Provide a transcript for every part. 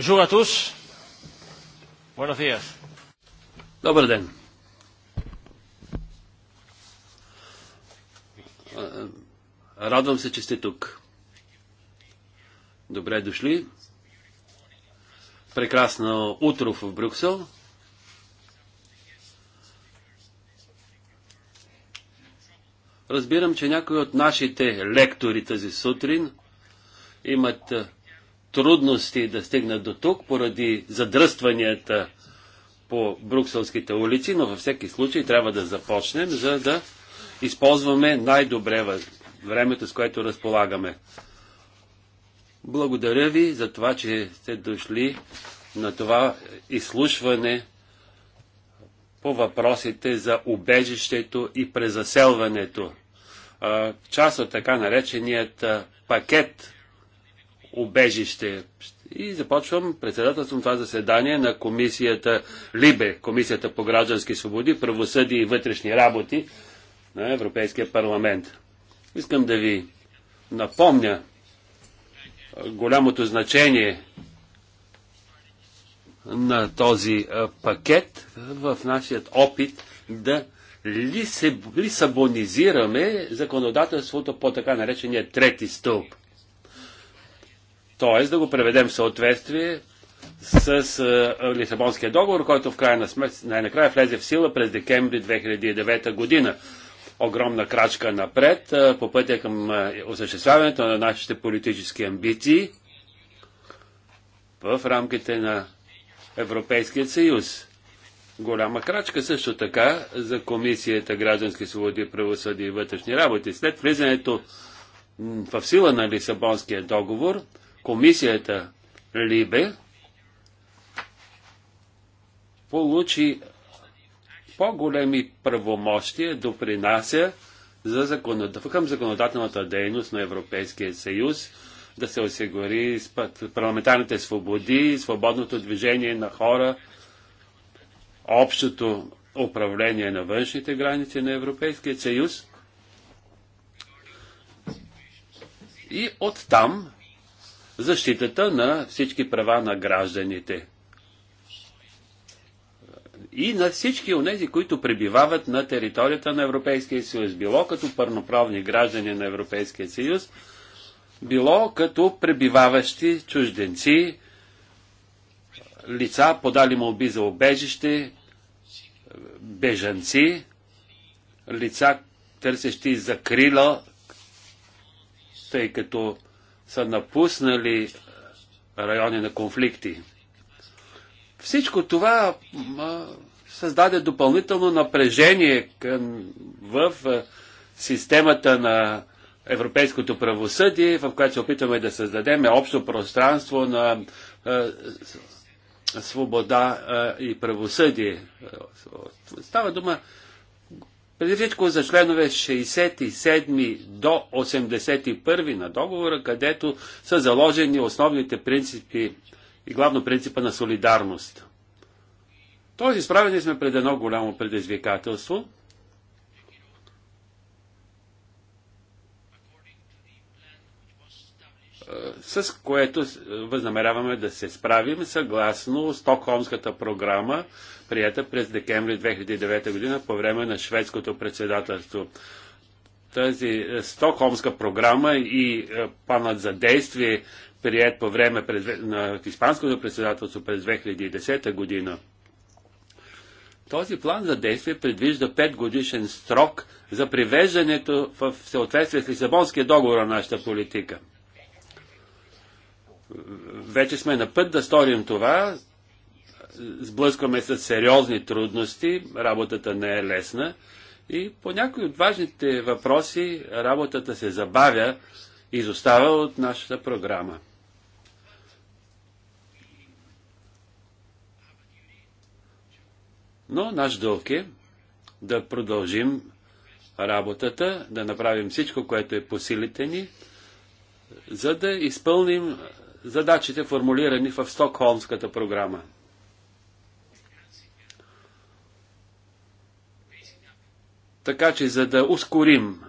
Bonjour à tous. Buenos días. Добър ден. Радвам се, че сте тук. Добре дошли. Прекрасно утро в Брюксел. Разбирам, че някои от нашите лектори тази сутрин имат трудности да стигнат до тук поради задръстванията по брукселските улици, но във всеки случай трябва да започнем, за да използваме най-добре времето, с което разполагаме. Благодаря ви за това, че сте дошли на това изслушване по въпросите за убежището и презаселването. Част от така нареченият пакет убежище. И започвам на това заседание на комисията Либе, комисията по граждански свободи, правосъдие и вътрешни работи на Европейския парламент. Искам да ви напомня голямото значение на този пакет в нашият опит да лисабонизираме законодателството по така наречения трети стълб. Т.е. да го преведем в съответствие с а, Лисабонския договор, който в крайна сметка най-накрая влезе в сила през декември 2009 година. Огромна крачка напред а, по пътя към а, осъществяването на нашите политически амбиции в рамките на Европейския съюз. Голяма крачка също така за Комисията граждански свободи, правосъди и вътрешни работи. След влизането в сила на Лисабонския договор, комисията Либе получи по-големи правомощия, допринася за законод... към законодателната дейност на Европейския съюз, да се осигури парламентарните свободи, свободното движение на хора, общото управление на външните граници на Европейския съюз. И оттам защитата на всички права на гражданите. И на всички онези, които пребивават на територията на Европейския съюз, било като пърноправни граждани на Европейския съюз, било като пребиваващи чужденци, лица, подали молби за обежище, бежанци, лица, търсещи закрила, тъй като са напуснали райони на конфликти. Всичко това създаде допълнително напрежение в системата на европейското правосъдие, в която се опитваме да създадем общо пространство на свобода и правосъдие. Става дума преди всичко за членове 67 до 81 на договора, където са заложени основните принципи и главно принципа на солидарност. Тоест, изправени сме пред едно голямо предизвикателство. Е, с което е, възнамеряваме да се справим съгласно Стокхолмската програма прията през декември 2009 година по време на шведското председателство. Тази е, стокхолмска програма и е, планът за действие, прият по време през, на Испанското председателство през 2010 година, този план за действие предвижда 5 годишен срок за привеждането в съответствие с Лисабонския договор на нашата политика. Вече сме на път да сторим това сблъскваме с сериозни трудности, работата не е лесна и по някои от важните въпроси работата се забавя, изостава от нашата програма. Но наш дълг е да продължим работата, да направим всичко, което е по силите ни, за да изпълним задачите, формулирани в Стокхолмската програма. Така че, за да ускорим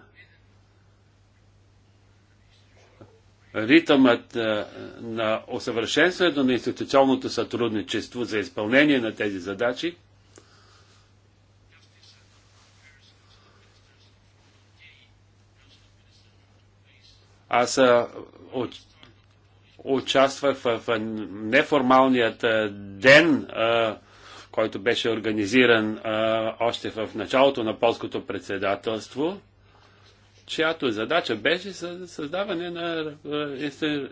ритъмът е, на усъвършенстването на институционното сътрудничество за изпълнение на тези задачи, аз е, участвах в неформалният е, ден а, който беше организиран а, още в началото на полското председателство, чиято задача беше създаване на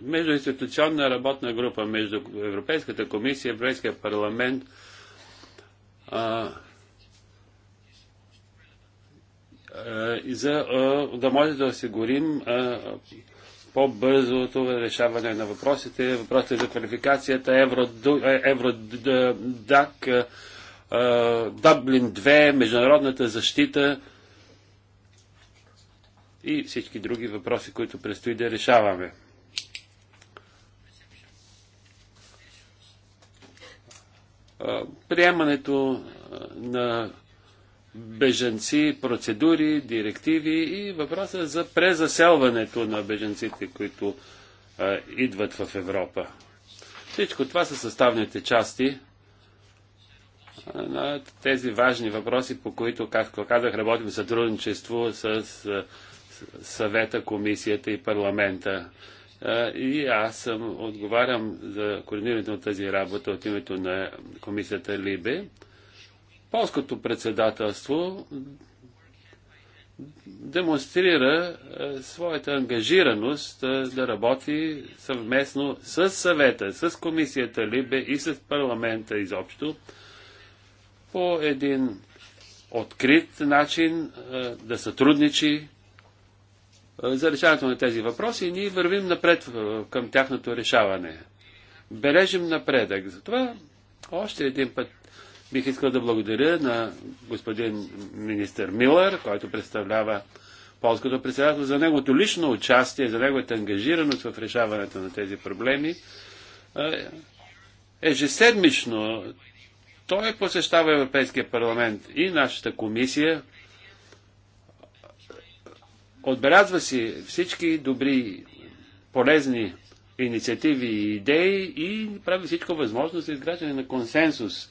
междуинституционна работна група между Европейската комисия, Европейския парламент. А, за да може да осигурим по-бързото решаване на въпросите, въпросите за квалификацията, Евродак, е, е, е, Даблин 2, международната защита и всички други въпроси, които предстои да решаваме. Приемането на беженци, процедури, директиви и въпроса за презаселването на беженците, които а, идват в Европа. Всичко това са съставните части на тези важни въпроси, по които, както казах, работим в сътрудничество с съвета, комисията и парламента. И аз съм, отговарям за координирането на тази работа от името на комисията Либе. Полското председателство демонстрира е, своята ангажираност е, да работи съвместно с съвета, с комисията Либе и с парламента изобщо по един открит начин е, да сътрудничи за решаването на тези въпроси и ние вървим напред към тяхното решаване. Бележим напредък. Затова още един път Бих искал да благодаря на господин министър Милър, който представлява полското председателство, за неговото лично участие, за неговата ангажираност в решаването на тези проблеми. Ежеседмично той посещава Европейския парламент и нашата комисия. Отбелязва си всички добри, полезни инициативи и идеи и прави всичко възможно за изграждане на консенсус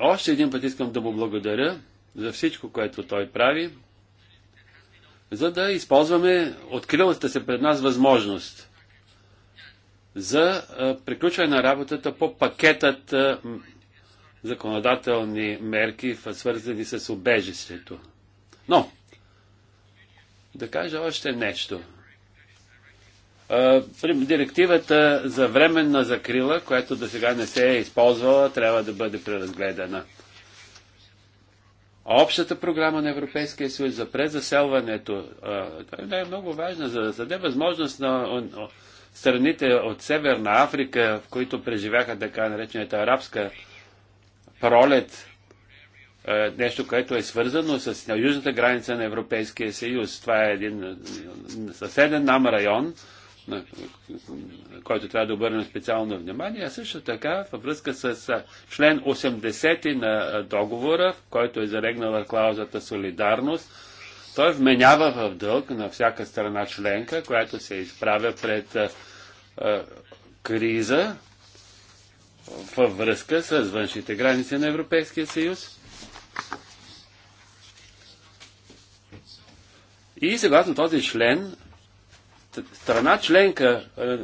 още един път искам да му благодаря за всичко, което той прави, за да използваме открилата се пред нас възможност за приключване на работата по пакетът законодателни мерки, свързани с убежището. Но, да кажа още нещо – Директивата за временна закрила, която до сега не се е използвала, трябва да бъде преразгледана. Общата програма на Европейския съюз за презаселването е много важна, за да даде възможност на страните от Северна Африка, в които преживяха така наречената арабска пролет, нещо, което е свързано с южната граница на Европейския съюз. Това е един съседен нам район, на който трябва да обърнем специално внимание, а също така във връзка с член 80 на договора, в който е зарегнала клаузата солидарност, той вменява в дълг на всяка страна членка, която се изправя пред а, а, криза във връзка с външните граници на Европейския съюз. И съгласно този член, страна членка, е,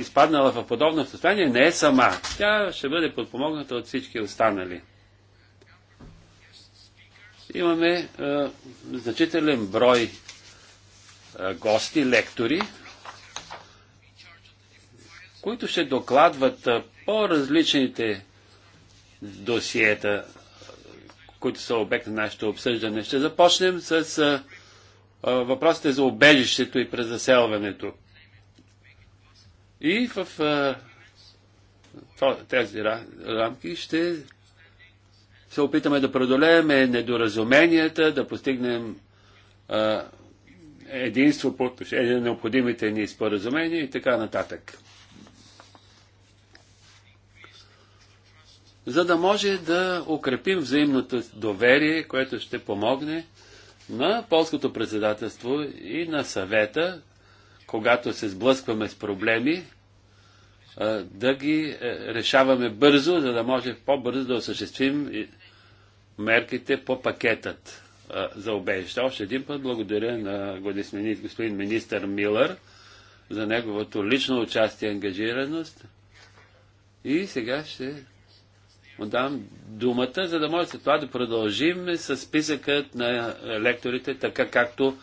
изпаднала в подобно състояние, не е сама. Тя ще бъде подпомогната от всички останали. Имаме е, значителен брой е, гости, лектори, които ще докладват е, по-различните досиета, които са обект на нашето обсъждане. Ще започнем с е, въпросите за обежището и презаселването. И в тези рамки ще се опитаме да преодолеем недоразуменията, да постигнем а, единство по отношение на необходимите ни споразумения и така нататък. За да може да укрепим взаимното доверие, което ще помогне на полското председателство и на съвета, когато се сблъскваме с проблеми, да ги е, решаваме бързо, за да може по-бързо да осъществим мерките по пакетът за обежище. Още един път благодаря на господин министър Милър за неговото лично участие и ангажираност. И сега ще му дам думата, за да може след това да продължим с списъкът на лекторите, така както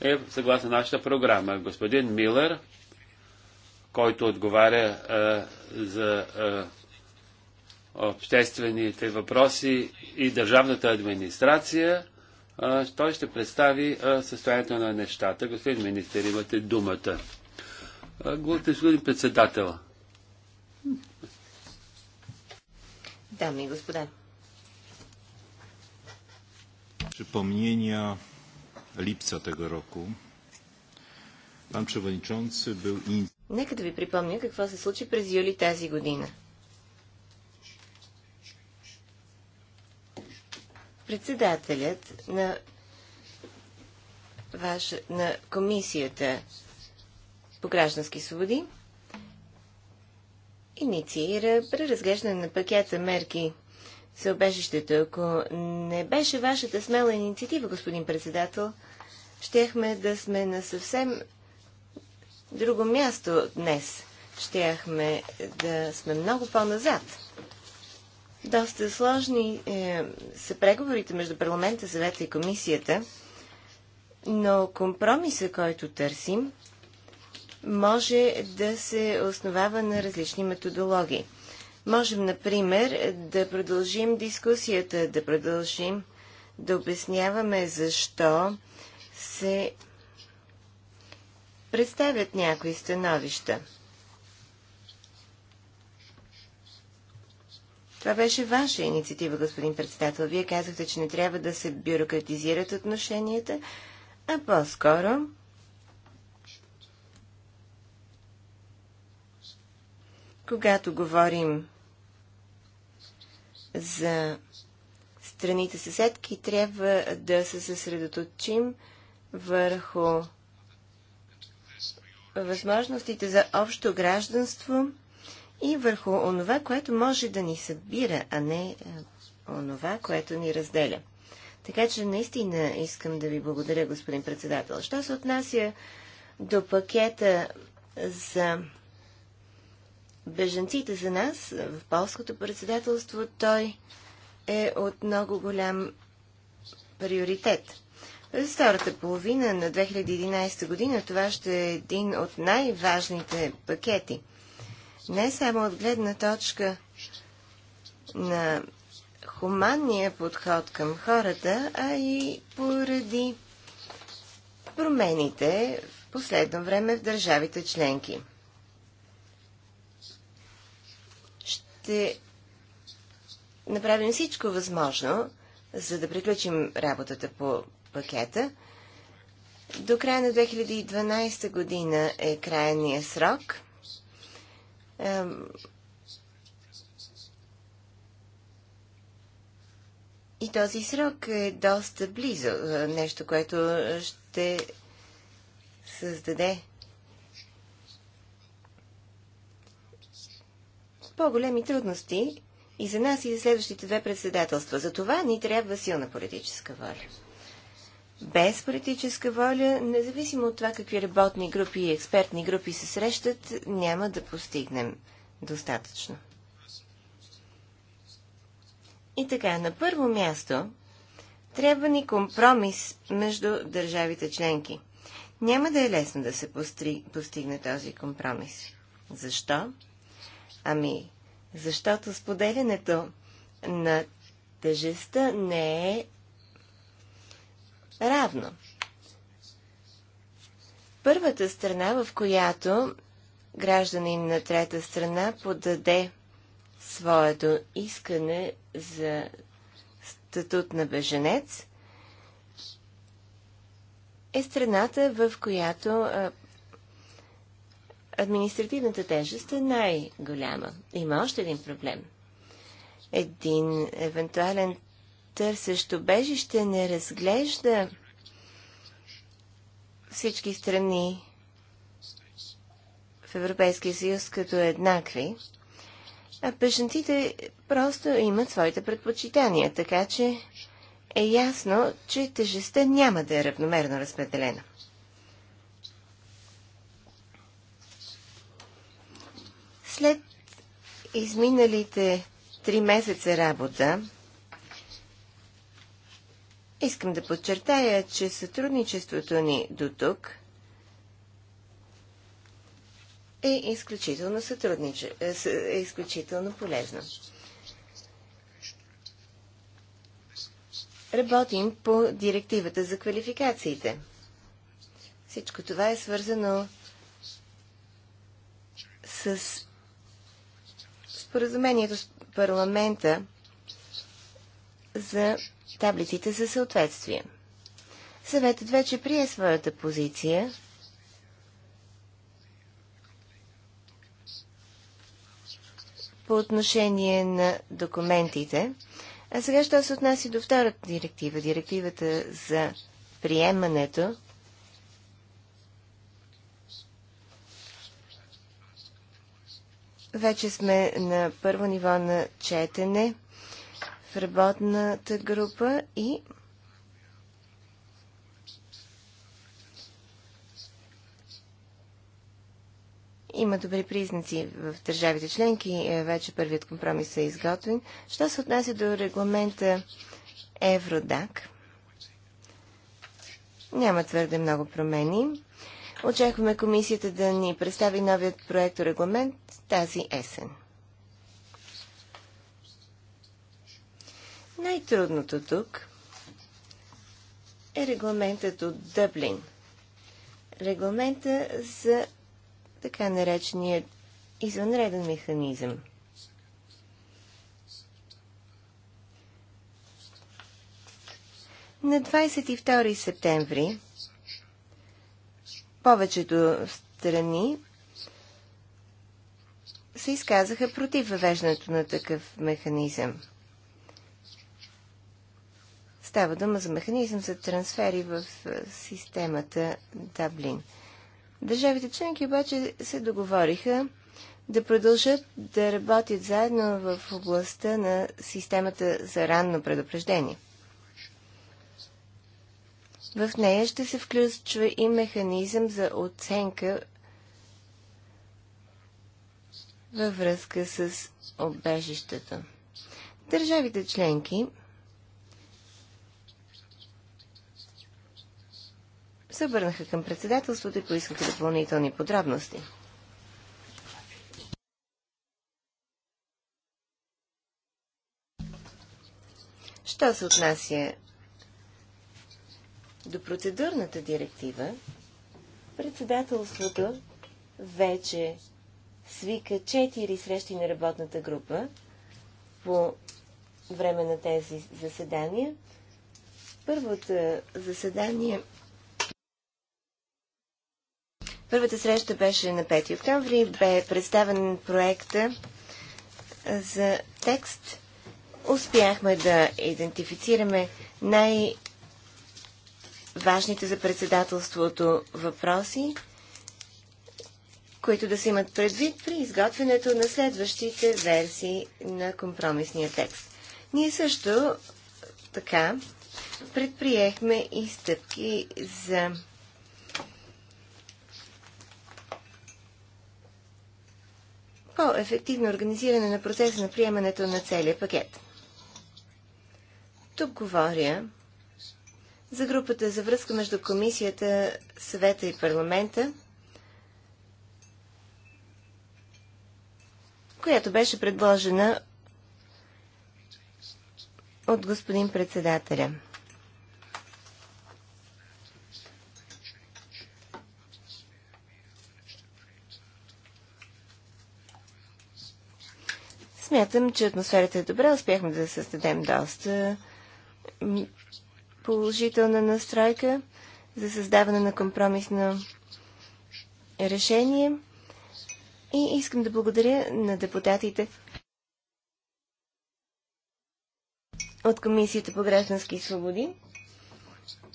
е съгласно нашата програма. Господин Милър, който отговаря а, за а, обществените въпроси и държавната администрация, а, той ще представи а, състоянието на нещата. Господин министър, имате думата. господин председател, дами и господа. Przypomnienia lipca tego roku. Pan przewodniczący był... Нека да ви припомня какво се случи през юли тази година. Председателят на, ваш, на комисията по граждански свободи инициира преразглеждане на пакета мерки за обежището. Ако не беше вашата смела инициатива, господин председател, щяхме да сме на съвсем друго място днес. Щяхме да сме много по-назад. Доста сложни е, са преговорите между парламента, съвета и комисията, но компромиса, който търсим, може да се основава на различни методологии. Можем, например, да продължим дискусията, да продължим да обясняваме защо се представят някои становища. Това беше ваша инициатива, господин председател. Вие казахте, че не трябва да се бюрократизират отношенията, а по-скоро Когато говорим за страните съседки, трябва да се съсредоточим върху възможностите за общо гражданство и върху онова, което може да ни събира, а не е, онова, което ни разделя. Така че наистина искам да ви благодаря, господин председател. Що се отнася до пакета за бежанците за нас в полското председателство той е от много голям приоритет. За втората половина на 2011 година това ще е един от най-важните пакети. Не само от гледна точка на хуманния подход към хората, а и поради промените в последно време в държавите членки. ще направим всичко възможно, за да приключим работата по пакета. До края на 2012 година е крайния срок. И този срок е доста близо. Е, нещо, което ще създаде по-големи трудности и за нас, и за следващите две председателства. За това ни трябва силна политическа воля. Без политическа воля, независимо от това какви работни групи и експертни групи се срещат, няма да постигнем достатъчно. И така, на първо място трябва ни компромис между държавите членки. Няма да е лесно да се постигне този компромис. Защо? Ами, защото споделянето на тежеста не е равно. Първата страна, в която гражданин на трета страна подаде своето искане за статут на беженец, е страната, в която а, административната тежест е най-голяма. Има още един проблем. Един евентуален търсещо бежище не разглежда всички страни в Европейския съюз като еднакви, а пешенците просто имат своите предпочитания, така че е ясно, че тежестта няма да е равномерно разпределена. След изминалите три месеца работа, искам да подчертая, че сътрудничеството ни до тук е изключително, сътруднич... Е, е изключително полезно. Работим по директивата за квалификациите. Всичко това е свързано с споразумението с парламента за таблиците за съответствие. Съветът вече прие своята позиция. по отношение на документите. А сега, ще се отнася до втората директива, директивата за приемането Вече сме на първо ниво на четене в работната група и Има добри признаци в държавите членки. Е, вече първият компромис е изготвен. Що се отнася до регламента Евродак? Няма твърде много промени. Очакваме комисията да ни представи новият проект регламент тази есен. Най-трудното тук е регламентът от Дъблин. Регламента за така наречения извънреден механизъм. На 22 септември повечето страни се изказаха против въвеждането на такъв механизъм. Става дума за механизъм за трансфери в е, системата Даблин. Държавите членки обаче се договориха да продължат да работят заедно в областта на системата за ранно предупреждение. В нея ще се включва и механизъм за оценка във връзка с обежищата. Държавите членки се обърнаха към председателството и поискаха допълнителни подробности. Що се отнася до процедурната директива, председателството вече свика четири срещи на работната група по време на тези заседания. Първото заседание Първата среща беше на 5 октомври. Бе представен проекта за текст. Успяхме да идентифицираме най- важните за председателството въпроси които да се имат предвид при изготвянето на следващите версии на компромисния текст. Ние също така предприехме и стъпки за по-ефективно организиране на процеса на приемането на целия пакет. Тук говоря за групата за връзка между комисията, съвета и парламента, която беше предложена от господин председателя. Смятам, че атмосферата е добра. Успяхме да създадем доста положителна настройка за създаване на компромисно решение. И искам да благодаря на депутатите от Комисията по граждански свободи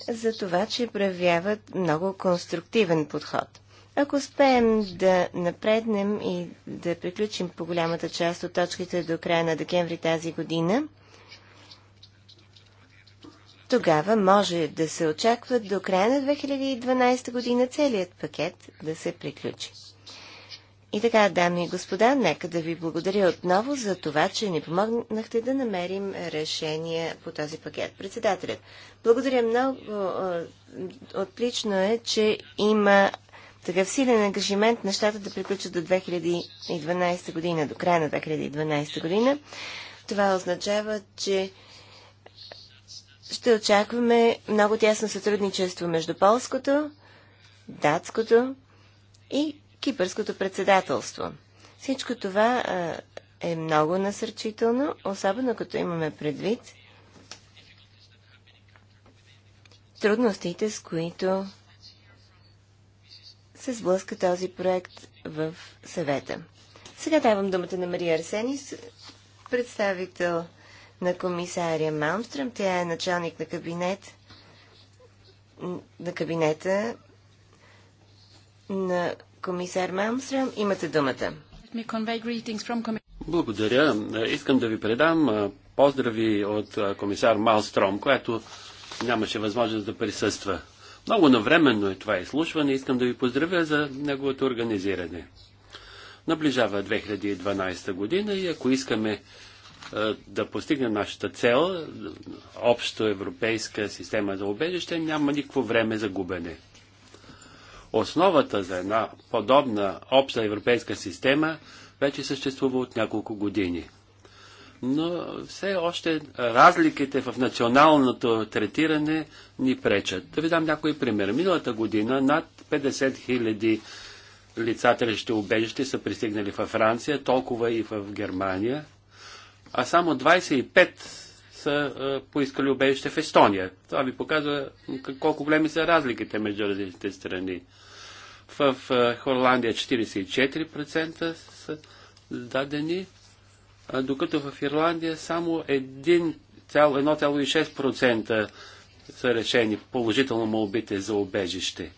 за това, че проявяват много конструктивен подход. Ако успеем да напреднем и да приключим по голямата част от точките до края на декември тази година, тогава може да се очаква до края на 2012 година целият пакет да се приключи. И така, дами и господа, нека да ви благодаря отново за това, че ни помогнахте да намерим решение по този пакет. Председателят, благодаря много. Отлично е, че има такъв силен ангажимент нещата да приключат до 2012 година, до края на 2012 година. Това означава, че ще очакваме много тясно сътрудничество между полското, датското и кипърското председателство. Всичко това е много насърчително, особено като имаме предвид трудностите, с които се сблъска този проект в съвета. Сега давам думата на Мария Арсенис, представител на комисария Малмстръм. Тя е началник на кабинет на кабинета на комисар Малмстрам. Имате думата. Благодаря. Искам да ви предам поздрави от комисар Малстром, която нямаше възможност да присъства. Много навременно е това изслушване. Искам да ви поздравя за неговото организиране. Наближава 2012 година и ако искаме да постигнем нашата цел, общо европейска система за убежище, няма никакво време за губене основата за една подобна обща европейска система вече съществува от няколко години. Но все още разликите в националното третиране ни пречат. Да ви дам някои пример. Миналата година над 50 000 лица трещи убежище са пристигнали във Франция, толкова и в Германия, а само 25 са поискали убежище в Естония. Това ви показва колко големи са разликите между различните страни. В Холандия 44% са дадени, докато в Ирландия само 1,6% са решени положително молбите за убежище.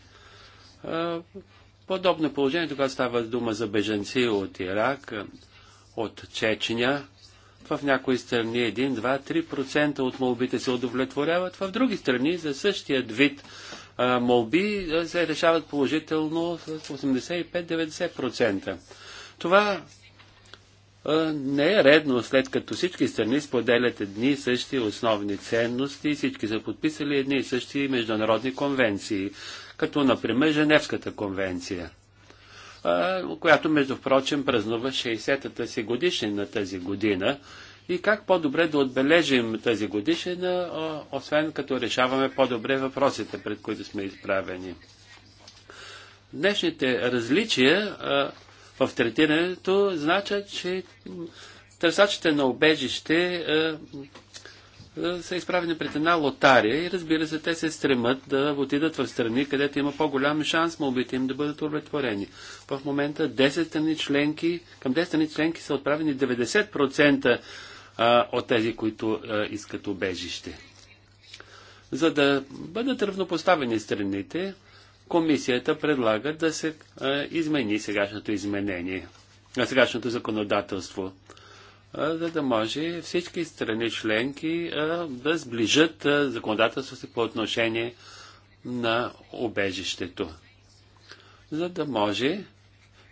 Подобно положение, тогава става дума за беженци от Ирак, от Чечня, в някои страни 1-2-3% от молбите се удовлетворяват, в други страни за същия вид а, молби се решават положително с 85-90%. Това не е редно, след като всички страни споделят едни и същи основни ценности, всички са подписали едни и същи международни конвенции, като например Женевската конвенция която между прочим празнува 60-та си годишнина тази година. И как по-добре да отбележим тази годишнина, освен като решаваме по-добре въпросите, пред които сме изправени. Днешните различия в третирането значат, че търсачите на обежище са изправени пред една лотария и разбира се, те се стремат да отидат в страни, където има по-голям шанс молбите им да бъдат удовлетворени. В момента 10 страни членки, към 10 страни членки са отправени 90% от тези, които искат убежище. За да бъдат равнопоставени страните, комисията предлага да се измени сегашното изменение, сегашното законодателство за да може всички страни членки да сближат законодателството си по отношение на обежището, за да може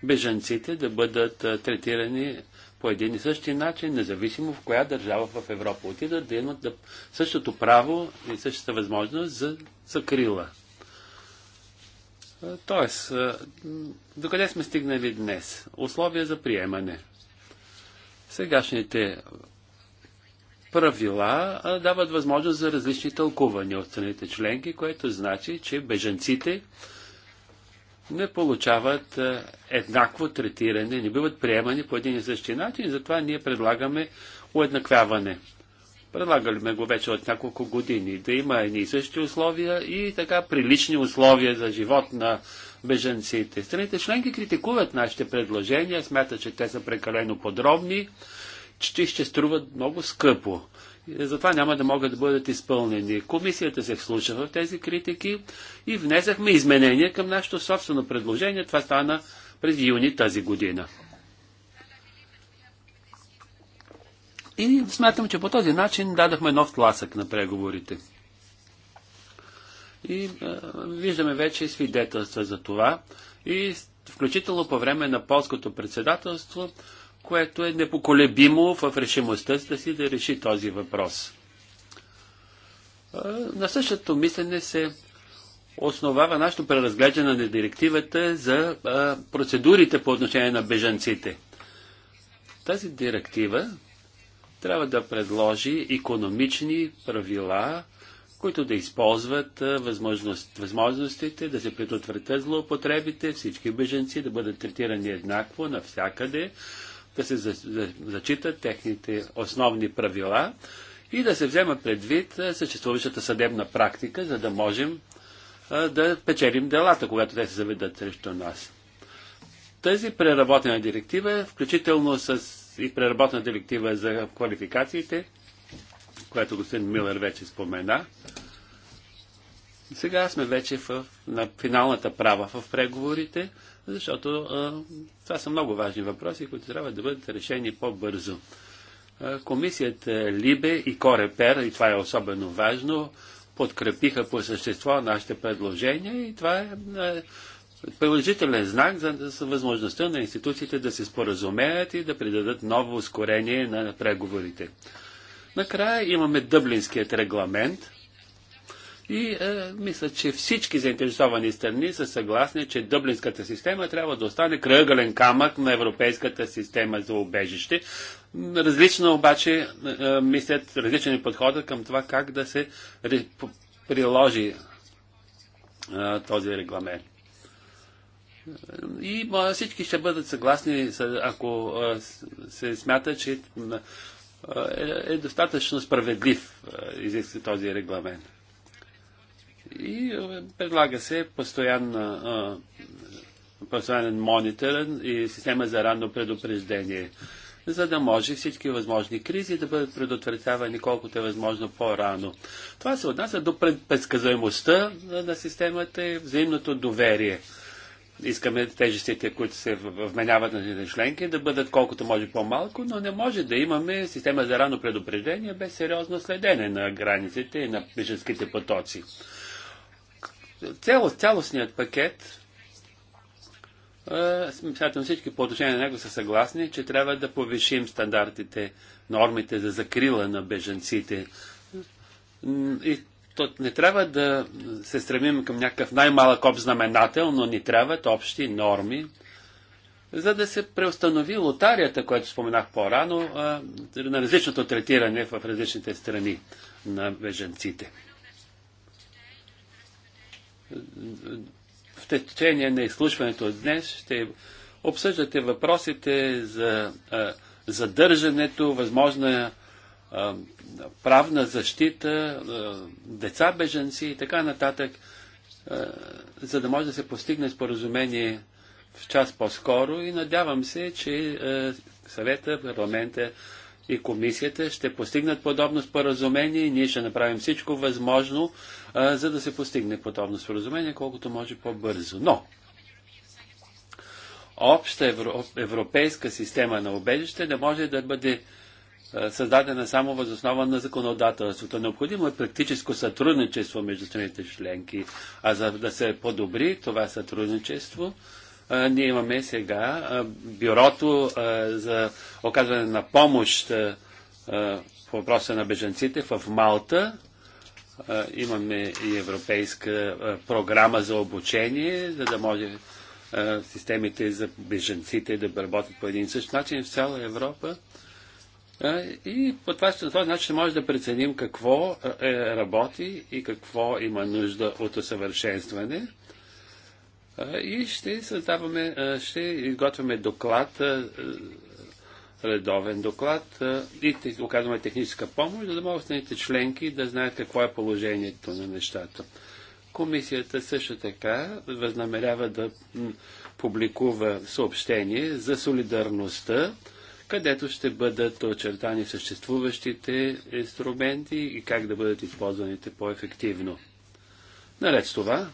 бежанците да бъдат третирани по един и същи начин, независимо в коя държава в Европа отидат, да имат същото право и същата възможност за закрила. Тоест, докъде сме стигнали днес? Условия за приемане – Сегашните правила дават възможност за различни тълкувания от страните членки, което значи, че бежанците не получават еднакво третиране, не биват приемани по един и същи начин, затова ние предлагаме уеднаквяване. Предлагали ме го вече от няколко години да има едни и същи условия и така прилични условия за живот на беженците. Страните членки критикуват нашите предложения, смятат, че те са прекалено подробни, че ще струват много скъпо. И затова няма да могат да бъдат изпълнени. Комисията се вслуша в тези критики и внесахме изменения към нашето собствено предложение. Това стана през юни тази година. И смятам, че по този начин дадахме нов тласък на преговорите. И а, е, виждаме вече свидетелства за това. И включително по време на полското председателство, което е непоколебимо в решимостта си да реши този въпрос. А, е, на същото мислене се основава нашето преразглеждане на директивата за а, е, процедурите по отношение на бежанците. Тази директива трябва да предложи економични правила, които да използват възможност, възможностите да се предотвратят злоупотребите, всички беженци да бъдат третирани еднакво навсякъде, да се за, за, зачитат техните основни правила и да се взема предвид съществуващата съдебна практика, за да можем а, да печелим делата, когато те се заведат срещу нас. Тази преработена директива, включително с и преработена директива за квалификациите, която господин Милер вече спомена. Сега сме вече в, на финалната права в преговорите, защото а, това са много важни въпроси, които трябва да бъдат решени по-бързо. комисията Либе и Корепер, и това е особено важно, подкрепиха по същество нашите предложения и това е, е приложителен знак за възможността на институциите да се споразумеят и да придадат ново ускорение на преговорите. Накрая имаме Дъблинският регламент и е, мисля, че всички заинтересовани страни са съгласни, че Дъблинската система трябва да остане кръгълен камък на Европейската система за убежище. Различно обаче е, е мислят, различни подходи към това как да се приложи е, този регламент. И е, всички ще бъдат съгласни, ако е, се смята, че е, е достатъчно справедлив, е, изисква този регламент. И е, предлага се постоянна, е, постоянен мониторен и система за ранно предупреждение, за да може всички възможни кризи да бъдат предотвратявани колкото е възможно по-рано. Това се отнася до предсказуемостта на системата и взаимното доверие искаме тежестите, които се вменяват на тези членки, да бъдат колкото може по-малко, но не може да имаме система за рано предупреждение без сериозно следене на границите и на бежанските потоци. Цяло, цялостният пакет, смятам всички по отношение на него са съгласни, че трябва да повишим стандартите, нормите за закрила на бежанците. И то не трябва да се стремим към някакъв най-малък обзнаменател, но ни трябват общи норми, за да се преустанови лотарията, която споменах по-рано, на различното третиране в различните страни на беженците. В течение на изслушването днес ще обсъждате въпросите за задържането, възможно правна защита, деца беженци и така нататък, за да може да се постигне споразумение в час по-скоро и надявам се, че съвета, парламента и комисията ще постигнат подобно споразумение и ние ще направим всичко възможно, за да се постигне подобно споразумение, колкото може по-бързо. Но, обща европейска система на убежище да може да бъде е, създадена само въз основа на законодателството. Необходимо е практическо сътрудничество между страните членки. А за да се подобри това сътрудничество, е, ние имаме сега е, бюрото за оказване на помощ по въпроса на беженците в Малта. Имаме и европейска програма за обучение, за да може системите за беженците да работят по един и същ начин в цяла Европа. И по това, това начин може да преценим какво е, работи и какво има нужда от усъвършенстване. И ще създаваме, ще изготвяме доклад, редовен доклад и оказваме техническа помощ, за да могат страните членки да знаят какво е положението на нещата. Комисията също така възнамерява да публикува съобщение за солидарността където ще бъдат очертани съществуващите инструменти и как да бъдат използваните по-ефективно. Наред с това,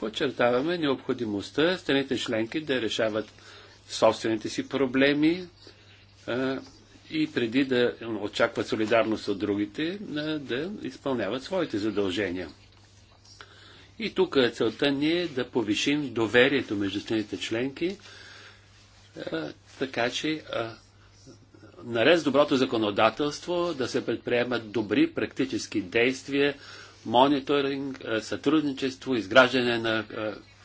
подчертаваме необходимостта страните членки да решават собствените си проблеми а, и преди да очакват солидарност от другите, а, да изпълняват своите задължения. И тук целта ни е да повишим доверието между страните членки, така че, а, наред с доброто законодателство, да се предприемат добри практически действия, мониторинг, сътрудничество, изграждане на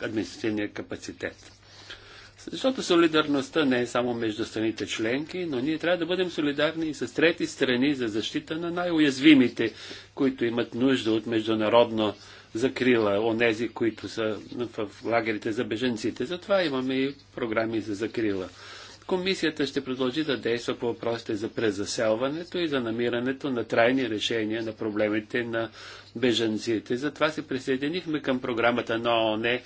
административния капацитет. Защото солидарността не е само между страните членки, но ние трябва да бъдем солидарни и с трети страни за защита на най-уязвимите, които имат нужда от международно закрила, онези, които са в лагерите за беженците. Затова имаме и програми за закрила. Комисията ще продължи да действа по въпросите за презаселването и за намирането на трайни решения на проблемите на бежанците. Затова се присъединихме към програмата на ООН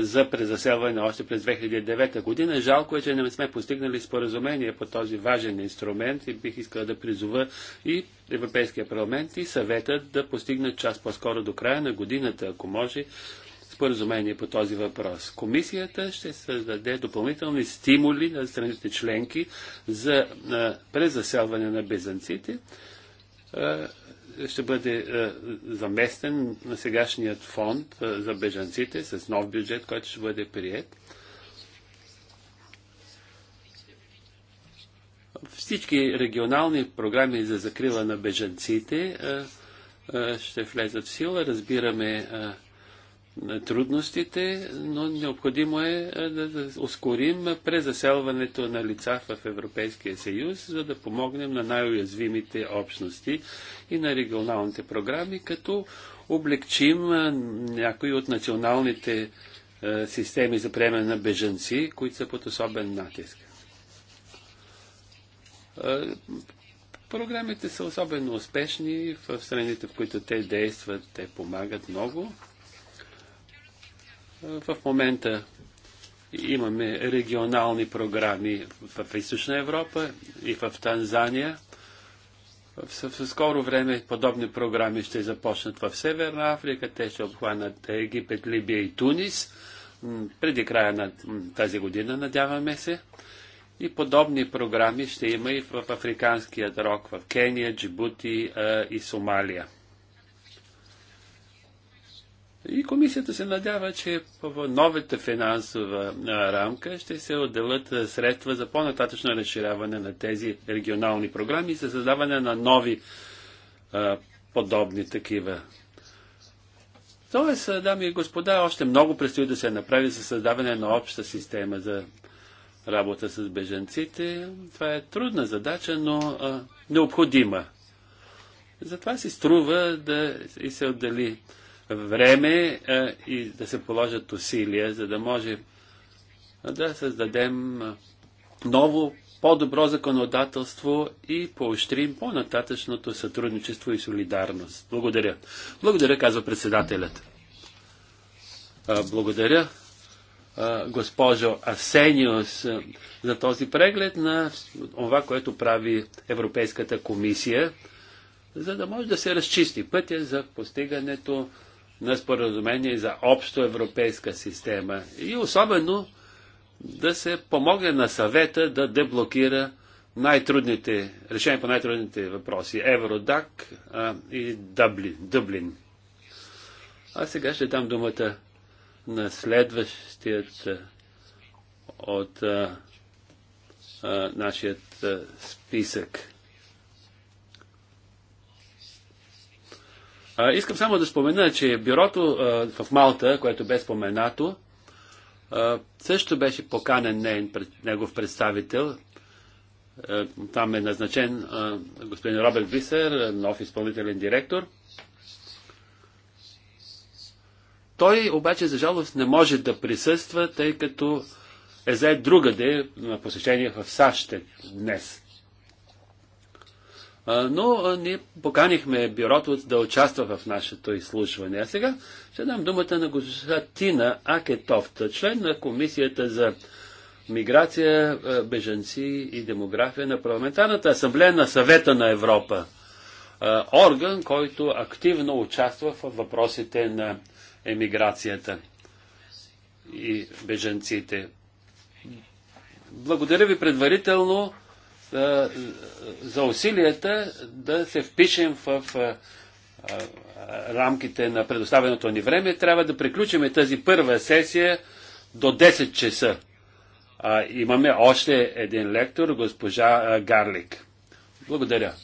за презаселване още през 2009 година. Жалко е, че не сме постигнали споразумение по този важен инструмент и бих искала да призова и Европейския парламент и съвета да постигнат част по-скоро до края на годината, ако може, споразумение по този въпрос. Комисията ще създаде допълнителни стимули на страните членки за презаселване на бежанците. Ще бъде заместен на сегашният фонд за бежанците с нов бюджет, който ще бъде прият. Всички регионални програми за закрила на бежанците ще влезат в сила. Разбираме трудностите, но необходимо е, е да ускорим презаселването на лица в Европейския съюз, за да помогнем на най-уязвимите общности и на регионалните програми, като облегчим е, някои от националните е, системи за приемане на бежанци, които са под особен натиск. Програмите са особено успешни в страните, в които те действат, те помагат много. В момента имаме регионални програми в Източна Европа и в Танзания. В скоро време подобни програми ще започнат в Северна Африка. Те ще обхванат Египет, Либия и Тунис. Преди края на тази година, надяваме се. И подобни програми ще има и в Африканският рок, в Кения, Джибути и Сомалия. И комисията се надява, че в новата финансова рамка ще се отделят средства за по-нататъчно разширяване на тези регионални програми и за създаване на нови а, подобни такива. Тоест, дами и господа, още много предстои да се направи за създаване на обща система за работа с беженците. Това е трудна задача, но а, необходима. Затова си струва да и се отдели време и да се положат усилия, за да може да създадем ново, по-добро законодателство и поощрим по-нататъчното сътрудничество и солидарност. Благодаря. Благодаря, казва председателят. Благодаря, госпожо Асениус, за този преглед на това, което прави Европейската комисия, за да може да се разчисти пътя за постигането на споразумение за общо европейска система и особено да се помогне на съвета да деблокира най-трудните, решения по най-трудните въпроси. Евродак а, и Дъблин. Дъблин. А сега ще дам думата на следващият от а, а, нашият а, списък. А, искам само да спомена, че бюрото а, в Малта, което бе споменато, а, също беше поканен негов представител. А, там е назначен а, господин Роберт Висер, нов изпълнителен директор. Той обаче, за жалост, не може да присъства, тъй като е заед другаде на посещение в САЩ днес но ние поканихме бюрото да участва в нашето изслушване. А сега ще дам думата на госпожа Тина Акетовта, член на Комисията за миграция, беженци и демография на Парламентарната асамблея на съвета на Европа. Орган, който активно участва в въпросите на емиграцията и беженците. Благодаря ви предварително за, усилията да се впишем в рамките на предоставеното ни време. Трябва да приключим тази първа сесия до 10 часа. А, имаме още един лектор, госпожа Гарлик. Благодаря.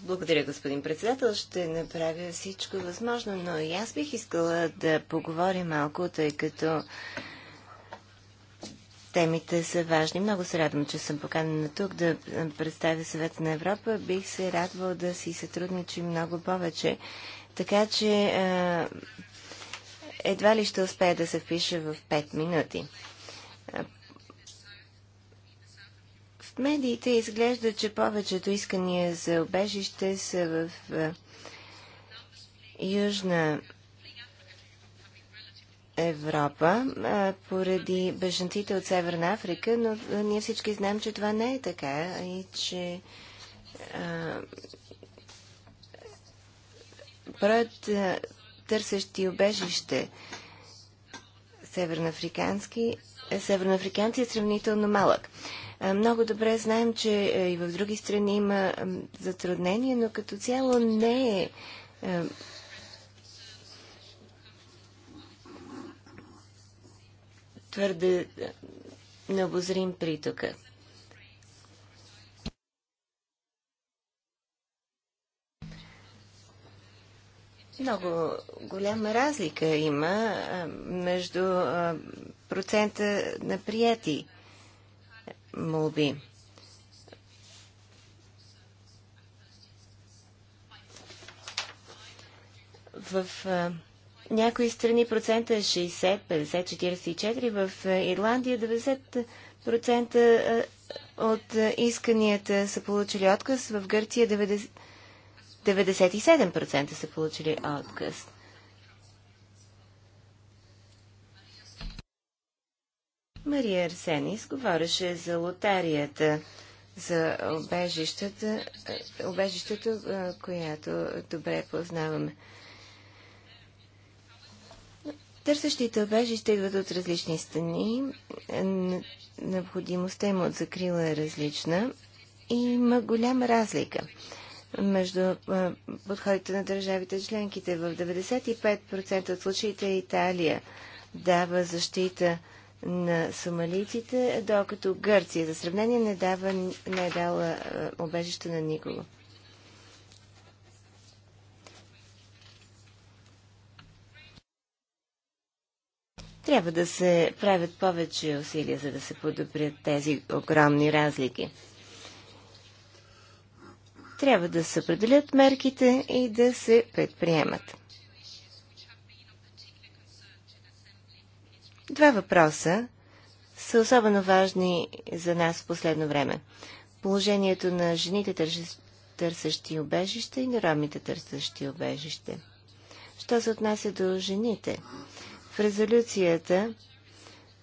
Благодаря, господин председател. Ще направя всичко възможно, но и аз бих искала да поговоря малко, тъй като темите са важни. Много се радвам, че съм поканена тук да представя съвета на Европа. Бих се радвал да си сътрудничим много повече. Така че е, едва ли ще успея да се впиша в 5 минути. В медиите изглежда, че повечето искания за обежище са в Южна Европа поради бежанците от Северна Африка, но ние всички знаем, че това не е така и че броят търсещи обежище северноафрикански е, северноафриканци е сравнително малък. Много добре знаем, че и в други страни има затруднения, но като цяло не е твърде е, необозрим притока. Много голяма разлика има е, между е, процента на прияти молби. В някои страни процента е 60, 50, 44. В е, Ирландия 90% е, е, от исканията са получили отказ. В Гърция 97% са получили отказ. Мария Арсенис говореше за лотарията за обежищата, обежището, която добре познаваме. Търсещите обежище идват от различни страни, необходимостта им от закрила е различна и има голяма разлика между подходите на държавите членките. В 95% от случаите Италия дава защита на сомалийците, докато Гърция за сравнение не, дава, не е дала обежище на никого. Трябва да се правят повече усилия, за да се подобрят тези огромни разлики. Трябва да се определят мерките и да се предприемат. Два въпроса са особено важни за нас в последно време. Положението на жените търсещи обежище и на ромите търсещи обежище. Що се отнася до жените? В резолюцията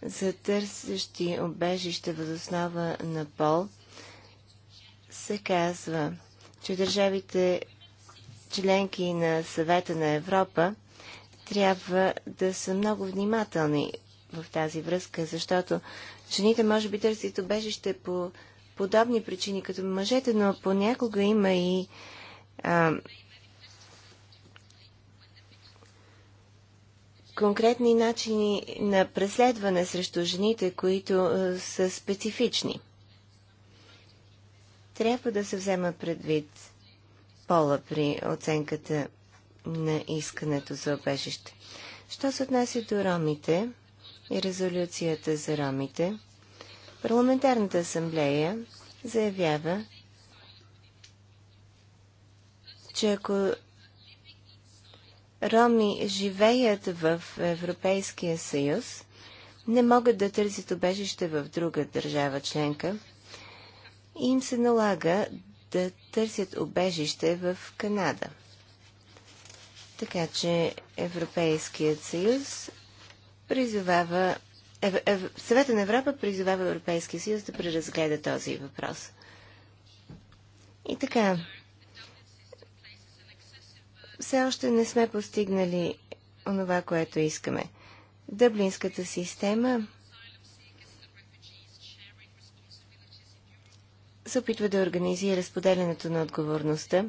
за търсещи обежище възоснова на пол се казва, че държавите членки на съвета на Европа трябва да са много внимателни в тази връзка, защото жените може би търсят обежище по подобни причини като мъжете, но понякога има и а, конкретни начини на преследване срещу жените, които е, са специфични. Трябва да се взема предвид пола при оценката на искането за обежище. Що се отнася до ромите и резолюцията за ромите, Парламентарната асамблея заявява, че ако роми живеят в Европейския съюз, не могат да търсят убежище в друга държава членка и им се налага да търсят убежище в Канада. Така че Европейският съюз призовава Ев, Ев, Съвета на Европа призовава Европейския съюз да преразгледа този въпрос. И така, все още не сме постигнали онова, което искаме. Дъблинската система се опитва да организира споделянето на отговорността.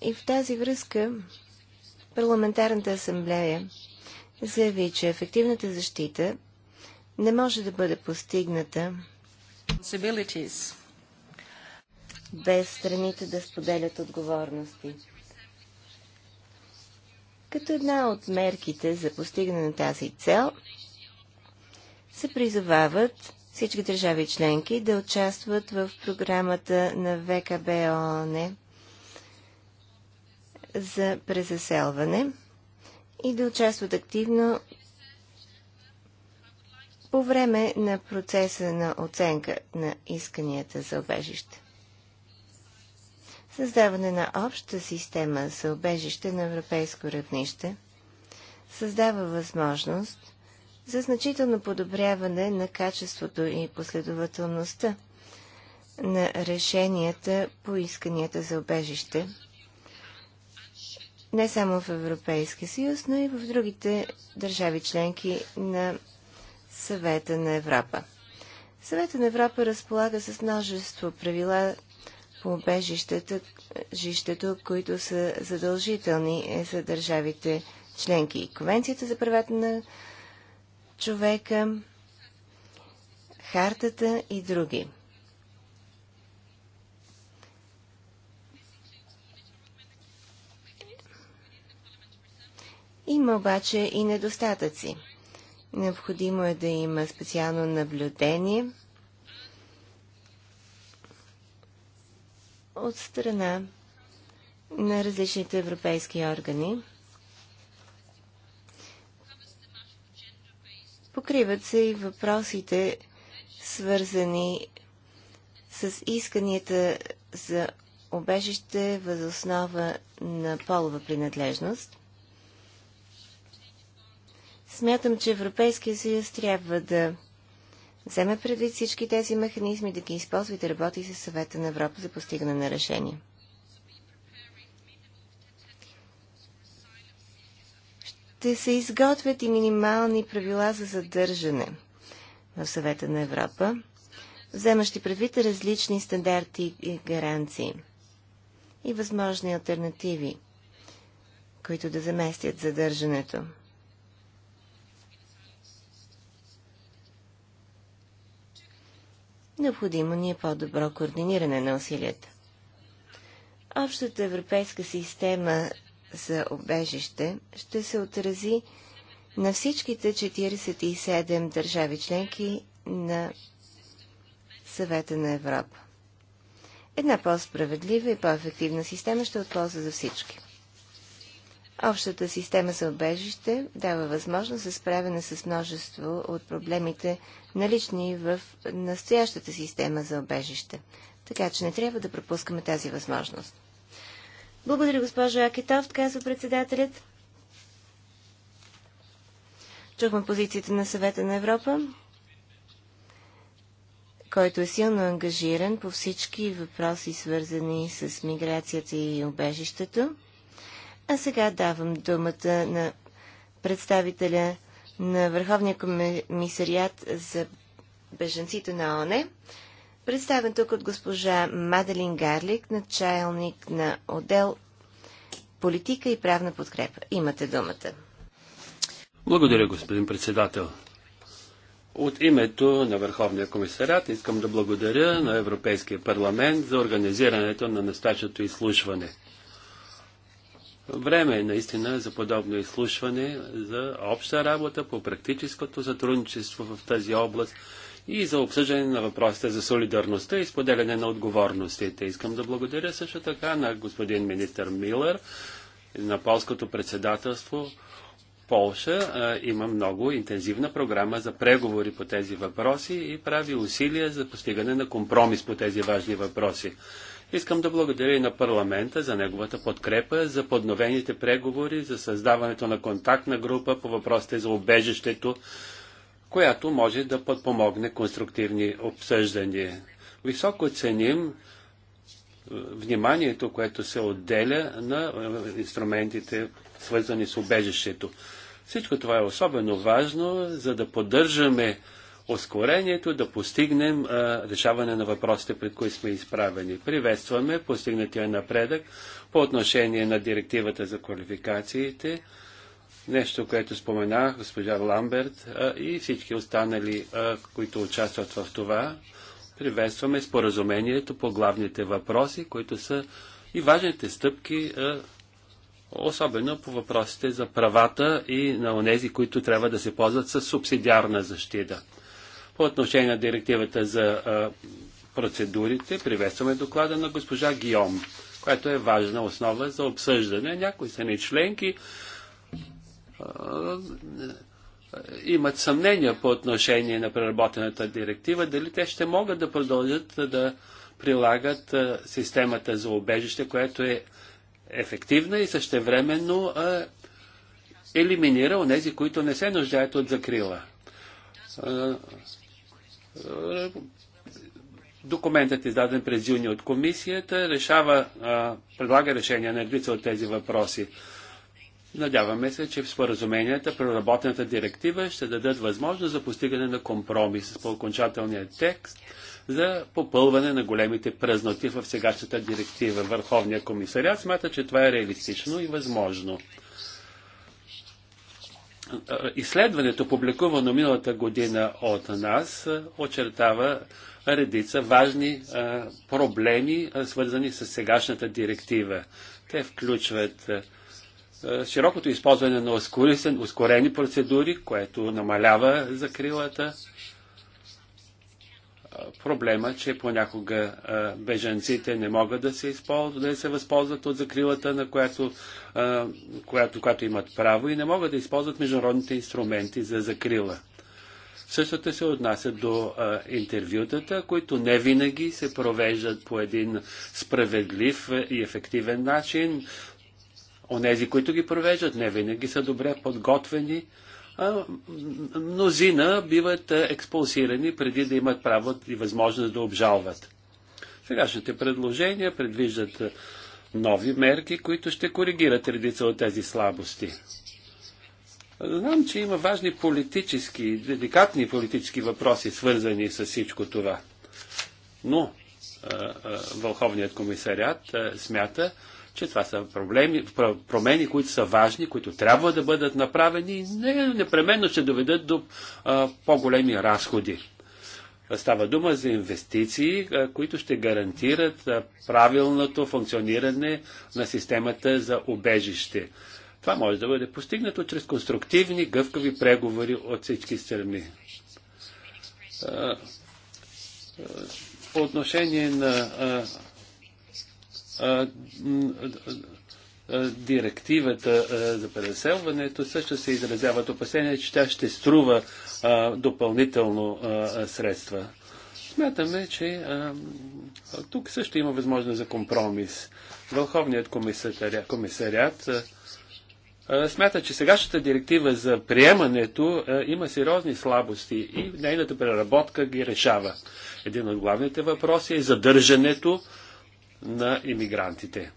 И в тази връзка Парламентарната асамблея заяви, че ефективната защита не може да бъде постигната без страните да споделят отговорности. Като една от мерките за постигане на тази цел се призовават всички държави членки да участват в програмата на ВКБ ООН за презаселване и да участват активно по време на процеса на оценка на исканията за обежище създаване на обща система за обежище на европейско равнище създава възможност за значително подобряване на качеството и последователността на решенията по исканията за обежище, не само в Европейския съюз, но и в другите държави членки на Съвета на Европа. Съвета на Европа разполага с множество правила по бежището, които са задължителни е, за държавите членки. Конвенцията за правата на човека, хартата и други. Има обаче и недостатъци. Необходимо е да има специално наблюдение – от страна на различните европейски органи. Покриват се и въпросите, свързани с исканията за обежище възоснова на полова принадлежност. Смятам, че Европейския съюз трябва да вземе предвид всички тези механизми, да ги използва и да работи с съвета на Европа за постигане на решение. Ще се изготвят и минимални правила за задържане в съвета на Европа, вземащи предвид различни стандарти и гаранции и възможни альтернативи, които да заместят задържането. Необходимо ни е по-добро координиране на усилията. Общата европейска система за обежище ще се отрази на всичките 47 държави членки на Съвета на Европа. Една по-справедлива и по-ефективна система ще отползва за всички. Общата система за обежище дава възможност за справяне с множество от проблемите налични в настоящата система за обежище. Така че не трябва да пропускаме тази възможност. Благодаря, госпожо Акетов, казва председателят. Чухме позицията на съвета на Европа, който е силно ангажиран по всички въпроси, свързани с миграцията и обежището. А сега давам думата на представителя на Върховния комисариат за беженците на ОНЕ, представен тук от госпожа Маделин Гарлик, началник на отдел политика и правна подкрепа. Имате думата. Благодаря, господин председател. От името на Върховния комисарят искам да благодаря на Европейския парламент за организирането на настоящото изслушване – Време е наистина за подобно изслушване, за обща работа по практическото сътрудничество в тази област и за обсъждане на въпросите за солидарността и споделяне на отговорностите. Искам да благодаря също така на господин министър Милър, на полското председателство. Полша а, има много интензивна програма за преговори по тези въпроси и прави усилия за постигане на компромис по тези важни въпроси. Искам да благодаря и на парламента за неговата подкрепа, за подновените преговори, за създаването на контактна група по въпросите за убежището, която може да подпомогне конструктивни обсъждания. Високо ценим е, вниманието, което се отделя на е, инструментите, свързани с убежището. Всичко това е особено важно, за да поддържаме ускорението да постигнем а, решаване на въпросите, пред които сме изправени. Приветстваме постигнатия напредък по отношение на директивата за квалификациите, нещо, което споменах госпожа Ламберт а, и всички останали, а, които участват в това. Приветстваме споразумението по главните въпроси, които са и важните стъпки а, особено по въпросите за правата и на онези, които трябва да се ползват с субсидиарна защита. По отношение на директивата за процедурите, приветстваме доклада на госпожа Гиом, която е важна основа за обсъждане. Някои са ни членки, имат съмнения по отношение на преработената директива, дали те ще могат да продължат да прилагат системата за обежище, която е ефективна и същевременно елиминира онези, които не се нуждаят от закрила. Документът, издаден през юни от комисията, решава, предлага решение на редица от тези въпроси. Надяваме се, че в споразуменията, преработената директива ще дадат възможност за постигане на компромис по окончателния текст за попълване на големите празноти в сегашната директива. Върховния комисарят смята, че това е реалистично и възможно. Е, изследването, публикувано миналата година от нас, очертава редица важни е, проблеми, е, свързани с сегашната директива. Те включват широкото използване на ускорени процедури, което намалява закрилата, проблема, че понякога беженците не могат да се, използват, да се възползват от закрилата, на която, която, която имат право и не могат да използват международните инструменти за закрила. Същото се отнася до а, интервютата, които не винаги се провеждат по един справедлив и ефективен начин. Онези, които ги провеждат, не винаги са добре подготвени мнозина биват е, експулсирани преди да имат право и възможност да обжалват. Сегашните предложения предвиждат е, нови мерки, които ще коригират редица от тези слабости. Знам, че има важни политически, деликатни политически въпроси, свързани с всичко това. Но а, е, а, Върховният комисарят а, смята, че това са проблеми, промени, които са важни, които трябва да бъдат направени и не непременно ще доведат до по-големи разходи. Става дума за инвестиции, които ще гарантират правилното функциониране на системата за обежище. Това може да бъде постигнато чрез конструктивни, гъвкави преговори от всички страни. По отношение на директивата за преселването също се изразяват опасения, че тя ще струва допълнително средства. Смятаме, че тук също има възможност за компромис. Върховният комисарят смята, че сегашната директива за приемането има сериозни слабости и нейната преработка ги решава. Един от главните въпроси е задържането на иммигрантите.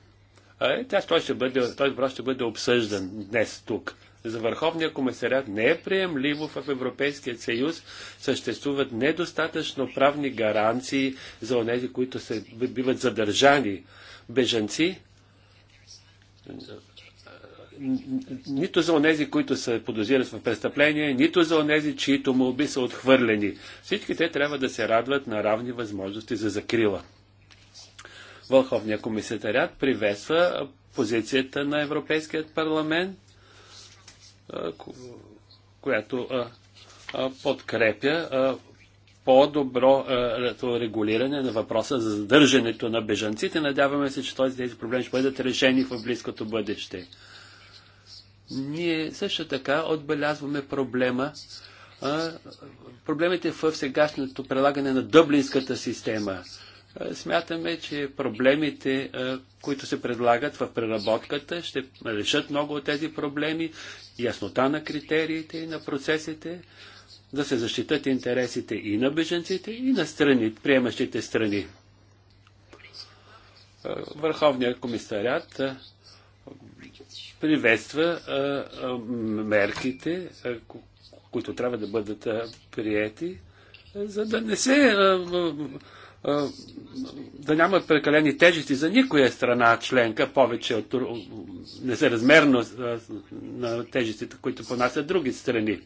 А, е, тя, той, ще бъде, той ще бъде обсъждан днес тук. За Върховния комисарят не е приемливо в Европейския съюз съществуват недостатъчно правни гаранции за онези, които се биват задържани. Бежанци, нито за онези, които се подозират в престъпление, нито за онези, чието молби са отхвърлени. Всички те трябва да се радват на равни възможности за закрила. Върховния комисариат приветства позицията на Европейският парламент, която подкрепя по-добро регулиране на въпроса за задържането на бежанците. Надяваме се, че този тези проблеми ще бъдат решени в близкото бъдеще. Ние също така отбелязваме проблема, проблемите в сегашното прилагане на дъблинската система – е, смятаме, че проблемите, е, които се предлагат в преработката, ще решат много от тези проблеми, яснота на критериите и на процесите, да се защитат интересите и на беженците, и на страни, приемащите страни. Е, Върховният комисарят приветства мерките, които трябва да бъдат приети, за да не се да нямат прекалени тежести за никоя страна членка, повече от несъразмерно на тежестите, които понасят други страни.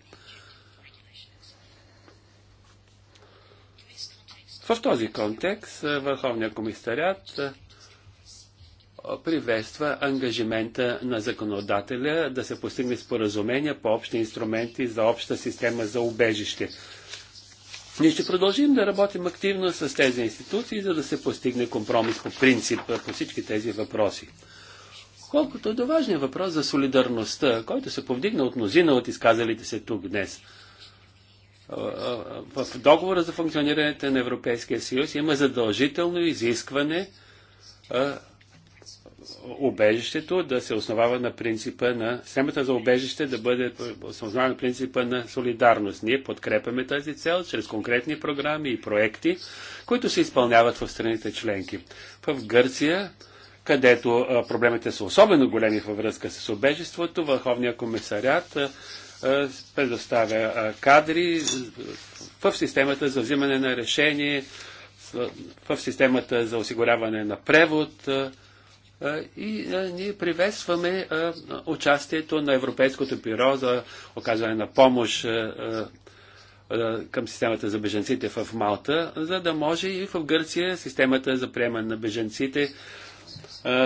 В този контекст Върховният комисарят приветства ангажимента на законодателя да се постигне споразумение по общи инструменти за обща система за убежище. Ние ще продължим да работим активно с тези институции, за да се постигне компромис по принцип по всички тези въпроси. Колкото до важния въпрос за солидарността, който се повдигна от мнозина от изказалите се тук днес. В договора за функционирането на Европейския съюз има задължително изискване обежището да се основава на принципа на системата за обежище да бъде основана на принципа на солидарност. Ние подкрепяме тази цел чрез конкретни програми и проекти, които се изпълняват в страните членки. В Гърция, където проблемите са особено големи във връзка с обежеството, Върховният комисарят предоставя кадри в системата за взимане на решение, в системата за осигуряване на превод, и ние приветстваме участието на Европейското бюро за оказване на помощ към системата за беженците в Малта, за да може и в Гърция системата за приемане на беженците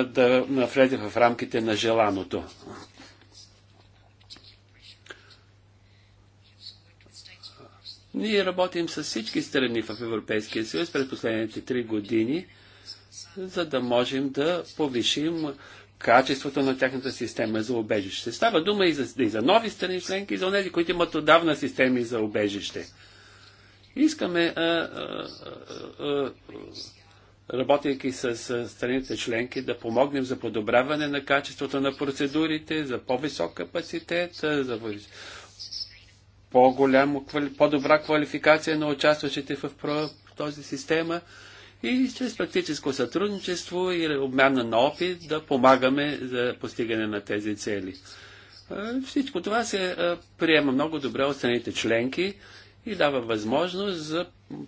да навлезе в рамките на желаното. Ние работим с всички страни в Европейския съюз през последните три години – за да можем да повишим качеството на тяхната система за обежище. Става дума и за, и за нови страни членки, и за тези, които имат отдавна системи за обежище. Искаме, а, а, а, работейки с страните членки, да помогнем за подобряване на качеството на процедурите, за по-висок капацитет, за по-голяма, по-добра квалификация на участващите в, в този система и чрез практическо сътрудничество и обмяна на опит да помагаме за постигане на тези цели. Всичко това се приема много добре от страните членки и дава възможност за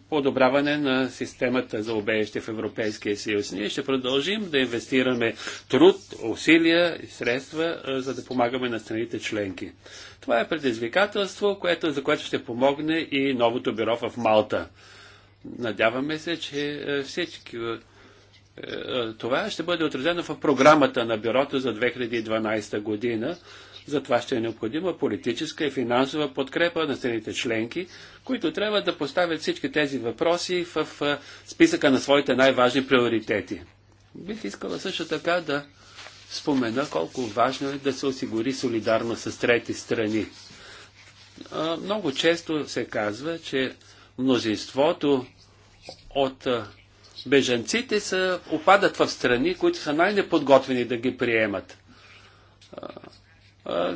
подобряване на системата за обежище в Европейския съюз. Ние ще продължим да инвестираме труд, усилия и средства, за да помагаме на страните членки. Това е предизвикателство, което, за което ще помогне и новото бюро в Малта. Надяваме се, че е, всички е, е, това ще бъде отразено в програмата на бюрото за 2012 година. За това ще е необходима политическа и финансова подкрепа на страните членки, които трябва да поставят всички тези въпроси в списъка на своите най-важни приоритети. Бих искала също така да спомена колко важно е да се осигури солидарност с трети страни. Много често се казва, че мнозинството от бежанците са, опадат в страни, които са най-неподготвени да ги приемат.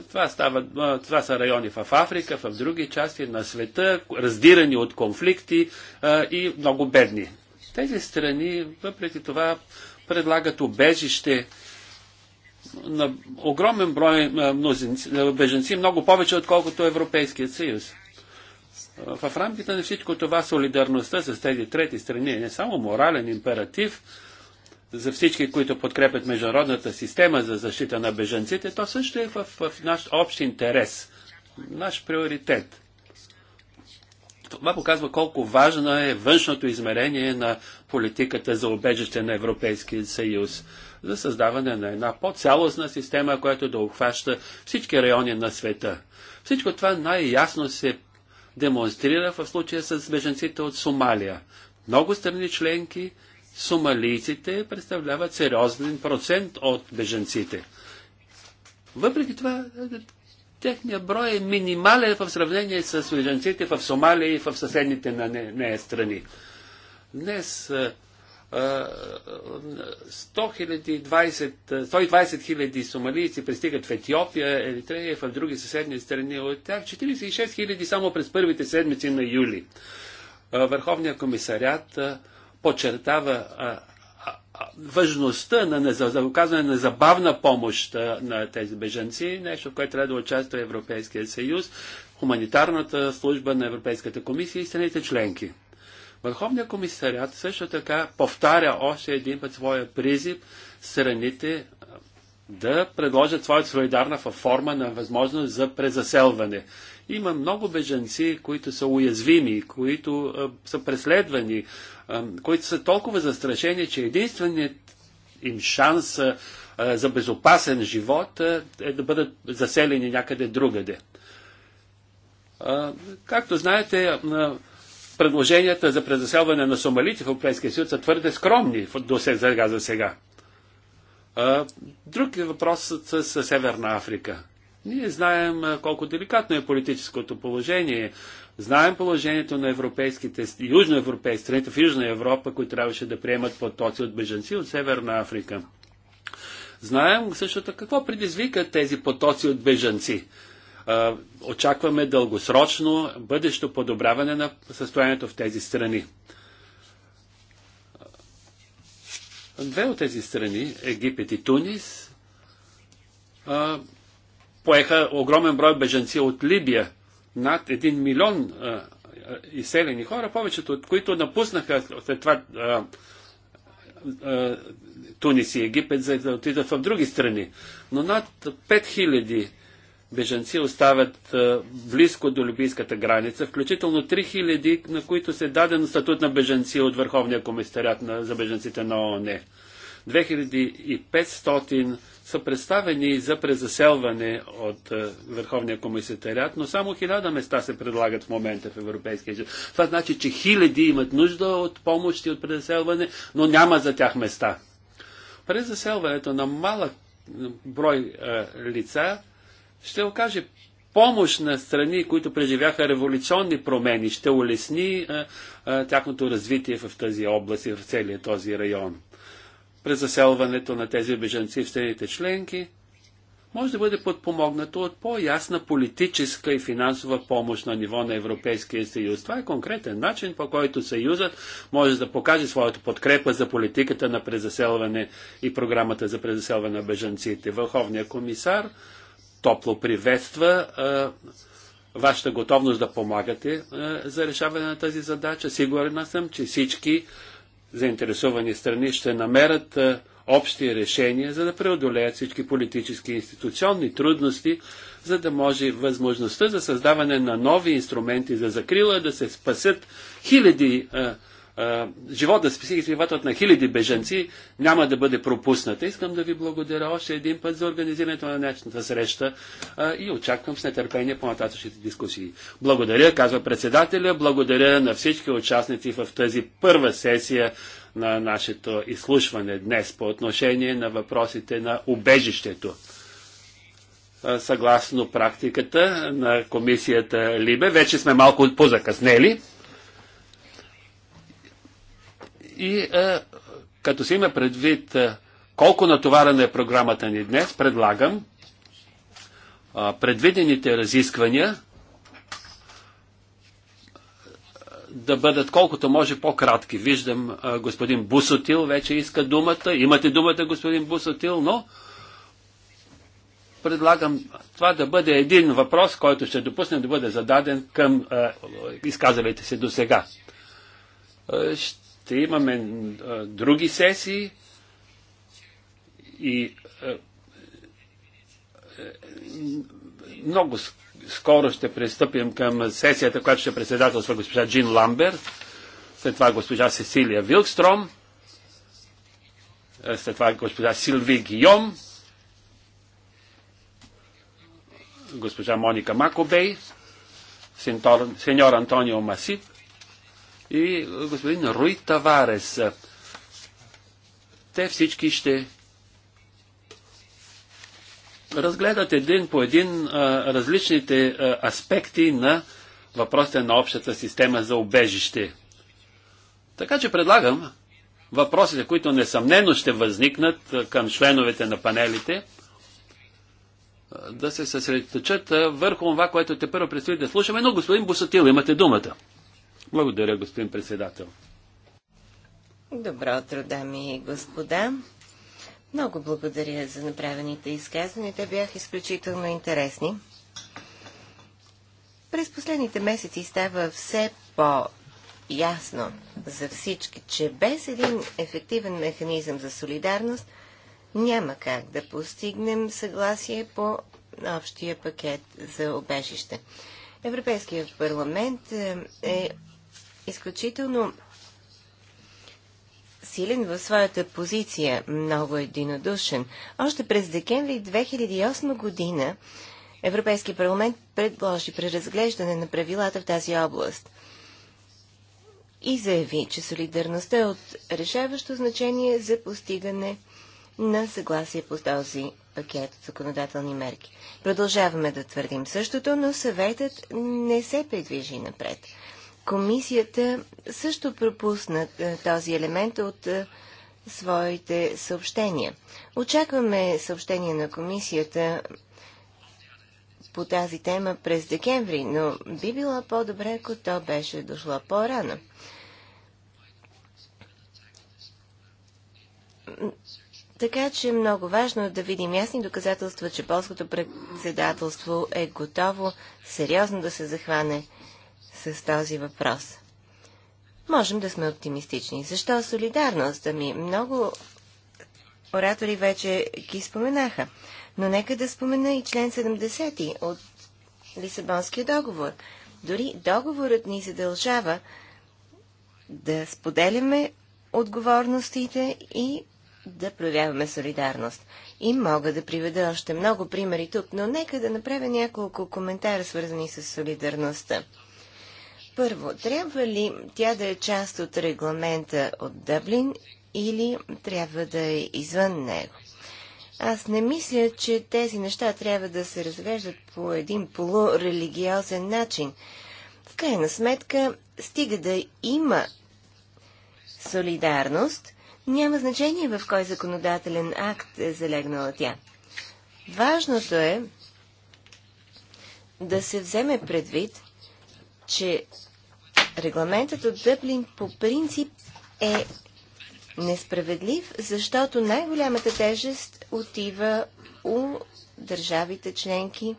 Това, става, това са райони в Африка, в други части на света, раздирани от конфликти и много бедни. Тези страни, въпреки това, предлагат убежище на огромен брой беженци, много повече, отколкото Европейският съюз. В рамките на всичко това солидарността с тези трети страни е не само морален императив за всички, които подкрепят международната система за защита на бежанците, то също е в, в наш общ интерес, наш приоритет. Това показва колко важно е външното измерение на политиката за обежище на Европейския съюз за създаване на една по-цялостна система, която да обхваща всички райони на света. Всичко това най-ясно се демонстрира в случая с беженците от Сомалия. Много страни членки, сомалийците представляват сериозен процент от беженците. Въпреки това, техният брой е минимален в сравнение с беженците в Сомалия и в съседните на нея страни. Днес е, 120 хиляди сомалийци пристигат в Етиопия, Еритрея и в други съседни страни от тях. 46 хиляди само през първите седмици на юли. Върховният комисарят подчертава важността на, оказване на забавна помощ на тези бежанци, нещо в което трябва да участва Европейския съюз, хуманитарната служба на Европейската комисия и страните членки. Върховният комисарят също така повтаря още един път своя призив страните да предложат своята солидарна форма на възможност за презаселване. Има много беженци, които са уязвими, които са преследвани, които са толкова застрашени, че единственият им шанс за безопасен живот е да бъдат заселени някъде другаде. както знаете, предложенията за презаселване на сомалите в Европейския съюз са твърде скромни до сега за сега. Друг е въпросът с Северна Африка. Ние знаем колко деликатно е политическото положение. Знаем положението на европейските, южноевропейски страните в Южна Европа, които трябваше да приемат потоци от бежанци от Северна Африка. Знаем също така какво предизвикат тези потоци от бежанци очакваме дългосрочно бъдещо подобряване на състоянието в тези страни. Две от тези страни, Египет и Тунис, поеха огромен брой беженци от Либия. Над 1 милион изселени хора, повечето от които напуснаха след това Тунис и Египет, за да отидат в други страни. Но над 5000 бежанци оставят близко до либийската граница, включително 3000, на които се е даден статут на бежанци от Върховния комисариат за бежанците на ООН. 2500 са представени за презаселване от Върховния комисарят, но само 1000 места се предлагат в момента в Европейския съюз. Това значи, че хиляди имат нужда от помощ и от презаселване, но няма за тях места. Презаселването на малък брой е, лица ще окаже помощ на страни, които преживяха революционни промени, ще улесни а, е, а, е, тяхното развитие в тази област и в целия този район. През заселването на тези бежанци в страните членки може да бъде подпомогнато от по-ясна политическа и финансова помощ на ниво на Европейския съюз. Това е конкретен начин, по който съюзът може да покаже своята подкрепа за политиката на презаселване и програмата за презаселване на бежанците. Върховният комисар топло приветства вашата готовност да помагате за решаване на тази задача. Сигурна съм, че всички заинтересовани страни ще намерят общи решения, за да преодолеят всички политически и институционни трудности, за да може възможността за създаване на нови инструменти за закрила да се спасят хиляди живота, си животът на хиляди беженци, няма да бъде пропусната. Искам да ви благодаря още един път за организирането на днешната среща а, и очаквам с нетърпение по-нататъчните дискусии. Благодаря, казва председателя, благодаря на всички участници в тази първа сесия на нашето изслушване днес по отношение на въпросите на убежището. Съгласно практиката на комисията Либе, вече сме малко позакъснели. И а, е, като се има предвид а, е, колко натоварена е програмата ни днес, предлагам а, е, предвидените разисквания да бъдат колкото може по-кратки. Виждам а, господин Бусотил вече иска думата. Имате думата, господин Бусотил, но предлагам това да бъде един въпрос, който ще допуснем да бъде зададен към а, изказалите се до сега. Ще ще имаме а, други сесии и а, е, много скоро ще пристъпим към сесията, която ще председателства госпожа Джин Ламбер, след това госпожа Сесилия Вилкстром, след това госпожа Силви Гийом, госпожа Моника Макобей, сеньор Антонио Масип, и е, господин Руй Таварес. Те всички ще разгледат един по един а, е, различните а, е, аспекти на въпросите на общата система за убежище. Така че предлагам въпросите, които несъмнено ще възникнат към членовете на панелите, да се съсредоточат върху това, което те първо предстои да слушаме. Но господин Босатил, имате думата. Благодаря, господин председател. Добро утро, дами и господа. Много благодаря за направените изказвания. Те бяха изключително интересни. През последните месеци става все по-ясно за всички, че без един ефективен механизъм за солидарност няма как да постигнем съгласие по общия пакет за обежище. Европейският парламент е изключително силен в своята позиция, много единодушен. Още през декември 2008 година Европейски парламент предложи преразглеждане на правилата в тази област и заяви, че солидарността е от решаващо значение за постигане на съгласие по този пакет от законодателни мерки. Продължаваме да твърдим същото, но съветът не се придвижи напред. Комисията също пропусна е, този елемент от е, своите съобщения. Очакваме съобщение на комисията по тази тема през декември, но би било по-добре, ако то беше дошло по-рано. Така че е много важно е да видим ясни доказателства, че полското председателство е готово сериозно да се захване с този въпрос. Можем да сме оптимистични. Защо солидарност? Ами много оратори вече ги споменаха. Но нека да спомена и член 70 от Лисабонския договор. Дори договорът ни задължава да споделяме отговорностите и да проявяваме солидарност. И мога да приведа още много примери тук, но нека да направя няколко коментара, свързани с солидарността. Първо, трябва ли тя да е част от регламента от Дъблин или трябва да е извън него? Аз не мисля, че тези неща трябва да се разглеждат по един полурелигиозен начин. В крайна сметка, стига да има солидарност, няма значение в кой законодателен акт е залегнала тя. Важното е да се вземе предвид, че регламентът от Дъблин по принцип е несправедлив, защото най-голямата тежест отива у държавите членки,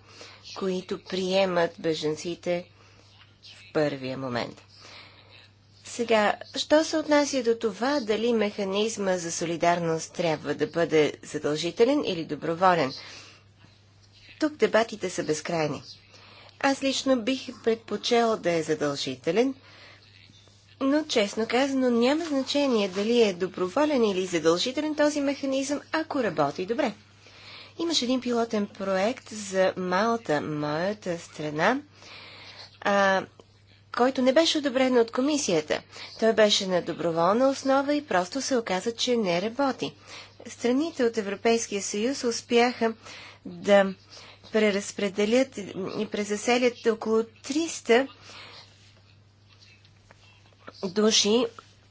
които приемат беженците в първия момент. Сега, що се отнася до това, дали механизма за солидарност трябва да бъде задължителен или доброволен? Тук дебатите са безкрайни. Аз лично бих предпочел да е задължителен, но честно казано няма значение дали е доброволен или задължителен този механизъм, ако работи добре. Имаш един пилотен проект за Малта, моята страна, а, който не беше одобрен от комисията. Той беше на доброволна основа и просто се оказа, че не работи. Страните от Европейския съюз успяха да преразпределят и презаселят около 300 души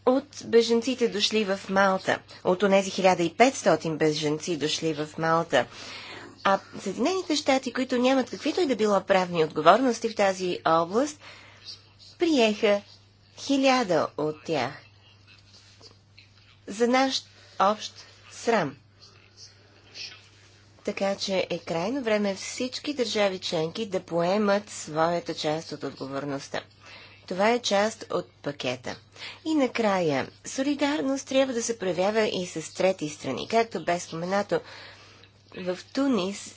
от беженците дошли в Малта, от тези 1500 беженци дошли в Малта. А Съединените щати, които нямат каквито и да било правни отговорности в тази област, приеха хиляда от тях. За наш общ срам. Така че е крайно време всички държави членки да поемат своята част от отговорността. Това е част от пакета. И накрая, солидарност трябва да се проявява и с трети страни. Както бе споменато, в Тунис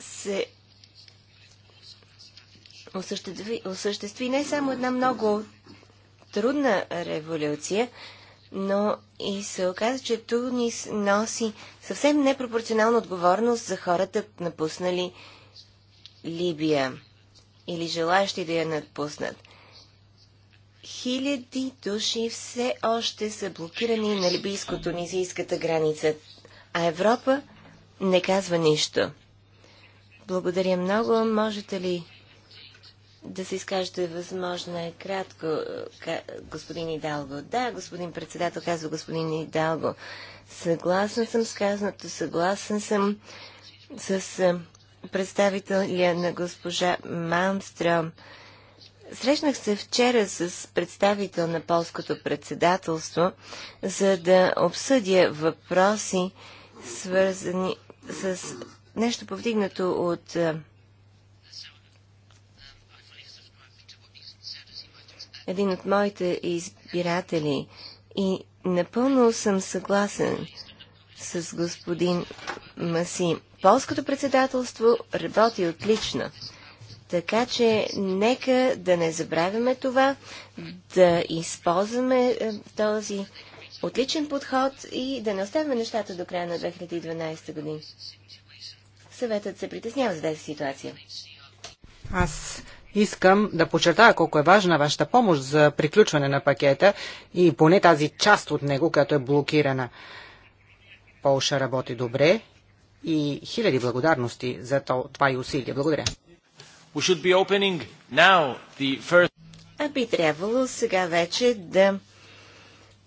се осъществи, осъществи не само една много трудна революция, но и се оказа, че Тунис носи съвсем непропорционална отговорност за хората, напуснали Либия или желащи да я напуснат. Хиляди души все още са блокирани на либийско-тунизийската граница, а Европа не казва нищо. Благодаря много. Можете ли да се изкажете възможно е кратко, господин Идалго. Да, господин председател, казва господин Идалго. Съгласен съм с казаното, съгласен съм с представителя на госпожа Манстрем. Срещнах се вчера с представител на полското председателство, за да обсъдя въпроси, свързани с нещо повдигнато от един от моите избиратели и напълно съм съгласен с господин Маси. Полското председателство работи отлично. Така че нека да не забравяме това, да използваме е, този отличен подход и да не оставяме нещата до края на 2012 година. Съветът се притеснява за тази ситуация. Аз Искам да подчертая колко е важна вашата помощ за приключване на пакета и поне тази част от него, която е блокирана. Полша работи добре и хиляди благодарности за това и усилие. Благодаря. А би трябвало сега вече да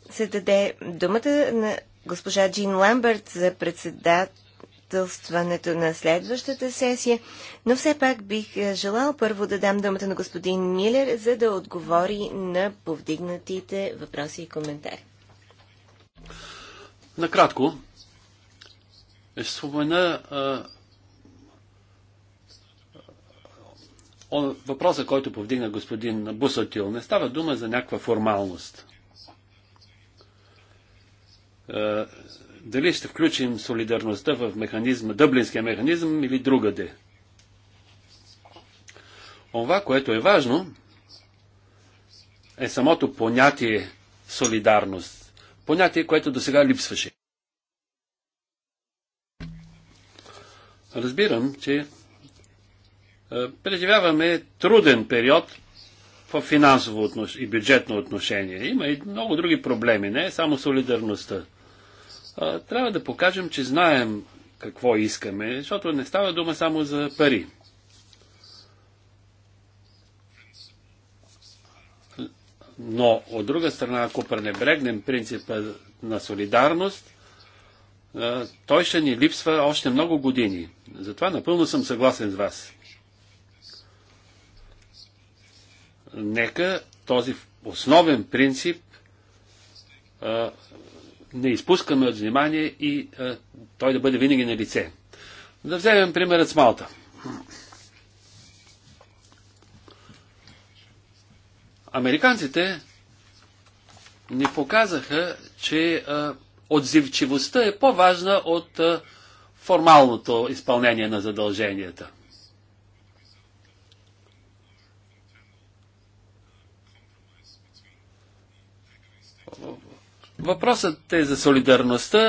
се даде думата на госпожа Джин Ламбърт за председател председателстването на следващата сесия, но все пак бих е, желал първо да дам думата на господин Милер, за да отговори на повдигнатите въпроси и коментари. Накратко, ще спомена е, въпроса, който повдигна господин Бусатил, Не става дума за някаква формалност е, дали ще включим солидарността в механизма, дъблинския механизъм или другаде. Онова, което е важно, е самото понятие солидарност. Понятие, което до сега липсваше. Разбирам, че е, преживяваме труден период в финансово и бюджетно отношение. Има и много други проблеми, не е само солидарността трябва да покажем, че знаем какво искаме, защото не става дума само за пари. Но от друга страна, ако пренебрегнем принципа на солидарност, той ще ни липсва още много години. Затова напълно съм съгласен с вас. Нека този основен принцип не изпускаме от внимание и а, той да бъде винаги на лице. Да вземем примерът с Малта. Американците ни показаха, че а, отзивчивостта е по-важна от а, формалното изпълнение на задълженията. Въпросът е за солидарността.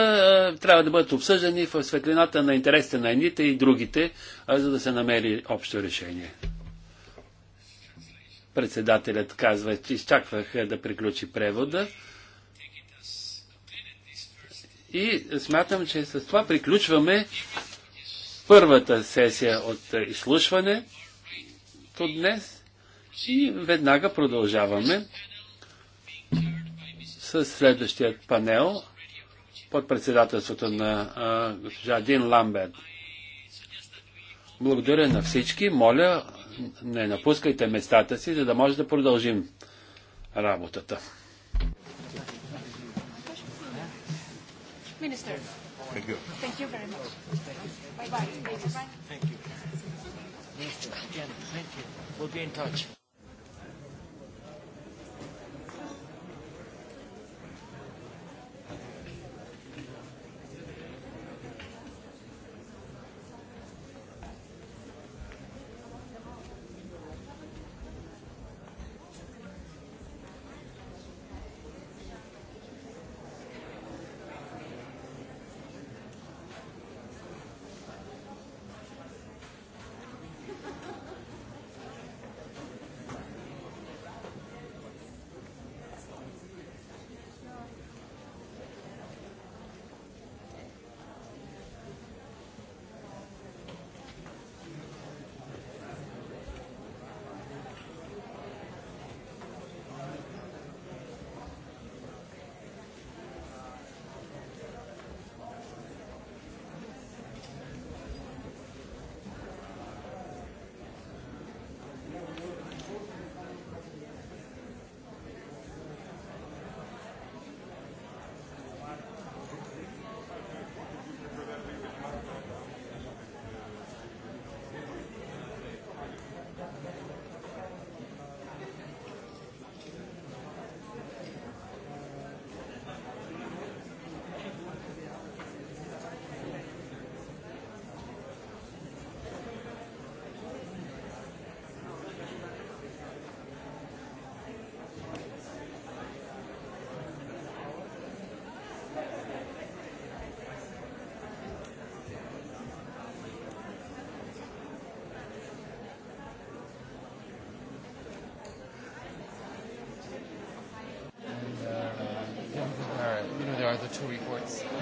Е, трябва да бъдат обсъждани в светлината на интересите на едните и другите, е, за да се намери общо решение. Председателят казва, че изчаквах е, да приключи превода. И смятам, че с това приключваме първата сесия от от днес и веднага продължаваме с следващият панел под председателството на госпожа Дин Ламберт. Благодаря на всички. Моля, не напускайте местата си, за да може да продължим работата. Minister. Thank you. Thank you very much. Bye bye. Thank you. Thank you. Minister, again, thank you. We'll be in touch.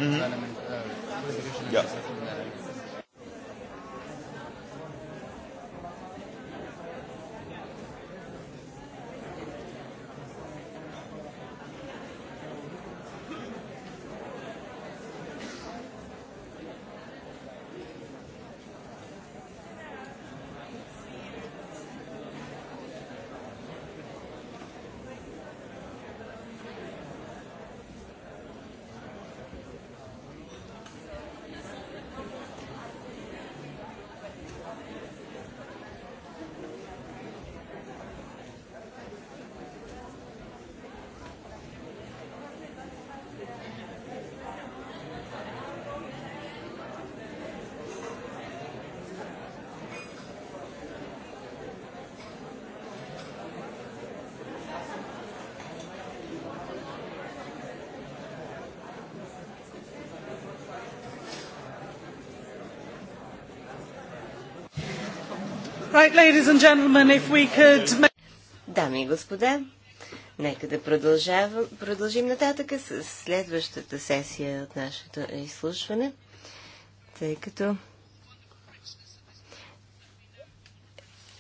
Mhm. Дами и господа, нека да продължим нататък с следващата сесия от нашето изслушване, тъй като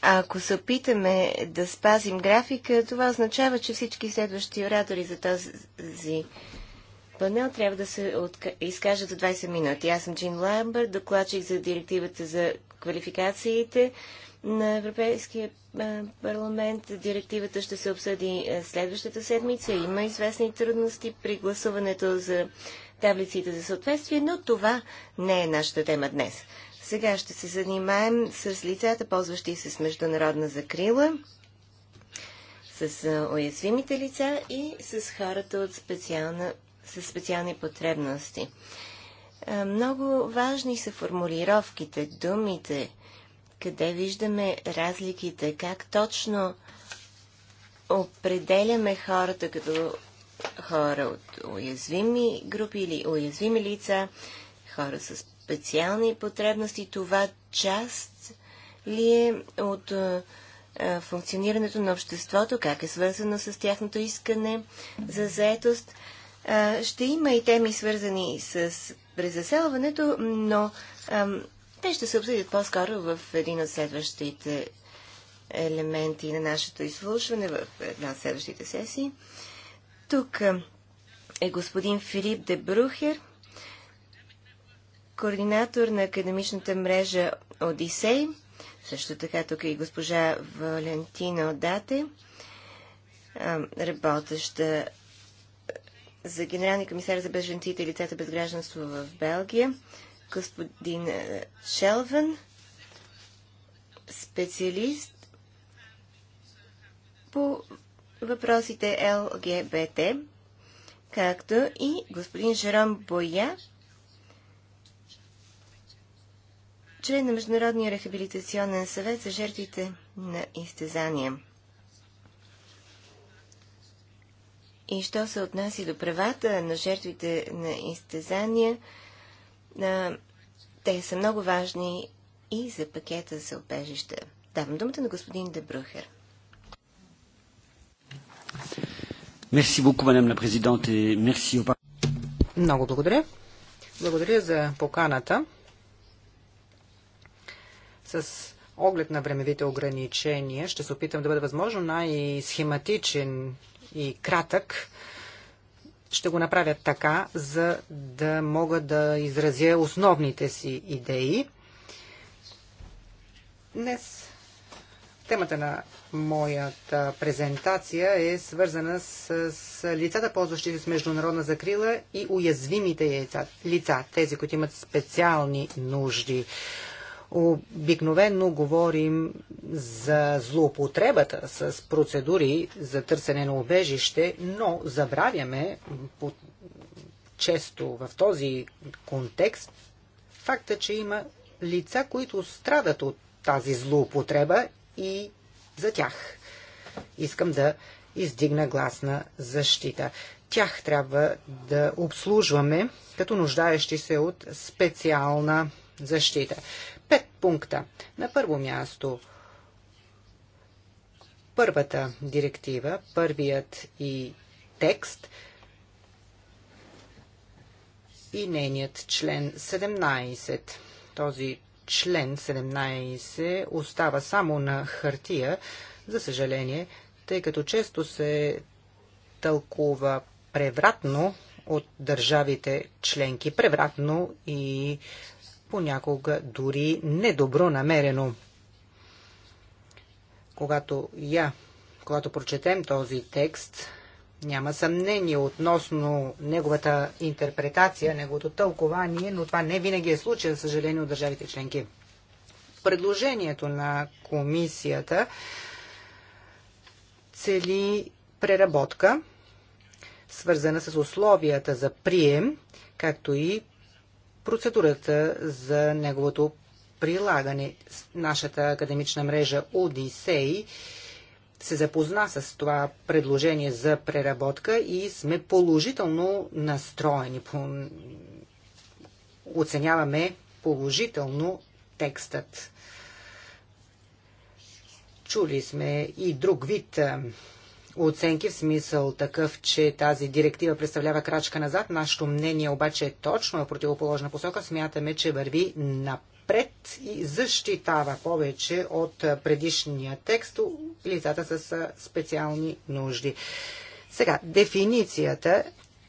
ако се опитаме да спазим графика, това означава, че всички следващи оратори за този панел трябва да се отка... изкажат от 20 минути. Аз съм Джин Ламбър, докладчик за директивата за квалификациите на Европейския парламент. Директивата ще се обсъди следващата седмица. Има известни трудности при гласуването за таблиците за съответствие, но това не е нашата тема днес. Сега ще се занимаем с лицата, ползващи се с международна закрила, с уязвимите лица и с хората от специална, с специални потребности. Много важни са формулировките, думите, къде виждаме разликите, как точно определяме хората като хора от уязвими групи или уязвими лица, хора с специални потребности, това част ли е от функционирането на обществото, как е свързано с тяхното искане за заетост. ще има и теми свързани с презаселването, но те ще се обсъдят по-скоро в един от следващите елементи на нашето изслушване, в една от следващите сесии. Тук е господин Филип Дебрухер, координатор на академичната мрежа Одисей. Също така тук е и госпожа Валентина Дате, работеща за генералния комисар за беженците и лицата без гражданство в Белгия господин е, Шелван, специалист по въпросите ЛГБТ, както и господин Жером Боя, член на Международния рехабилитационен съвет за жертвите на изтезания. И що се отнася до правата на жертвите на изтезания – те са много важни и за пакета за обежища. Давам думата на господин Дебрухер. Много благодаря. Благодаря за поканата. С оглед на времевите ограничения ще се опитам да бъда възможно най-схематичен и кратък ще го направя така, за да мога да изразя основните си идеи. Днес темата на моята презентация е свързана с, с лицата, ползващи се с международна закрила и уязвимите лица, лица тези, които имат специални нужди. Обикновенно говорим за злоупотребата с процедури за търсене на убежище, но забравяме по- често в този контекст факта, че има лица, които страдат от тази злоупотреба и за тях. Искам да издигна гласна защита. Тях трябва да обслужваме като нуждаещи се от специална защита пет пункта. На първо място първата директива, първият и текст и нейният член 17. Този член 17 остава само на хартия, за съжаление, тъй като често се тълкува превратно от държавите членки, превратно и понякога дори недобро намерено. Когато я, когато прочетем този текст, няма съмнение относно неговата интерпретация, неговото тълкование, но това не винаги е случай, за съжаление, от държавите членки. Предложението на комисията цели преработка, свързана с условията за прием, както и процедурата за неговото прилагане. Нашата академична мрежа Одисей се запозна с това предложение за преработка и сме положително настроени. Оценяваме положително текстът. Чули сме и друг вид оценки в смисъл такъв, че тази директива представлява крачка назад. Нашето мнение обаче е точно в противоположна посока. Смятаме, че върви напред и защитава повече от предишния текст лицата с специални нужди. Сега, дефиницията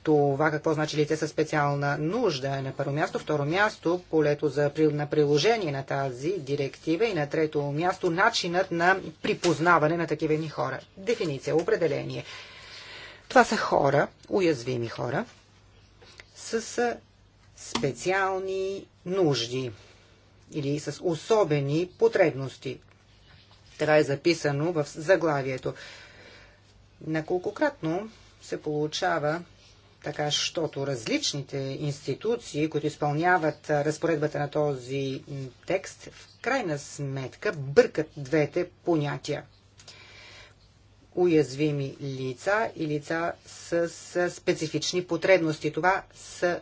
това какво значи лице със специална нужда е на първо място, второ място полето за, на приложение на тази директива и на трето място начинът на припознаване на такива ни хора. Дефиниция, определение. Това са хора, уязвими хора, с специални нужди или с особени потребности. Така е записано в заглавието. Наколкократно се получава така щото различните институции, които изпълняват разпоредбата на този текст, в крайна сметка бъркат двете понятия уязвими лица и лица с, с специфични потребности. Това са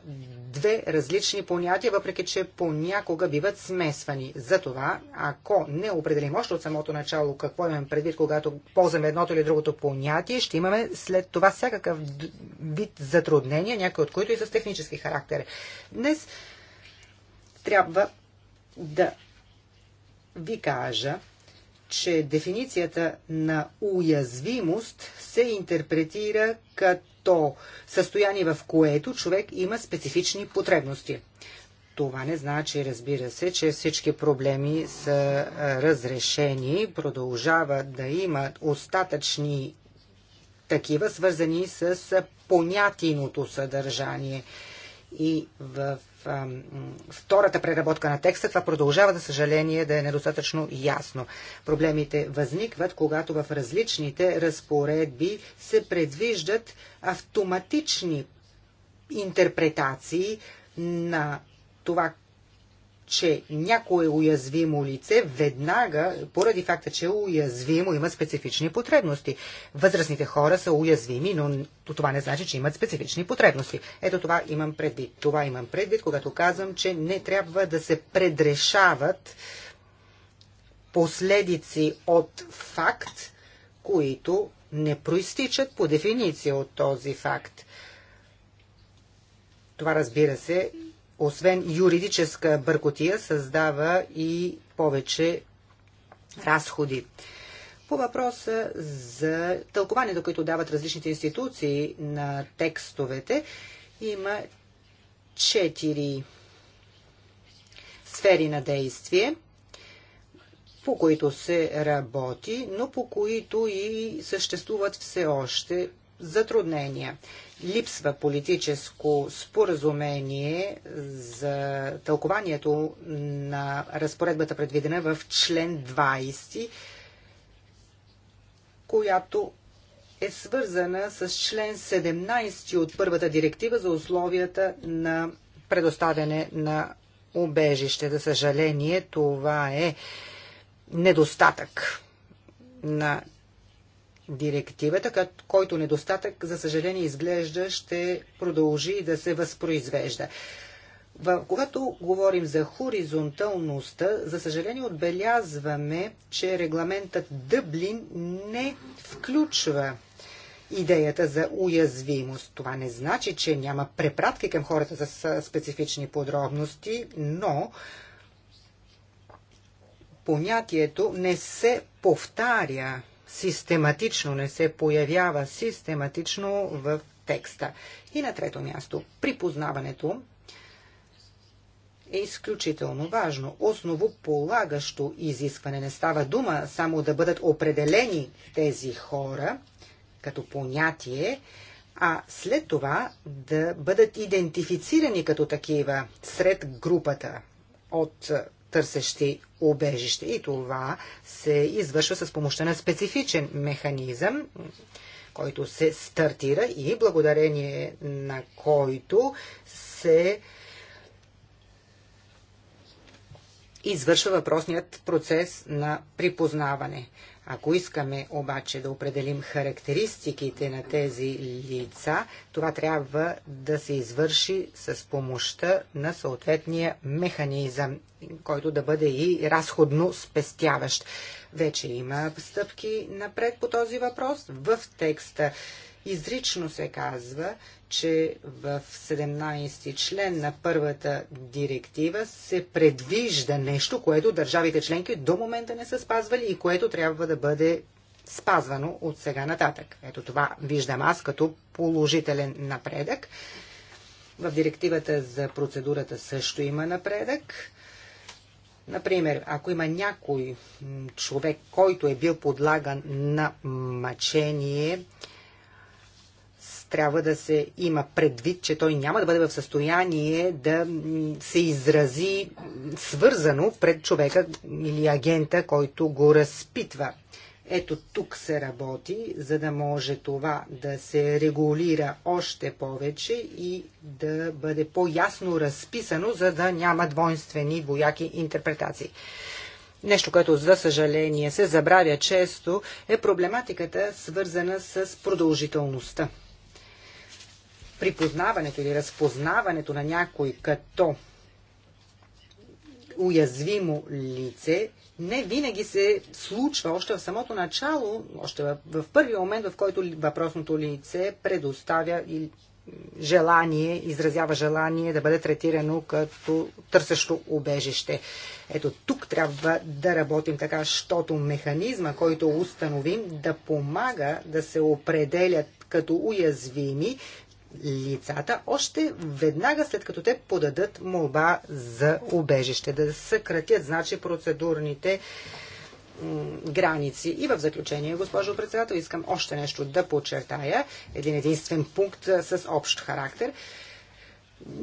две различни понятия, въпреки че понякога биват смесвани. Затова, ако не определим още от самото начало какво имаме предвид, когато ползваме едното или другото понятие, ще имаме след това всякакъв вид затруднения, някои от които и с технически характер. Днес трябва да ви кажа, че дефиницията на уязвимост се интерпретира като състояние, в което човек има специфични потребности. Това не значи, разбира се, че всички проблеми са разрешени, продължава да има остатъчни такива, свързани с понятийното съдържание. И в втората преработка на текста, това продължава, за съжаление, да е недостатъчно ясно. Проблемите възникват, когато в различните разпоредби се предвиждат автоматични интерпретации на това че някое уязвимо лице веднага, поради факта, че е уязвимо, има специфични потребности. Възрастните хора са уязвими, но това не значи, че имат специфични потребности. Ето това имам предвид. Това имам предвид, когато казвам, че не трябва да се предрешават последици от факт, които не проистичат по дефиниция от този факт. Това разбира се освен юридическа бъркотия, създава и повече разходи. По въпроса за тълкованието, които дават различните институции на текстовете, има четири сфери на действие, по които се работи, но по които и съществуват все още затруднения. Липсва политическо споразумение за тълкованието на разпоредбата предвидена в член 20, която е свързана с член 17 от първата директива за условията на предоставяне на убежище. За съжаление, това е недостатък на директивата, който недостатък, за съжаление, изглежда ще продължи да се възпроизвежда. Когато говорим за хоризонталността, за съжаление отбелязваме, че регламентът Дъблин не включва идеята за уязвимост. Това не значи, че няма препратки към хората с специфични подробности, но понятието не се повтаря систематично, не се появява систематично в текста. И на трето място, припознаването е изключително важно, основополагащо изискване. Не става дума само да бъдат определени тези хора като понятие, а след това да бъдат идентифицирани като такива сред групата от търсещи убежище. И това се извършва с помощта на специфичен механизъм, който се стартира и благодарение на който се извършва въпросният процес на припознаване. Ако искаме обаче да определим характеристиките на тези лица, това трябва да се извърши с помощта на съответния механизъм, който да бъде и разходно спестяващ. Вече има стъпки напред по този въпрос в текста изрично се казва, че в 17 член на първата директива се предвижда нещо, което държавите членки до момента не са спазвали и което трябва да бъде спазвано от сега нататък. Ето това виждам аз като положителен напредък. В директивата за процедурата също има напредък. Например, ако има някой човек, който е бил подлаган на мъчение, трябва да се има предвид, че той няма да бъде в състояние да се изрази свързано пред човека или агента, който го разпитва. Ето тук се работи, за да може това да се регулира още повече и да бъде по-ясно разписано, за да няма двойствени двояки интерпретации. Нещо, което за съжаление се забравя често, е проблематиката свързана с продължителността припознаването или разпознаването на някой като уязвимо лице не винаги се случва още в самото начало, още в, в първи момент, в който въпросното лице предоставя и желание, изразява желание да бъде третирано като търсещо убежище. Ето тук трябва да работим така, щото механизма, който установим, да помага да се определят като уязвими лицата още веднага след като те подадат молба за убежище. Да съкратят, значи, процедурните граници. И в заключение, госпожо председател, искам още нещо да подчертая. Един единствен пункт с общ характер.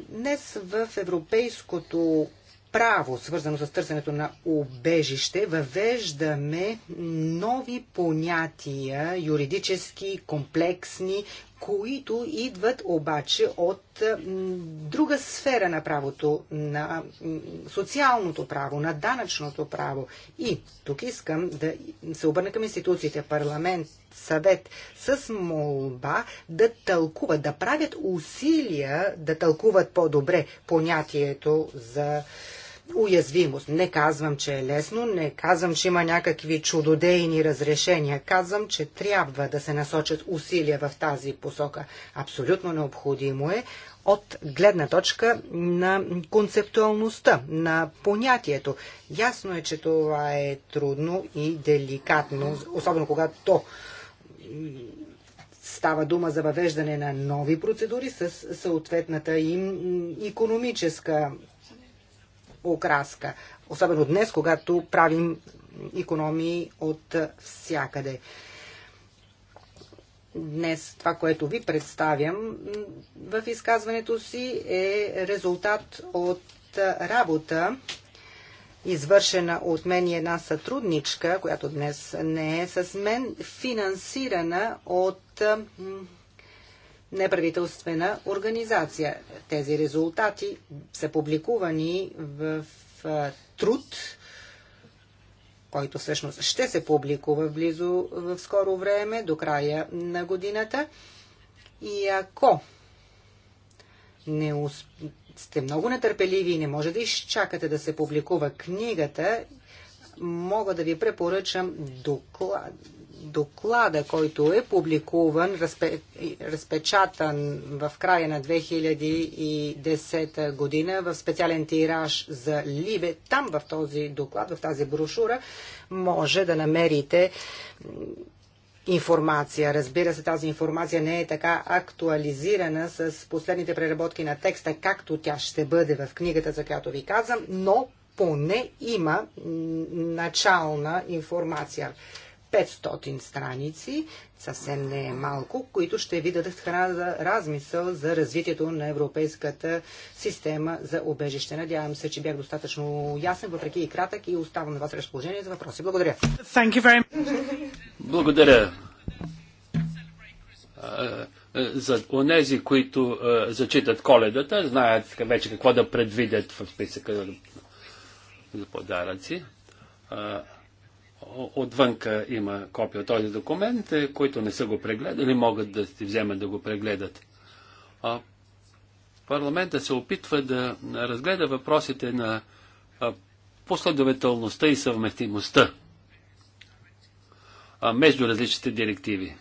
Днес в европейското право, свързано с търсенето на убежище, въвеждаме нови понятия, юридически, комплексни, които идват обаче от друга сфера на правото, на социалното право, на данъчното право. И тук искам да се обърна към институциите, парламент, съвет, с молба да тълкуват, да правят усилия да тълкуват по-добре понятието за уязвимост. Не казвам, че е лесно, не казвам, че има някакви чудодейни разрешения. Казвам, че трябва да се насочат усилия в тази посока. Абсолютно необходимо е от гледна точка на концептуалността, на понятието. Ясно е, че това е трудно и деликатно, особено когато то Става дума за въвеждане на нови процедури с съответната им економическа окраска. Особено днес, когато правим економии от всякъде. Днес това, което ви представям в изказването си е резултат от работа, извършена от мен и една сътрудничка, която днес не е с мен, финансирана от неправителствена организация. Тези резултати са публикувани в труд, който всъщност ще се публикува близо в скоро време, до края на годината. И ако не усп... сте много нетърпеливи и не може да изчакате да се публикува книгата, мога да ви препоръчам доклад, доклада, който е публикуван, разпечатан в края на 2010 година в специален тираж за Либе. Там в този доклад, в тази брошура, може да намерите информация. Разбира се, тази информация не е така актуализирана с последните преработки на текста, както тя ще бъде в книгата, за която ви казвам, но поне има начална информация. 500 страници, съвсем не е малко, които ще ви дадат храна за размисъл за развитието на европейската система за убежище. Надявам се, че бях достатъчно ясен, въпреки и кратък и оставам на вас разположение за въпроси. Благодаря. Благодаря за онези, които зачитат коледата, знаят вече какво да предвидят в списъка за подаръци отвънка има копия от този документ, е, които не са го прегледали, могат да си вземат да го прегледат. А, парламента се опитва да разгледа въпросите на последователността и съвместимостта а, между различните директиви.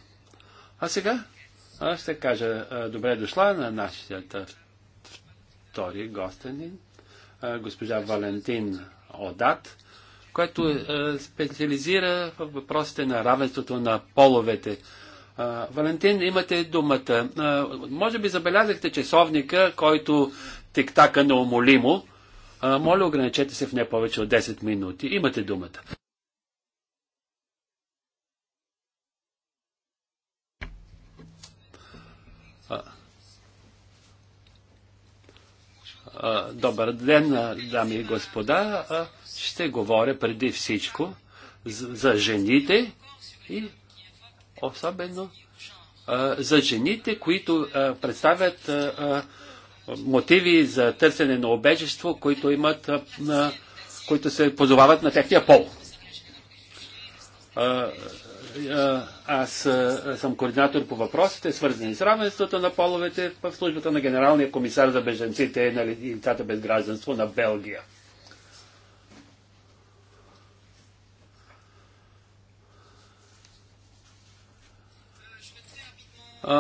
А сега аз ще кажа а, добре дошла на нашия втори гостенин, госпожа Валентин Одат което е, е, специализира в въпросите на равенството на половете. Валентин, имате думата. Може би забелязахте часовника, който тиктака неумолимо. Моля, ограничете се в не повече от 10 минути. Имате думата. Добър ден, дами и господа ще говоря преди всичко за, жените и особено за жените, които представят мотиви за търсене на обежество, които имат, които се позовават на техния пол. Аз съм координатор по въпросите, свързани с равенството на половете в службата на Генералния комисар за беженците нали, и на лицата без гражданство на Белгия.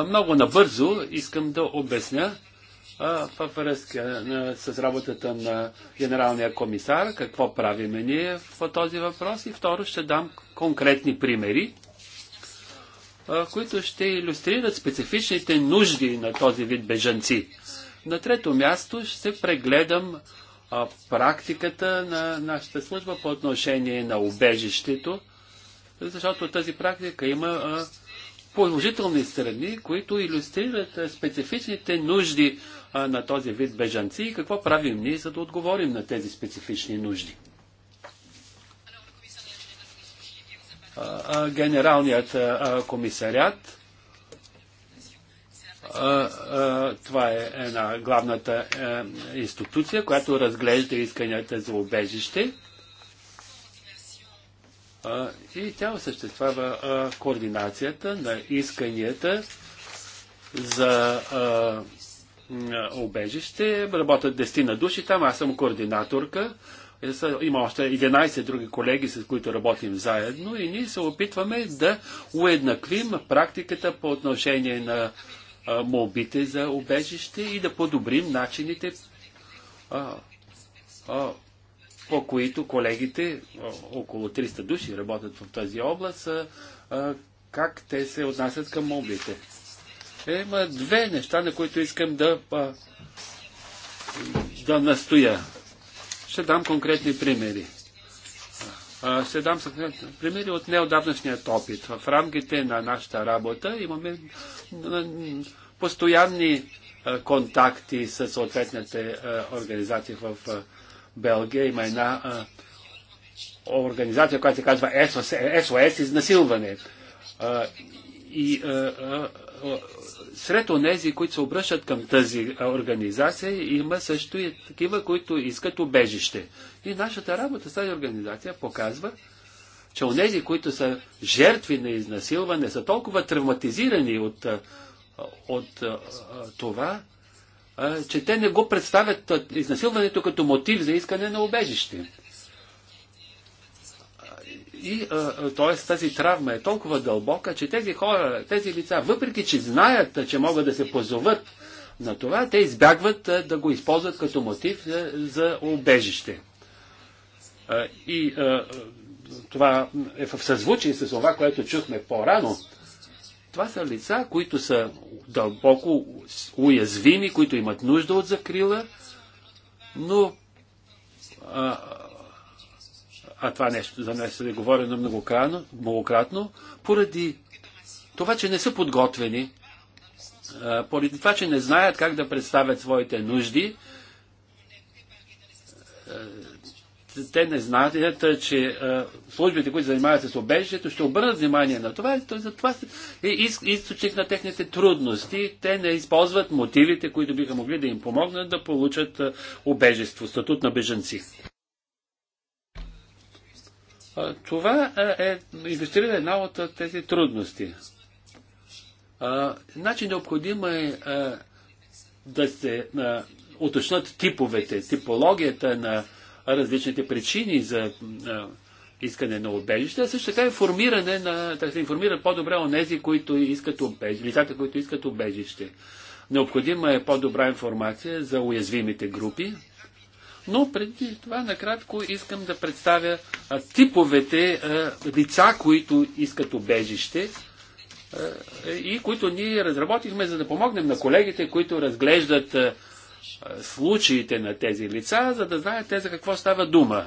Много набързо искам да обясня във връзка с работата на генералния комисар, какво правиме ние в този въпрос и второ ще дам конкретни примери, които ще иллюстрират специфичните нужди на този вид бежанци. На трето място ще прегледам практиката на нашата служба по отношение на убежището, защото тази практика има положителни страни, които иллюстрират е, специфичните нужди на този вид бежанци и какво правим ние, за да отговорим на тези специфични нужди. Генералният комисарят това е една главната е, институция, която разглежда исканията за убежище. А, и тя осъществява а, координацията на исканията за а, обежище. Работят дестина души там, аз съм координаторка. Е, има още 11 други колеги, с които работим заедно и ние се опитваме да уеднаквим практиката по отношение на молбите за обежище и да подобрим начините по които колегите, около 300 души работят в тази област, как те се отнасят към молбите. Е, има две неща, на които искам да, да настоя. Ще дам конкретни примери. Ще дам примери от неодавнашният опит. В рамките на нашата работа имаме постоянни контакти с съответните организации в Белгия има една а, организация, която се казва СОС, SOS изнасилване. А, и а, а, сред онези, които се обръщат към тази организация, има също и такива, които искат убежище. И нашата работа с тази организация показва, че онези, които са жертви на изнасилване, са толкова травматизирани от, от, от това, че те не го представят изнасилването като мотив за искане на убежище. И, т.е. тази травма е толкова дълбока, че тези хора, тези лица, въпреки че знаят, че могат да се позоват на това, те избягват да го използват като мотив за убежище. И това е в съзвучие с това, което чухме по-рано това са лица, които са дълбоко уязвими, които имат нужда от закрила, но а, а това нещо за нас е говорено многократно, многократно поради това, че не са подготвени, а, поради това, че не знаят как да представят своите нужди, те не знаят, е, че е, службите, които занимават се с обежището, ще обърнат внимание на това. Е, за това е източник на техните трудности. Те не използват мотивите, които биха могли да им помогнат да получат обежество, статут на беженци. Това е, иллюстрира една от тези трудности. А, значи необходимо е а, да се а, уточнат типовете, типологията на различните причини за искане на убежище, а също така информиране на, да се информират по-добре от тези, които искат убежище, лицата, които искат убежище. Необходима е по-добра информация за уязвимите групи, но преди това накратко искам да представя а, типовете а, лица, които искат убежище а, и които ние разработихме, за да помогнем на колегите, които разглеждат а, е, случаите на тези лица, за да знаят те за какво става дума.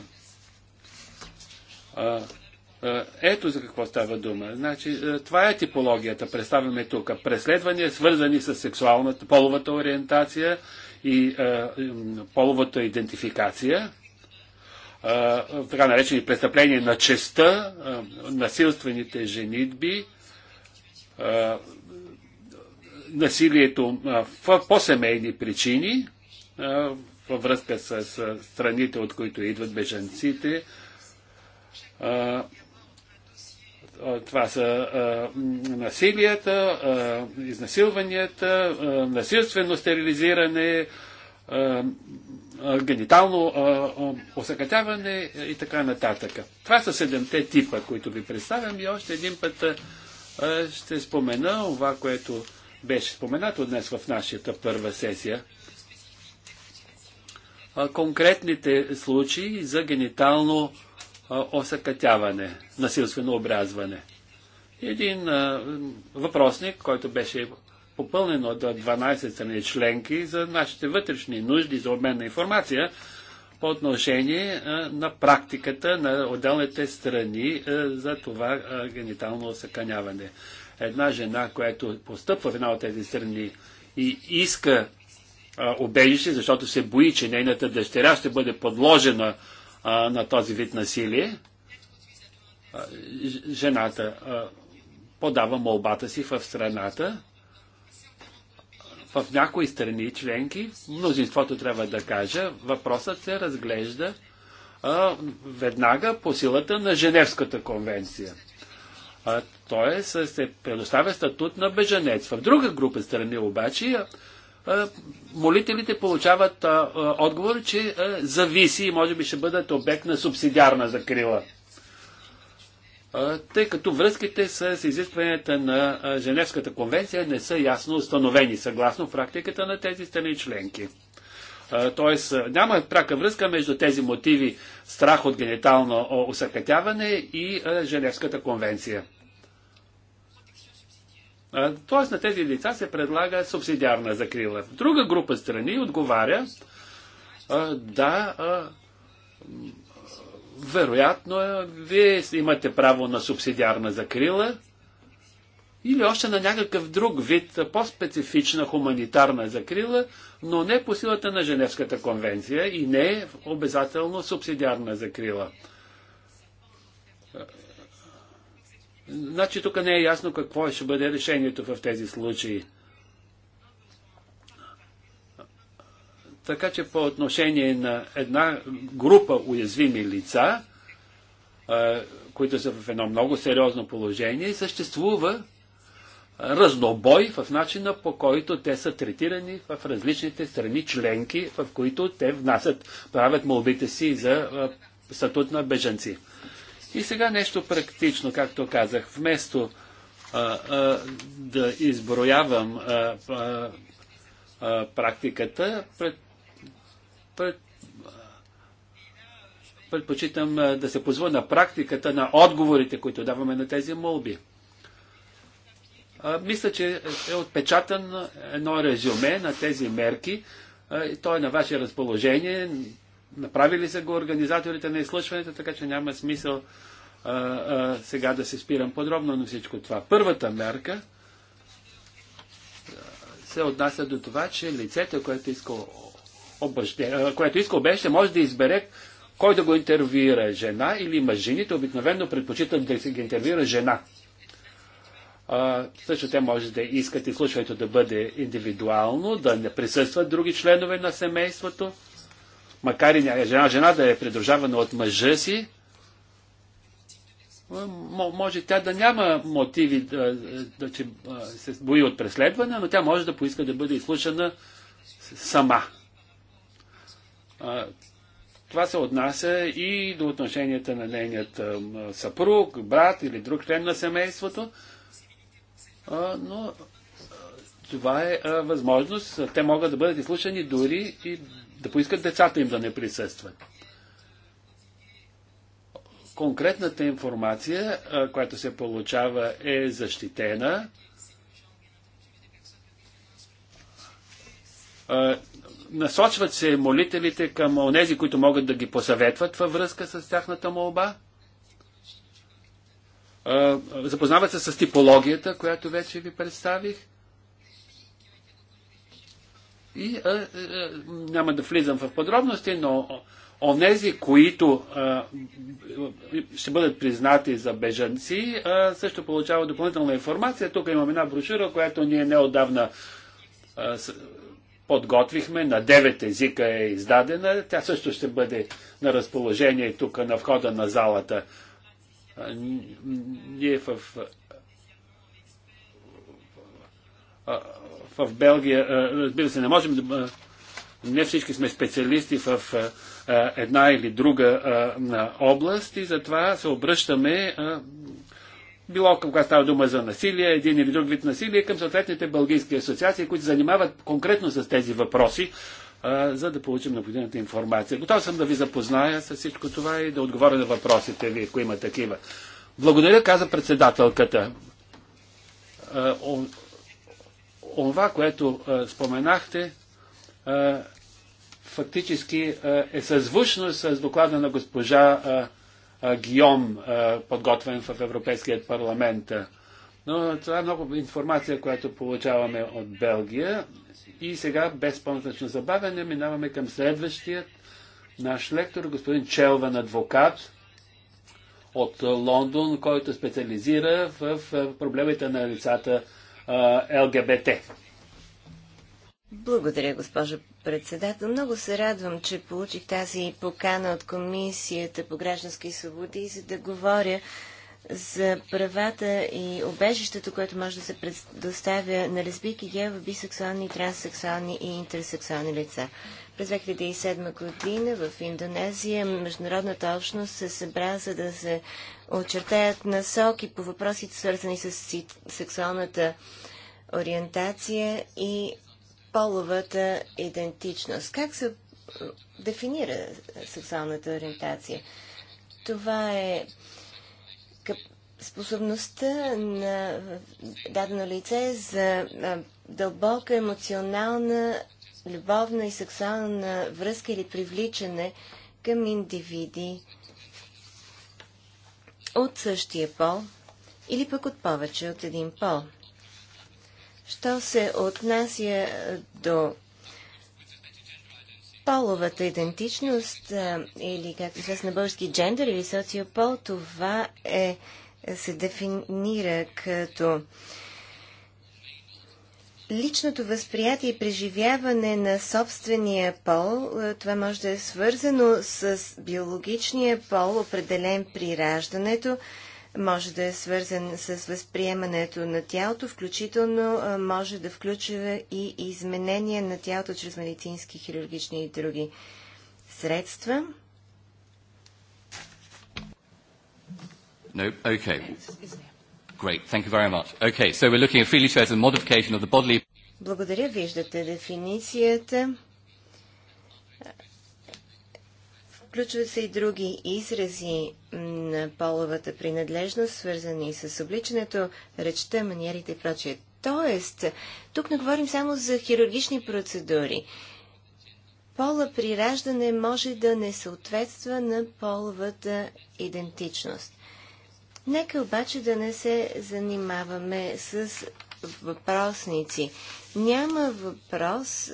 Ето за какво става дума. Значи, това е типологията, представяме тук. Преследвания, свързани с сексуалната, половата ориентация и половата идентификация, така наречени престъпления на честа, е, насилствените женитби, насилието в по-семейни причини, във връзка с страните, от които идват беженците. Това са насилията, изнасилванията, насилствено стерилизиране, генитално осъкътяване и така нататък. Това са седемте типа, които ви представям и още един път ще спомена това, което беше споменато днес в нашата първа сесия. Конкретните случаи за генитално осъкътяване, насилствено обрязване. Един въпросник, който беше попълнен от 12 страни членки за нашите вътрешни нужди за обмен на информация по отношение на практиката на отделните страни за това генитално осъканяване една жена, която постъпва в една от тези страни и иска а, убежище, защото се бои, че нейната дъщеря ще бъде подложена а, на този вид насилие, а, жената а, подава молбата си в страната. В някои страни членки, мнозинството трябва да кажа, въпросът се разглежда а, веднага по силата на Женевската конвенция. А той се предоставя статут на беженец. В друга група страни обаче молителите получават отговор, че зависи и може би ще бъдат обект на субсидиарна закрила тъй като връзките с изискванията на Женевската конвенция не са ясно установени, съгласно практиката на тези страни членки. Тоест няма прака връзка между тези мотиви страх от генитално усъкътяване и Женевската конвенция. Тоест на тези лица се предлага субсидиарна закрила. Друга група страни отговаря, да, вероятно, вие имате право на субсидиарна закрила, или още на някакъв друг вид, по-специфична хуманитарна закрила, но не по силата на Женевската конвенция и не е обязателно субсидиарна закрила. Значи тук не е ясно какво ще бъде решението в тези случаи. Така че по отношение на една група уязвими лица, които са в едно много сериозно положение, съществува разнобой в начина по който те са третирани в различните страни членки, в които те внасят, правят молбите си за статут на беженци. И сега нещо практично, както казах, вместо а, а, да изброявам а, а, а, практиката, пред, пред, предпочитам да се позва на практиката на отговорите, които даваме на тези молби. Мисля, че е отпечатан едно резюме на тези мерки. Той е на ваше разположение. Направили са го организаторите на изслушването, така че няма смисъл сега да се спирам подробно на всичко това. Първата мерка се отнася до това, че лицето, което иска, объжде, което иска обеща, може да избере кой да го интервюира, жена или мъж. Жените обикновено предпочитат да се ги интервюира жена. А, също те може да искат изслушването да бъде индивидуално, да не присъстват други членове на семейството, макар и жена, жена да е придружавана от мъжа си, може тя да няма мотиви да, да че, се бои от преследване, но тя може да поиска да бъде изслушана сама. Това се отнася и до отношенията на нейният съпруг, брат или друг член на семейството но това е възможност. Те могат да бъдат изслушани дори и да поискат децата им да не присъстват. Конкретната информация, която се получава, е защитена. Насочват се молителите към онези, които могат да ги посъветват във връзка с тяхната молба запознават се с типологията, която вече ви представих. И а, а, няма да влизам в подробности, но онези, които а, ще бъдат признати за бежанци, а, също получават допълнителна информация. Тук имам една брошура, която ние неодавна а, подготвихме. На девет езика е издадена. Тя също ще бъде на разположение тук на входа на залата. Ние в в Белгия, разбира се, не можем да. Не всички сме специалисти в една или друга област и затова се обръщаме, било когато става дума за насилие, един или друг вид насилие, към съответните бългийски асоциации, които занимават конкретно с тези въпроси, за да получим необходимата информация. Готов съм да ви запозная с всичко това и да отговоря на въпросите ви, ако има такива. Благодаря, каза председателката. онова, което споменахте, фактически е съзвучно с доклада на госпожа Гиом, подготвен в Европейският парламент. Но това е много информация, която получаваме от Белгия. И сега, без помощно забавяне, минаваме към следващият наш лектор, господин Челван Адвокат от Лондон, който специализира в проблемите на лицата ЛГБТ. Благодаря, госпожа председател. Много се радвам, че получих тази покана от Комисията по граждански свободи, за да говоря за правата и обежището, което може да се предоставя на лесбийки, геове, бисексуални, транссексуални и интерсексуални лица. През 2007 година в Индонезия международната общност се събра за да се очертаят насоки по въпросите, свързани с сексуалната ориентация и половата идентичност. Как се дефинира сексуалната ориентация? Това е способността на дадено лице за дълбока емоционална, любовна и сексуална връзка или привличане към индивиди от същия пол или пък от повече от един пол. Що се отнася до половата идентичност или, както известно на български, джендър или социопол, това е, се дефинира като личното възприятие и преживяване на собствения пол, това може да е свързано с биологичния пол, определен при раждането, може да е свързан с възприемането на тялото, включително може да включва и изменения на тялото чрез медицински, хирургични и други средства. No, okay. Great, thank you very much. Okay, so we're looking at freely chosen modification of the bodily... Благодаря, виждате дефиницията. Включват се и други изрази на половата принадлежност, свързани с обличането, речта, маниерите и прочие. Тоест, тук не говорим само за хирургични процедури. Пола при раждане може да не съответства на половата идентичност. Нека обаче да не се занимаваме с въпросници. Няма въпрос,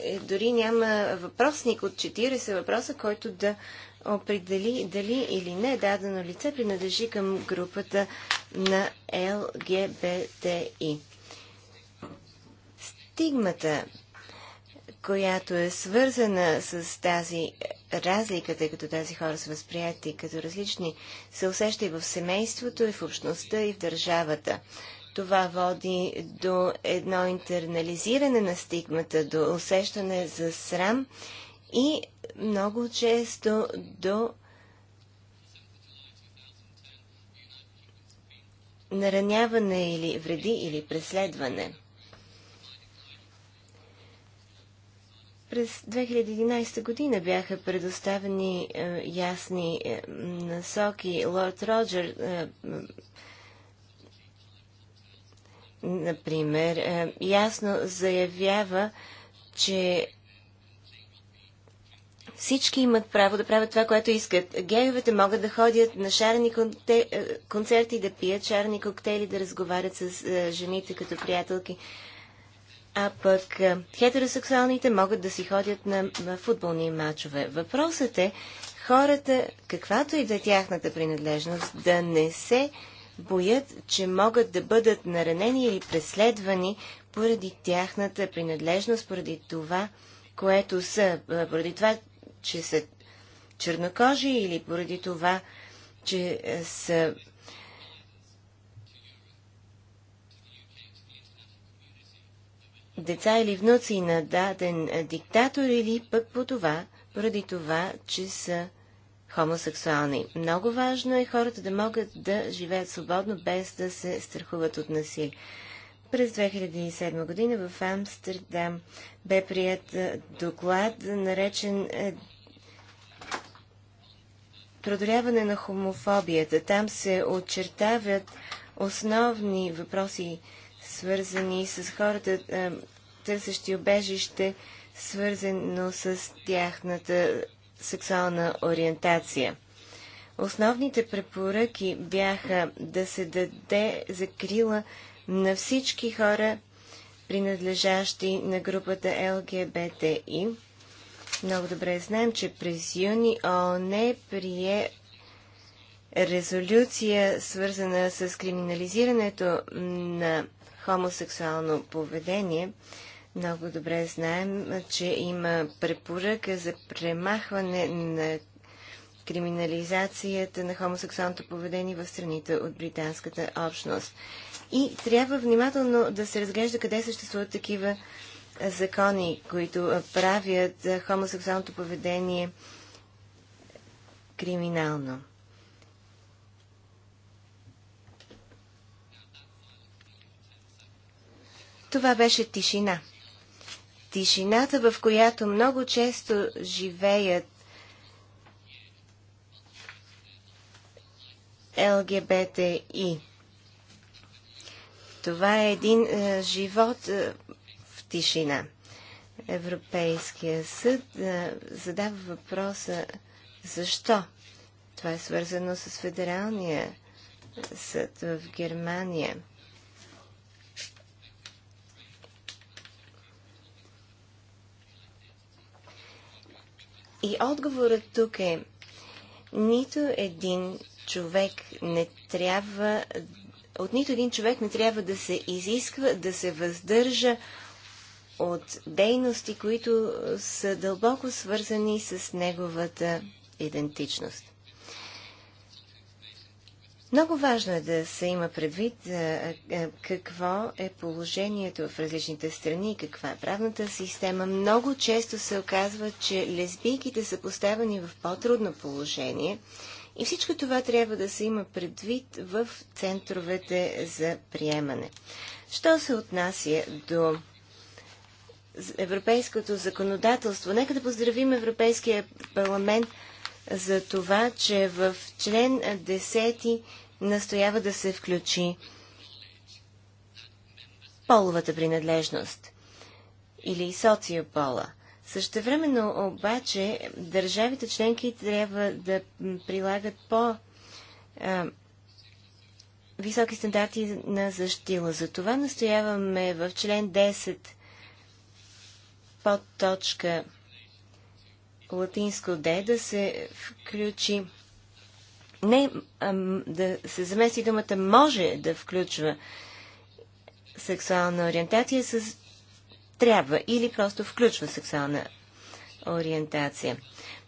е, дори няма въпросник от 40 въпроса, който да определи дали или не дадено лице принадлежи към групата на ЛГБТИ. Стигмата, която е свързана с тази разлика, тъй като тази хора са възприяти като различни, се усеща и в семейството, и в общността, и в държавата. Това води до едно интернализиране на стигмата, до усещане за срам и много често до нараняване или вреди или преследване. През 2011 година бяха предоставени е, ясни е, насоки. Лорд Роджер е, например, е, ясно заявява, че всички имат право да правят това, което искат. Геовете могат да ходят на шарени е, концерти, да пият шарени коктейли, да разговарят с е, жените като приятелки. А пък хетеросексуалните могат да си ходят на футболни матчове. Въпросът е хората, каквато и да е тяхната принадлежност, да не се боят, че могат да бъдат наранени или преследвани поради тяхната принадлежност, поради това, което са, поради това, че са чернокожи или поради това, че са деца или внуци на даден диктатор или пък по това, поради това, че са хомосексуални. Много важно е хората да могат да живеят свободно, без да се страхуват от насилие. През 2007 година в Амстердам бе прият доклад, наречен е, Продоляване на хомофобията. Там се очертават основни въпроси, свързани с хората, е, търсещи обежище, свързано с тяхната сексуална ориентация. Основните препоръки бяха да се даде закрила на всички хора, принадлежащи на групата ЛГБТИ. Много добре знаем, че през юни ООН прие резолюция, свързана с криминализирането на хомосексуално поведение много добре знаем, че има препоръка за премахване на криминализацията на хомосексуалното поведение в страните от британската общност. И трябва внимателно да се разглежда къде съществуват такива закони, които правят хомосексуалното поведение криминално. Това беше тишина тишината, в която много често живеят ЛГБТИ. Това е един е, живот е, в тишина. Европейския съд е, задава въпроса защо. Това е свързано с Федералния съд в Германия – И отговорът тук е, нито един човек не трябва, от нито един човек не трябва да се изисква да се въздържа от дейности, които са дълбоко свързани с неговата идентичност. Много важно е да се има предвид какво е положението в различните страни, и каква е правната система. Много често се оказва, че лесбийките са поставени в по-трудно положение и всичко това трябва да се има предвид в центровете за приемане. Що се отнася до европейското законодателство? Нека да поздравим Европейския парламент – за това, че в член 10 настоява да се включи половата принадлежност или социопола. Същевременно обаче държавите членки трябва да прилагат по високи стандарти на защила. Затова настояваме в член 10 под точка латинско де да се включи не ам, да се замести думата може да включва сексуална ориентация с трябва или просто включва сексуална ориентация.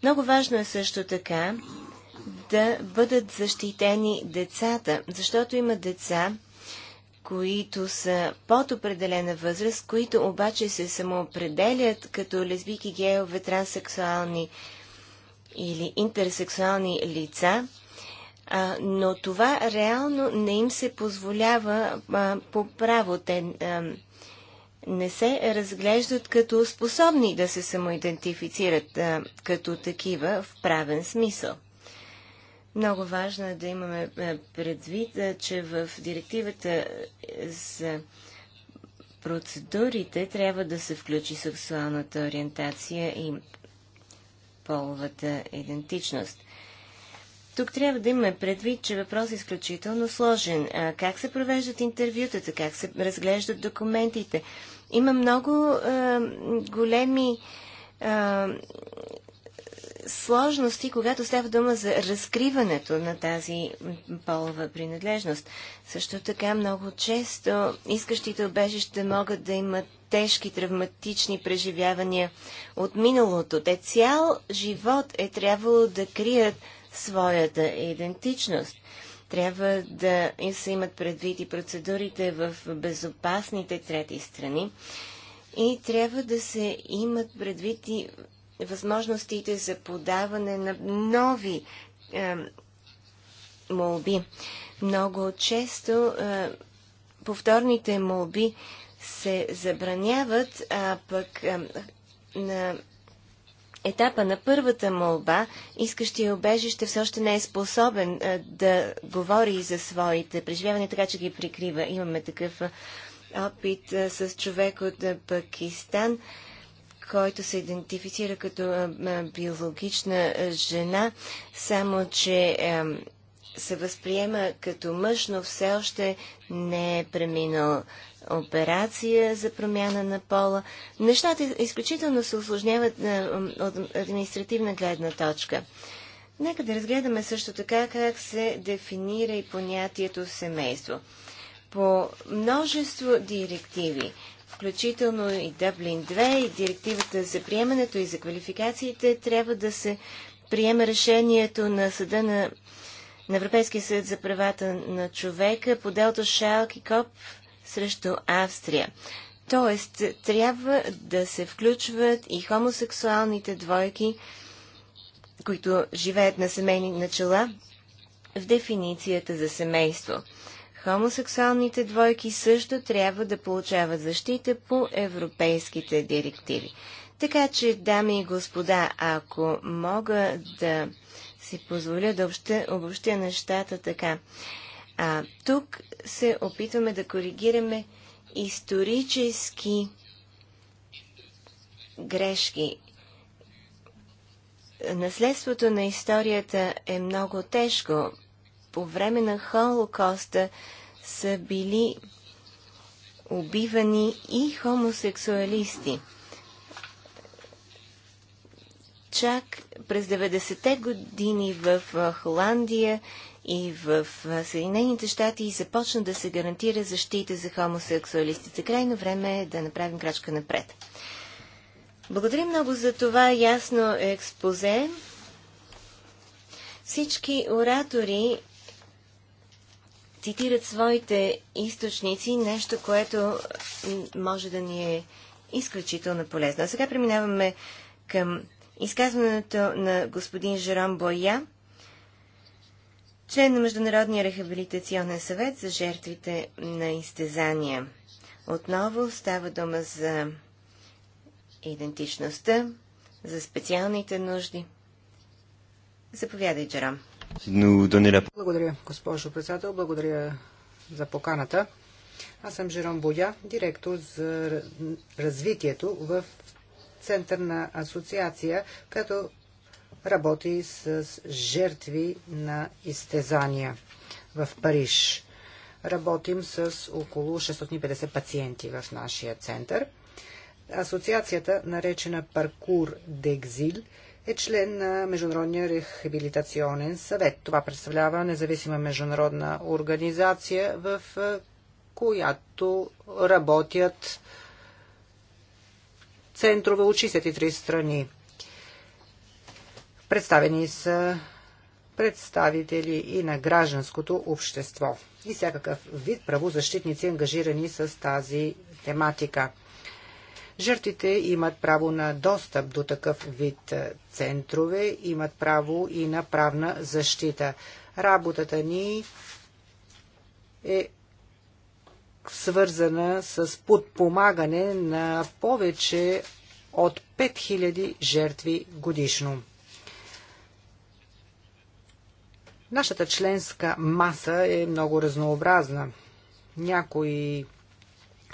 Много важно е също така да бъдат защитени децата, защото има деца, които са под определена възраст, които обаче се самоопределят като лесбийки, геове, транссексуални или интерсексуални лица, а, но това реално не им се позволява а, по право. Те а, не се разглеждат като способни да се самоидентифицират а, като такива в правен смисъл. Много важно е да имаме е, предвид, е, че в директивата е, за процедурите трябва да се включи сексуалната ориентация и половата идентичност. Тук трябва да имаме предвид, че въпрос е изключително сложен. как се провеждат интервютата, как се разглеждат документите. Има много а, големи а, сложности, когато става дума за разкриването на тази полова принадлежност. Също така много често искащите обежище могат да имат тежки травматични преживявания от миналото. Те цял живот е трябвало да крият своята идентичност. Трябва да им се имат предвид и процедурите в безопасните трети страни. И трябва да се имат предвид и възможностите за подаване на нови е, молби. Много често е, повторните молби се забраняват, а пък е, на етапа на първата молба искащия обежище все още не е способен е, да говори за своите преживявания, така че ги прикрива. Имаме такъв е, опит е, с човек от Пакистан. Е, който се идентифицира като биологична жена, само че се възприема като мъж, но все още не е преминал операция за промяна на пола. Нещата изключително се осложняват от административна гледна точка. Нека да разгледаме също така как се дефинира и понятието семейство. По множество директиви включително и Дъблин 2 и директивата за приемането и за квалификациите, трябва да се приеме решението на съда на, на Европейския съд за правата на човека по делто Шалк и Коп срещу Австрия. Тоест, трябва да се включват и хомосексуалните двойки, които живеят на семейни начала, в дефиницията за семейство. Хомосексуалните двойки също трябва да получават защита по европейските директиви. Така че, дами и господа, ако мога да си позволя да обобщя, обобщя нещата така. А, тук се опитваме да коригираме исторически грешки. Наследството на историята е много тежко по време на Холокоста са били убивани и хомосексуалисти. Чак през 90-те години в Холандия и в Съединените щати започна да се гарантира защита за хомосексуалистите. Крайно време е да направим крачка напред. Благодаря много за това ясно експозе. Всички оратори цитират своите източници, нещо, което може да ни е изключително полезно. А сега преминаваме към изказването на господин Жером Боя, член на Международния рехабилитационен съвет за жертвите на изтезания. Отново става дума за идентичността, за специалните нужди. Заповядай, Джером. Благодаря, госпожо председател. Благодаря за поканата. Аз съм Жером Боя, директор за развитието в Център на асоциация, като работи с жертви на изтезания в Париж. Работим с около 650 пациенти в нашия център. Асоциацията, наречена Паркур Дегзиль, е член на Международния рехабилитационен съвет. Това представлява независима международна организация, в е, която работят центрове от 63 страни. Представени са представители и на гражданското общество и всякакъв вид правозащитници, ангажирани с тази тематика. Жертвите имат право на достъп до такъв вид е, центрове, имат право и на правна защита. Работата ни е свързана с подпомагане на повече от 5000 жертви годишно. Нашата членска маса е много разнообразна. Някои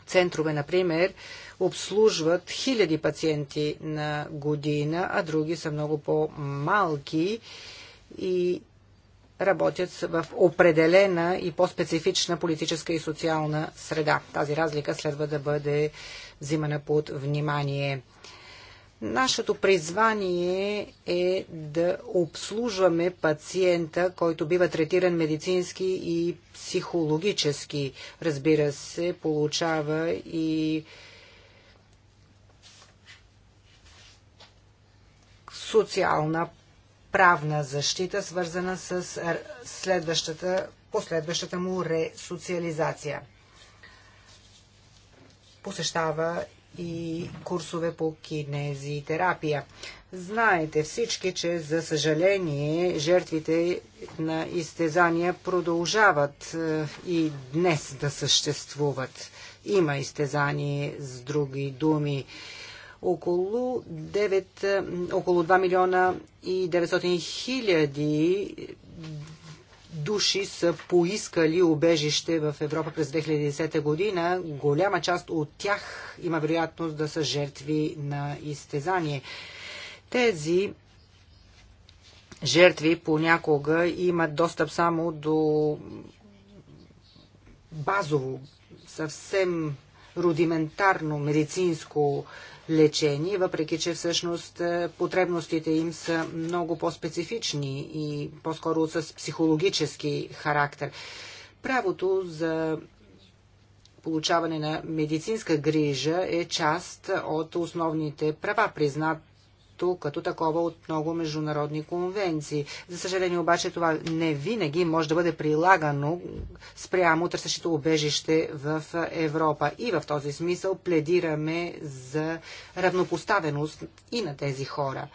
центрове, например, обслужват хиляди пациенти на година, а други са много по-малки и работят в определена и по-специфична политическа и социална среда. Тази разлика следва да бъде взимана под внимание. Нашето призвание е да обслужваме пациента, който бива третиран медицински и психологически. Разбира се, получава и социална правна защита, свързана с следващата, последващата му ресоциализация. Посещава и курсове по кинезитерапия. Знаете всички, че за съжаление жертвите на изтезания продължават е, и днес да съществуват. Има изтезание с други думи около, 9, е, около 2 милиона и 900 хиляди души са поискали убежище в Европа през 2010 година. Голяма част от тях има вероятност да са жертви на изтезание. Тези жертви понякога имат достъп само до базово, съвсем рудиментарно медицинско лечение, въпреки че всъщност е, потребностите им са много по-специфични и по-скоро с психологически характер. Правото за получаване на медицинска грижа е част от основните права, признат прието като такова от много международни конвенции. За съжаление обаче това не винаги може да бъде прилагано спрямо търсещите убежище в Европа. И в този смисъл пледираме за равнопоставеност и на тези хора.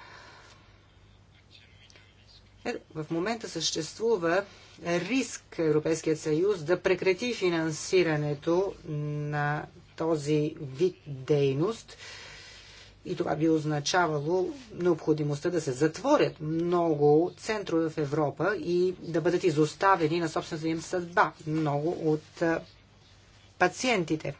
Е, в момента съществува риск Европейският съюз да прекрати финансирането на този вид дейност и това би означавало необходимостта да се затворят много центрове в Европа и да бъдат изоставени на собствената им съдба много от пациентите.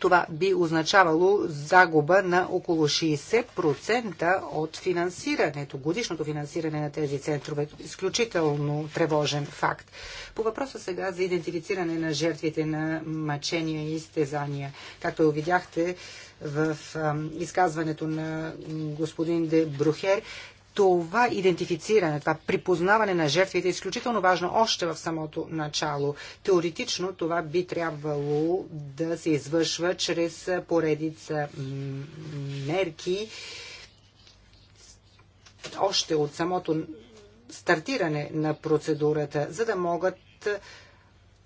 Това би означавало загуба на около 60% от финансирането, годишното финансиране на тези центрове. Изключително тревожен факт. По въпроса сега за идентифициране на жертвите на мъчения и изтезания. Както видяхте в изказването на господин Де Брухер, това идентифициране, това припознаване на жертвите е изключително важно още в самото начало. Теоретично това би трябвало да се извършва чрез поредица мерки още от самото стартиране на процедурата, за да могат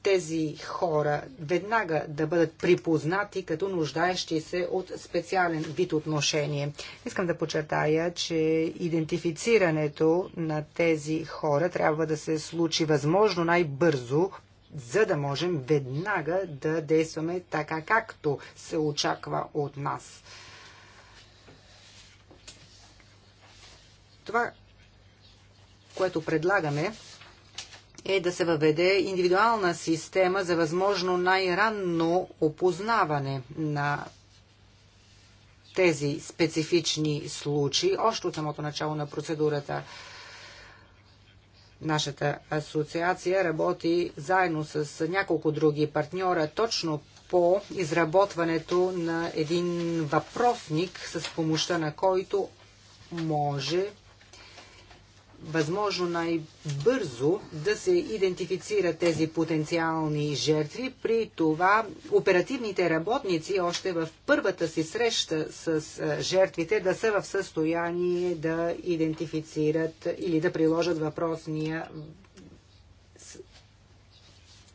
тези хора веднага да бъдат припознати като нуждаещи се от специален вид отношение. Искам да подчертая, че идентифицирането на тези хора трябва да се случи възможно най-бързо, за да можем веднага да действаме така, както се очаква от нас. Това, което предлагаме, е да се въведе индивидуална система за възможно най-ранно опознаване на тези специфични случаи, още от самото начало на процедурата. Нашата асоциация работи заедно с няколко други партньора точно по изработването на един въпросник, с помощта на който може възможно най-бързо да се идентифицират тези потенциални жертви. При това оперативните работници още в първата си среща с жертвите да са в състояние да идентифицират или да приложат въпросния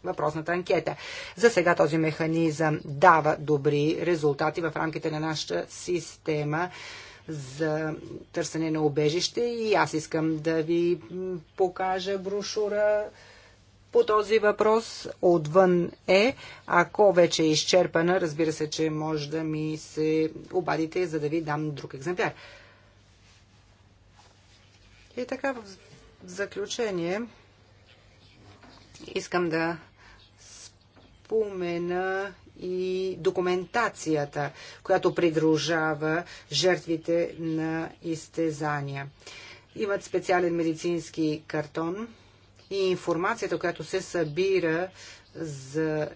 въпросната анкета. За сега този механизъм дава добри резултати в рамките на нашата система за търсене на обежище и аз искам да ви покажа брошура по този въпрос отвън е, ако вече е изчерпана, разбира се, че може да ми се обадите, за да ви дам друг екземпляр. И така, в заключение, искам да спомена и документацията, която придружава жертвите на изтезания. Имат специален медицински картон и информацията, която се събира за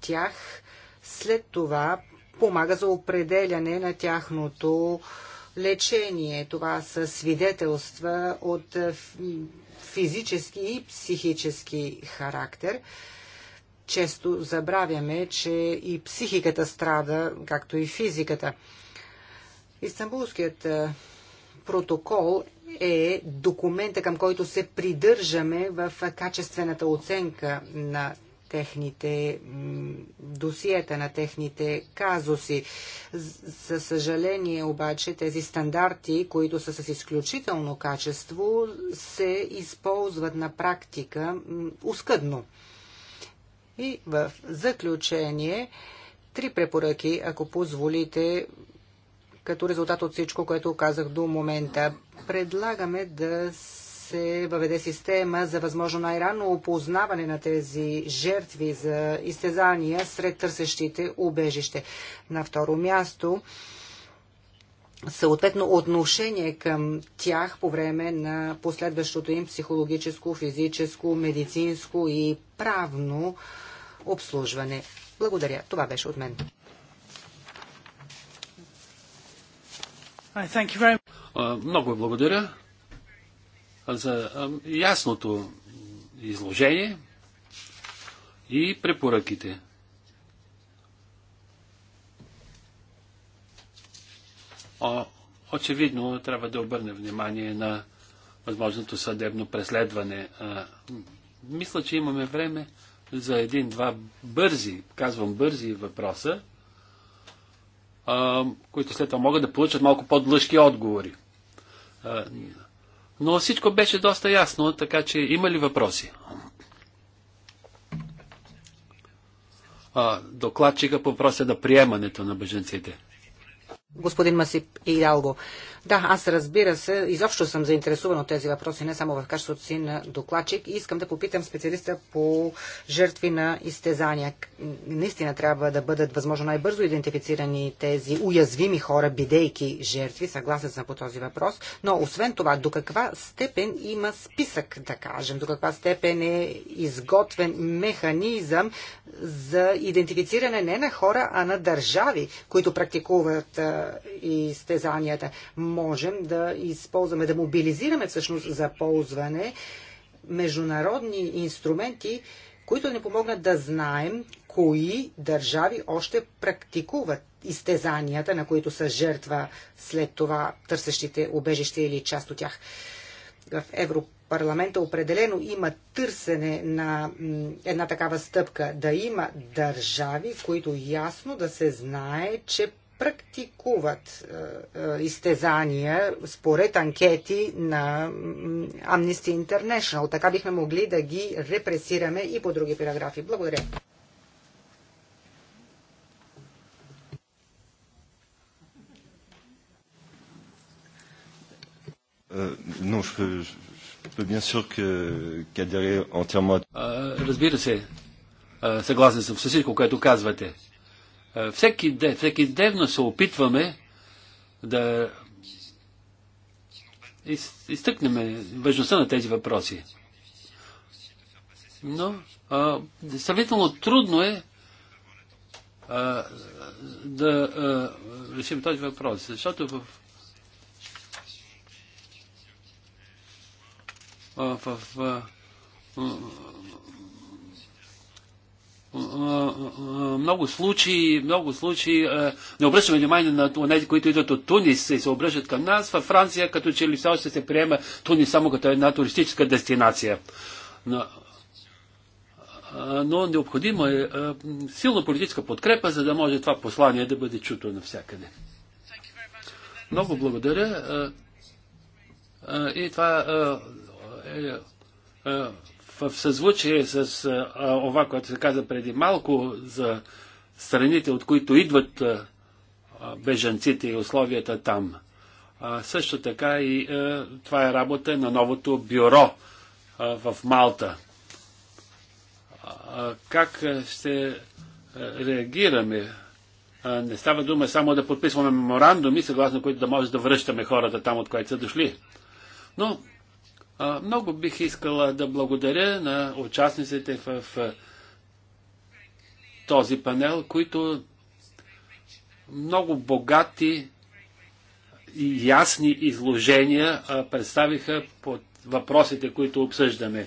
тях, след това помага за определяне на тяхното лечение. Това са свидетелства от физически и психически характер често забравяме, че и психиката страда, както и физиката. Истанбулският е, протокол е документа, към който се придържаме в качествената оценка на техните досиета, на техните казуси. За съжаление обаче тези стандарти, които са с изключително качество, се използват на практика ускъдно. И в заключение, три препоръки, ако позволите, като резултат от всичко, което казах до момента. Предлагаме да се въведе система за възможно най-рано опознаване на тези жертви за изтезания сред търсещите убежище. На второ място, съответно отношение към тях по време на последващото им психологическо, физическо, медицинско и правно обслужване. Благодаря. Това беше от мен. Много благодаря за ясното изложение и препоръките. очевидно трябва да обърне внимание на възможното съдебно преследване. Мисля, че имаме време за един-два бързи, казвам бързи въпроса, които след това могат да получат малко по-длъжки отговори. Но всичко беше доста ясно, така че има ли въпроси? Докладчика по въпроса на е приемането на беженците господин Масип Идалго. Да, аз разбира се, изобщо съм заинтересуван от тези въпроси, не само в качеството си на докладчик. И искам да попитам специалиста по жертви на изтезания. Наистина трябва да бъдат възможно най-бързо идентифицирани тези уязвими хора, бидейки жертви. Съгласен съм по този въпрос. Но освен това, до каква степен има списък, да кажем, до каква степен е изготвен механизъм за идентифициране не на хора, а на държави, които практикуват изтезанията. Можем да използваме, да мобилизираме всъщност за ползване международни инструменти, които ни помогнат да знаем кои държави още практикуват изтезанията, на които са жертва след това търсещите убежище или част от тях. В Европарламента определено има търсене на една такава стъпка. Да има държави, които ясно да се знае, че практикуват е, е, изтезания според анкети на Amnesty International. Така бихме могли да ги репресираме и по други параграфи. Благодаря. Е, разбира се, съгласен съм с всичко, което казвате. Е, всеки, ден, всеки дневно се опитваме да из, изтъкнем важността на тези въпроси. Но съвително трудно е а, да а, решим този въпрос, защото в, в, в, в много случаи, много случаи е, не обръщаме внимание на тези, които идват от Тунис и се обръщат към нас. Във Франция, като че ли все още се приема Тунис само като една туристическа дестинация. Но, е, но необходимо е, е силна политическа подкрепа, за да може това послание да бъде чуто навсякъде. Много благодаря. И това е в съзвучие с а, това, което се каза преди малко за страните, от които идват а, бежанците и условията там. А, също така и а, това е работа на новото бюро а, в Малта. А, как ще реагираме? А, не става дума само да подписваме меморандуми, съгласно които да може да връщаме хората там, от които са дошли. Но много бих искала да благодаря на участниците в този панел, които много богати и ясни изложения представиха под въпросите, които обсъждаме.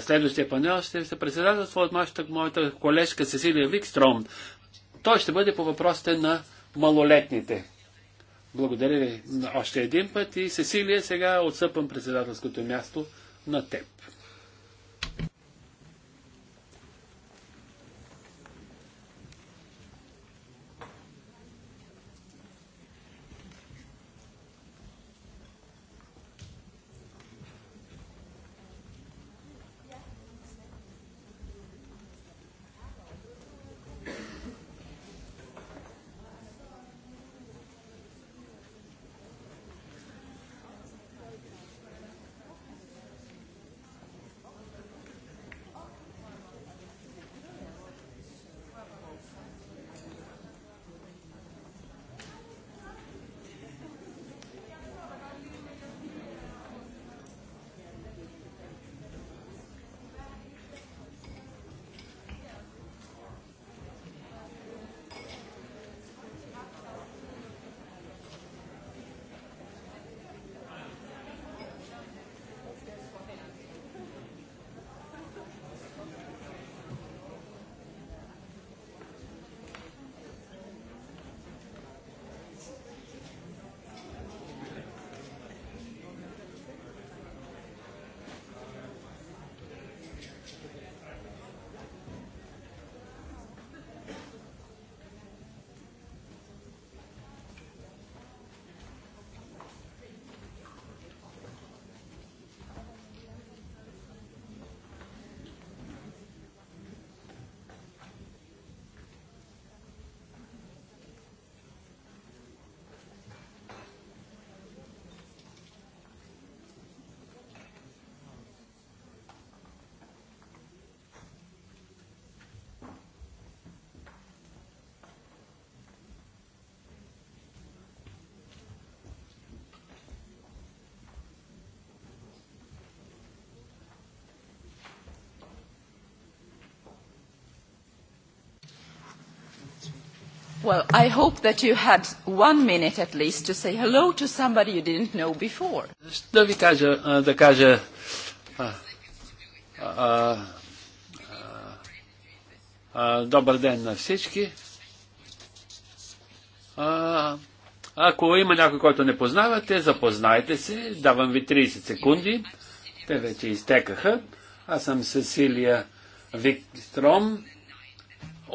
Следващия панел ще се председателства от моята, моята колежка Сесилия Викстром. Той ще бъде по въпросите на малолетните. Благодаря ви още един път и Сесилия, сега отсъпвам председателското място на теб. Well, I hope that you had one minute at least to say hello to somebody you didn't know before. Да ви кажа, да кажа, добър ден на всички. ако има някой, който не познавате, запознайте се. Давам ви 30 секунди. Те вече изтекаха. Аз съм Сесилия Викстром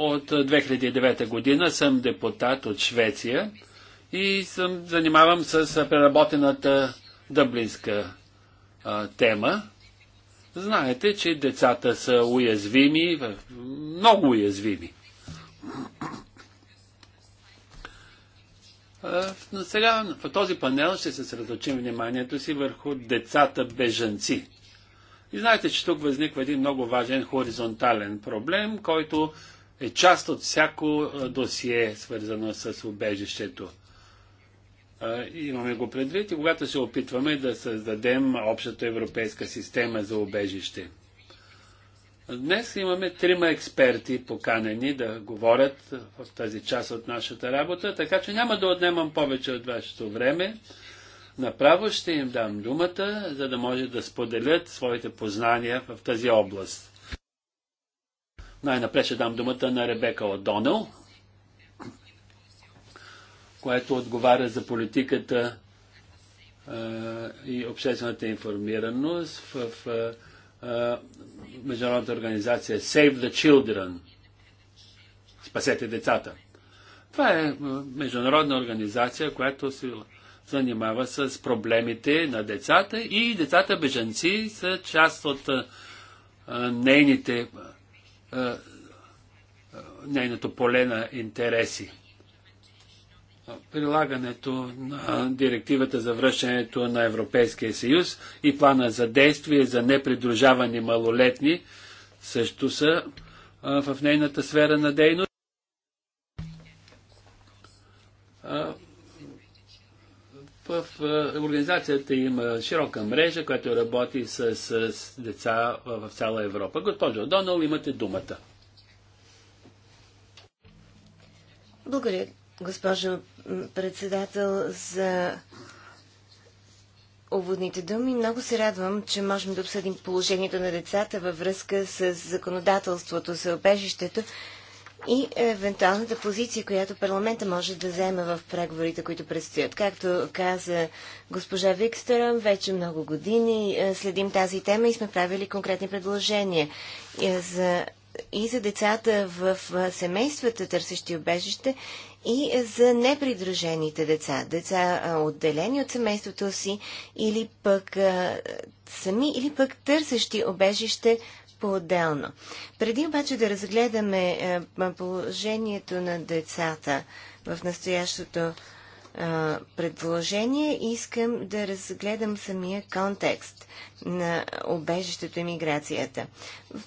от 2009 е, година съм депутат от Швеция и съм занимавам с е, преработената дъблинска а, тема. Знаете, че децата са уязвими, много уязвими. Но сега в този панел ще се съсредоточим вниманието си върху децата бежанци. И знаете, че тук възниква един много важен хоризонтален проблем, който е част от всяко досие, свързано с убежището. Имаме го предвид и когато се опитваме да създадем общата европейска система за убежище. Днес имаме трима експерти поканени да говорят в тази част от нашата работа, така че няма да отнемам повече от вашето време. Направо ще им дам думата, за да може да споделят своите познания в тази област. Най-напред ще дам думата на Ребека О'Донел, която отговаря за политиката и обществената информираност в, международната организация Save the Children. Спасете децата. Това е международна организация, която се занимава с проблемите на децата и децата бежанци са част от нейните е, е, нейното поле на интереси. Прилагането на директивата за връщането на Европейския съюз и плана за действие за непридружавани малолетни също са е, в нейната сфера на дейност в организацията има широка мрежа, която работи с, с деца в цяла Европа. Госпожо Донал, имате думата. Благодаря, госпожо председател, за уводните думи. Много се радвам, че можем да обсъдим положението на децата във връзка с законодателството за обежището и евентуалната позиция, която парламента може да вземе в преговорите, които предстоят. Както каза госпожа Викстера, вече много години е, следим тази тема и сме правили конкретни предложения е, за, и за децата в е, семействата, търсещи обежище, и за непридружените деца, деца отделени от семейството си или пък сами, или пък търсещи обежище по-отделно. Преди обаче да разгледаме е, положението на децата в настоящото е, предложение, искам да разгледам самия контекст на обежището и миграцията.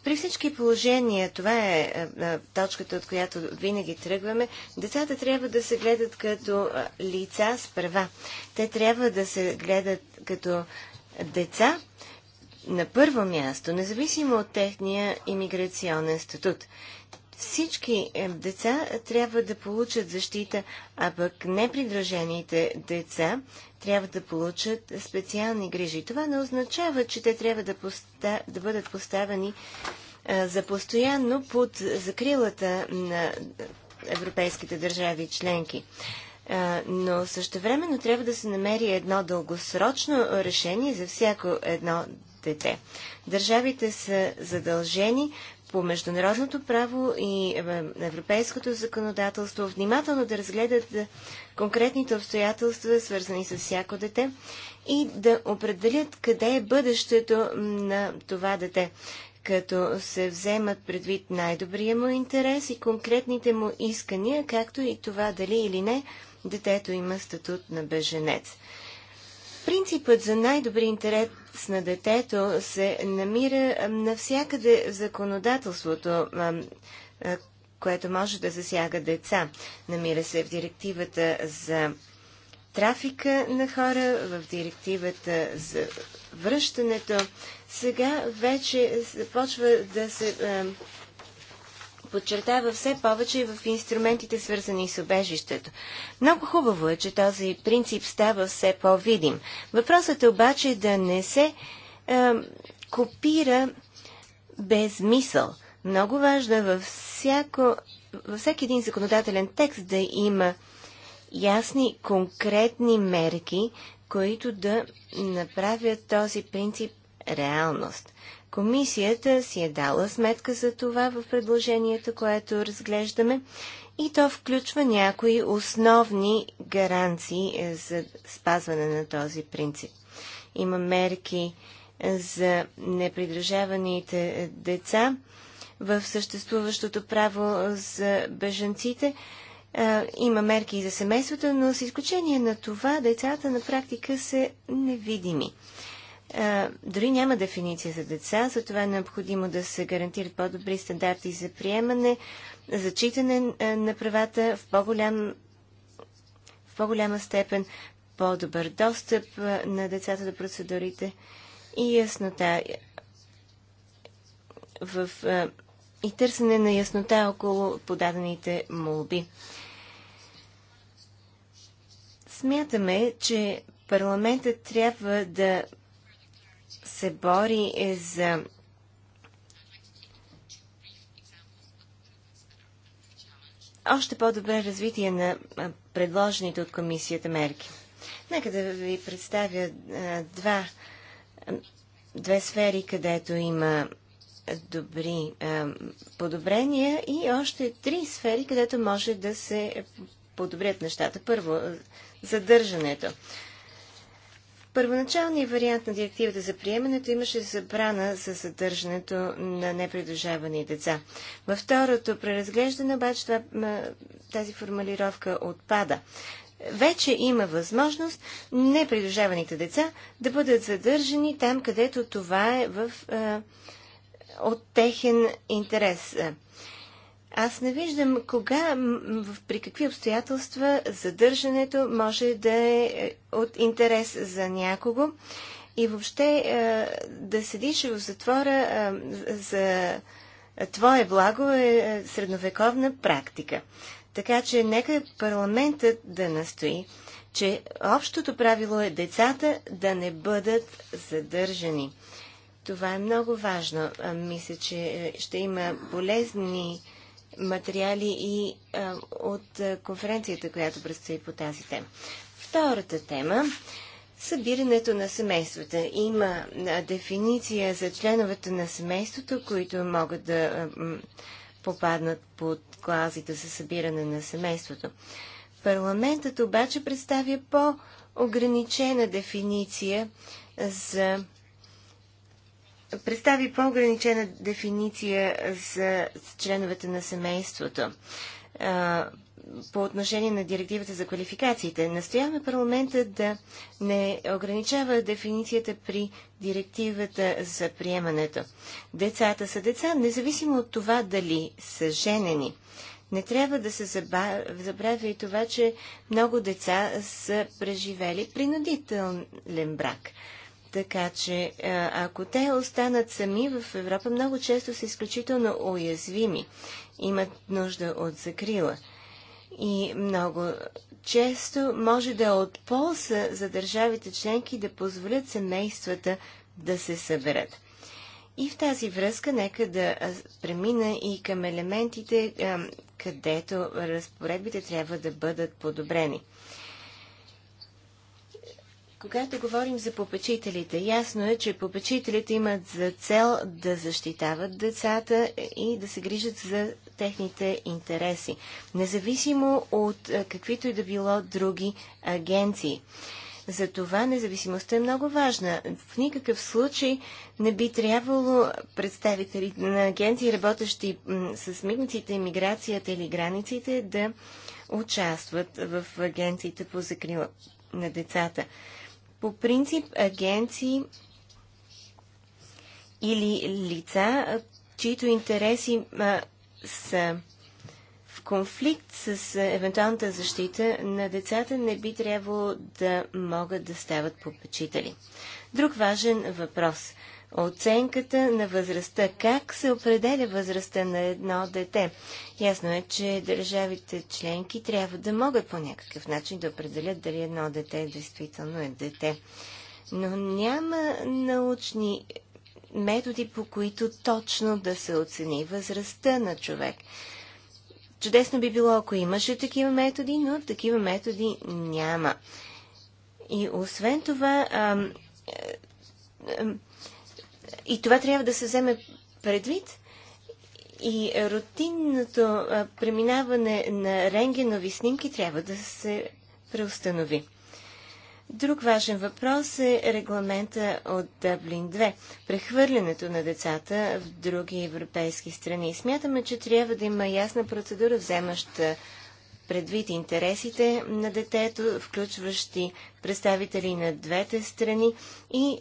При всички положения, това е, е точката, от която винаги тръгваме, децата трябва да се гледат като лица с права. Те трябва да се гледат като деца, на първо място, независимо от техния имиграционен статут, всички е, деца трябва да получат защита, а пък непридружените деца трябва да получат специални грижи. Това не означава, че те трябва да, поста... да бъдат поставени за постоянно под закрилата на европейските държави членки. но същевременно трябва да се намери едно дългосрочно решение за всяко едно дете. Държавите са задължени по международното право и е, европейското законодателство внимателно да разгледат е, конкретните обстоятелства, свързани с всяко дете и да определят къде е бъдещето на това дете, като се вземат предвид най-добрия му интерес и конкретните му искания, както и това дали или не детето има статут на беженец. Принципът за най-добър интерес на детето се намира навсякъде в законодателството, което може да засяга деца. Намира се в директивата за трафика на хора, в директивата за връщането. Сега вече започва да се подчертава все повече и в инструментите, свързани с обежището. Много хубаво е, че този принцип става все по-видим. Въпросът е обаче да не се е, копира без мисъл. Много важно е във, всяко, във всеки един законодателен текст да има ясни, конкретни мерки, които да направят този принцип реалност. Комисията си е дала сметка за това в предложението, което разглеждаме и то включва някои основни гаранции е, за спазване на този принцип. Има мерки е, за непридружаваните е, деца в съществуващото право за бежанците. Има мерки и за семейството, но с изключение на това децата на практика са невидими. Е, дори няма дефиниция за деца, затова е необходимо да се гарантират по-добри стандарти за приемане, зачитане е, на правата в, по-голям, в по-голяма степен, по-добър достъп е, на децата до процедурите и яснота в, и търсене на яснота около подадените молби. Смятаме, че парламентът трябва да се бори е за още по-добре развитие на предложените от комисията мерки. Нека да ви представя два, две сфери, където има добри подобрения и още три сфери, където може да се подобрят нещата. Първо, задържането първоначалния вариант на директивата за приемането имаше забрана за задържането на непридружавани деца. Във второто преразглеждане обаче това, тази формулировка отпада. Вече има възможност непридружаваните деца да бъдат задържани там, където това е в, е, от техен интерес. Аз не виждам кога, при какви обстоятелства задържането може да е, е от интерес за някого и въобще е, да седиш в затвора е, за твое благо е средновековна практика. Така че нека парламентът да настои, че общото правило е децата да не бъдат задържани. Това е много важно. Мисля, че ще има полезни материали и а, от конференцията, която предстои по тази тема. Втората тема събирането на семействата. Има дефиниция за членовете на семейството, които могат да попаднат под клаузите за събиране на семейството. Парламентът обаче представя по-ограничена дефиниция за представи по-ограничена дефиниция за членовете на семейството по отношение на директивата за квалификациите. Настояваме парламента да не ограничава дефиницията при директивата за приемането. Децата са деца, независимо от това дали са женени. Не трябва да се забравя и това, че много деца са преживели принудителен брак. Така че, е, ако те останат сами в Европа, много често са изключително уязвими. Имат нужда от закрила. И много често може да е от полза за държавите членки да позволят семействата да се съберат. И в тази връзка нека да премина и към елементите, където разпоредбите трябва да бъдат подобрени. Когато говорим за попечителите, ясно е, че попечителите имат за цел да защитават децата и да се грижат за техните интереси, независимо от каквито и да било други агенции. Затова независимостта е много важна. В никакъв случай не би трябвало представители на агенции, работещи с мигниците, миграцията или границите, да участват в агенциите по закрила на децата. По принцип агенции или лица, чието интереси а, са в конфликт с а, евентуалната защита на децата, не би трябвало да могат да стават попечители. Друг важен въпрос – оценката на възрастта. Как се определя възрастта на едно дете? Ясно е, че държавите членки трябва да могат по някакъв начин да определят дали едно дете действително е дете. Но няма научни методи, по които точно да се оцени възрастта на човек. Чудесно би било, ако имаше такива методи, но такива методи няма. И освен това, и това трябва да се вземе предвид. И рутинното преминаване на рентгенови снимки трябва да се преустанови. Друг важен въпрос е регламента от Дъблин 2. Прехвърлянето на децата в други европейски страни. Смятаме, че трябва да има ясна процедура, вземаща предвид интересите на детето, включващи представители на двете страни и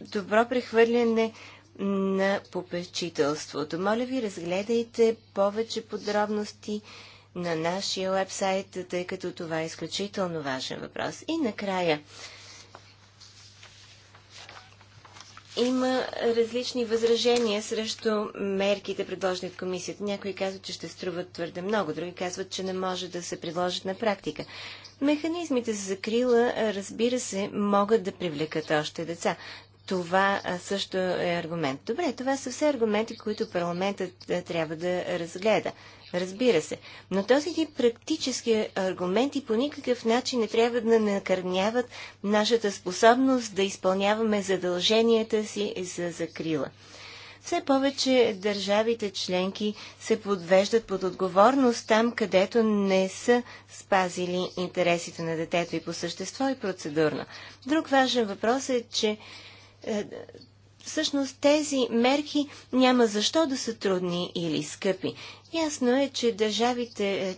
добро прехвърляне на попечителството. Моля ви, разгледайте повече подробности на нашия вебсайт, тъй като това е изключително важен въпрос. И накрая, има различни възражения срещу мерките, предложени от комисията. Някои казват, че ще струват твърде много, други казват, че не може да се предложат на практика. Механизмите за закрила, разбира се, могат да привлекат още деца, това също е аргумент. Добре, това са все аргументи, които парламентът трябва да разгледа. Разбира се. Но този тип практически аргументи по никакъв начин не трябва да накърняват нашата способност да изпълняваме задълженията си за закрила. Все повече държавите членки се подвеждат под отговорност там, където не са спазили интересите на детето и по същество и процедурно. Друг важен въпрос е, че е, всъщност тези мерки няма защо да са трудни или скъпи. Ясно е, че държавите е,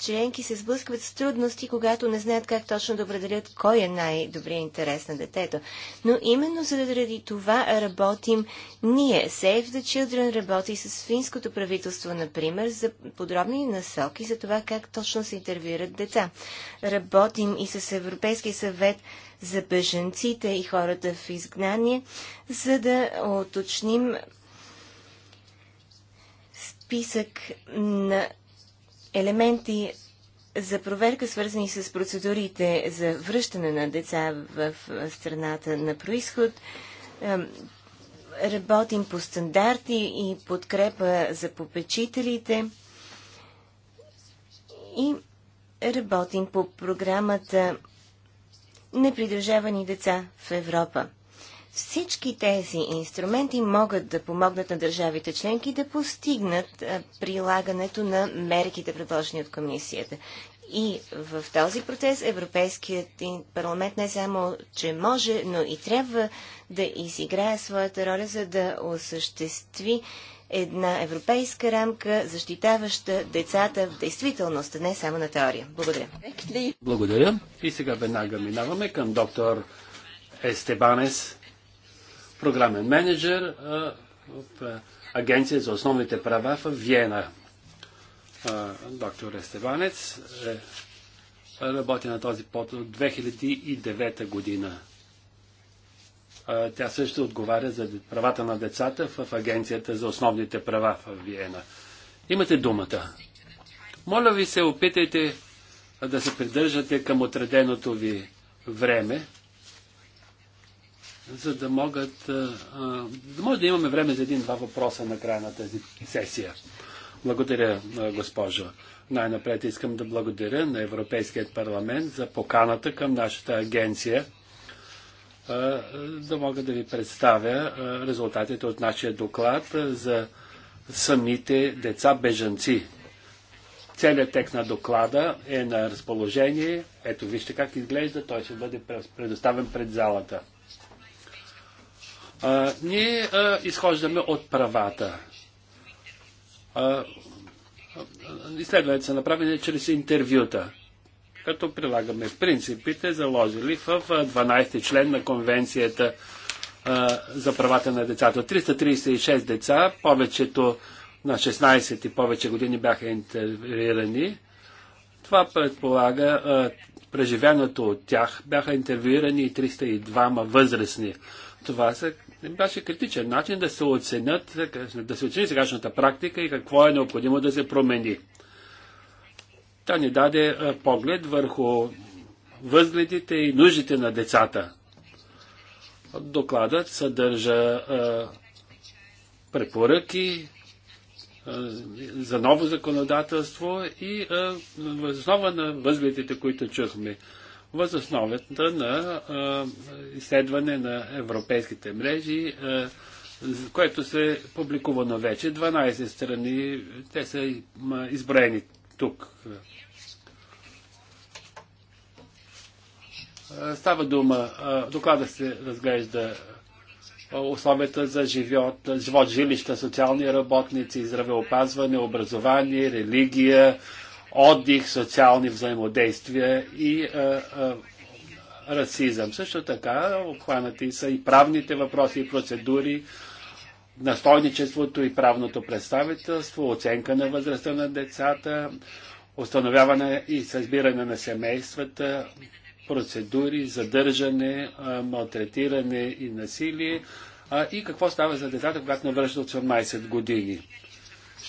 членки се сблъскват с трудности, когато не знаят как точно да определят кой е най-добрият интерес на детето. Но именно заради това работим ние. Save the Children работи с финското правителство, например, за подробни насоки за това как точно се интервюират деца. Работим и с Европейския съвет за беженците и хората в изгнание, за да оточним списък на елементи за проверка, свързани с процедурите за връщане на деца в страната на происход. Работим по стандарти и подкрепа за попечителите. И работим по програмата Непридружавани деца в Европа. Всички тези инструменти могат да помогнат на държавите членки да постигнат прилагането на мерките, предложени от комисията. И в този процес Европейският парламент не само, че може, но и трябва да изиграе своята роля, за да осъществи една европейска рамка, защитаваща децата в действителност, не само на теория. Благодаря. Благодаря. И сега веднага минаваме към доктор Естебанес програмен менеджер в Агенция за основните права в Виена. Доктор Естебанец е, работи на този пот от 2009 година. Тя също отговаря за правата на децата в Агенцията за основните права в Виена. Имате думата. Моля ви се, опитайте да се придържате към отреденото ви време за да могат да може да имаме време за един-два въпроса на края на тази сесия. Благодаря, госпожо. Най-напред искам да благодаря на Европейският парламент за поканата към нашата агенция да мога да ви представя резултатите от нашия доклад за самите деца бежанци. Целият текст на доклада е на разположение. Ето вижте как изглежда. Той ще бъде предоставен пред залата. А, ние а, изхождаме от правата. Изследването са направени чрез интервюта, като прилагаме принципите, заложили в 12 член на конвенцията а, за правата на децата. 336 деца, повечето на 16 и повече години бяха интервюирани. Това предполага а, преживяното от тях. Бяха интервюирани и 302 възрастни. Това са е, беше критичен начин да се оценят, да се оцени сегашната практика и какво е необходимо да се промени. Тя ни даде е, поглед върху възгледите и нуждите на децата. Докладът съдържа е, препоръки за ново законодателство и основа на възгледите, които чухме възосновата на а, изследване на европейските мрежи, а, което се публикува на вече 12 страни. Те са изброени тук. Става дума, доклада се разглежда условията за живот, живот жилища, социални работници, здравеопазване, образование, религия, отдих, социални взаимодействия и а, е, а, е, расизъм. Също така обхванати са и правните въпроси и процедури, настойничеството и правното представителство, оценка на възрастта на децата, установяване и събиране на семействата, процедури, задържане, е, малтретиране и насилие а, и какво става за децата, когато навършат 18 години.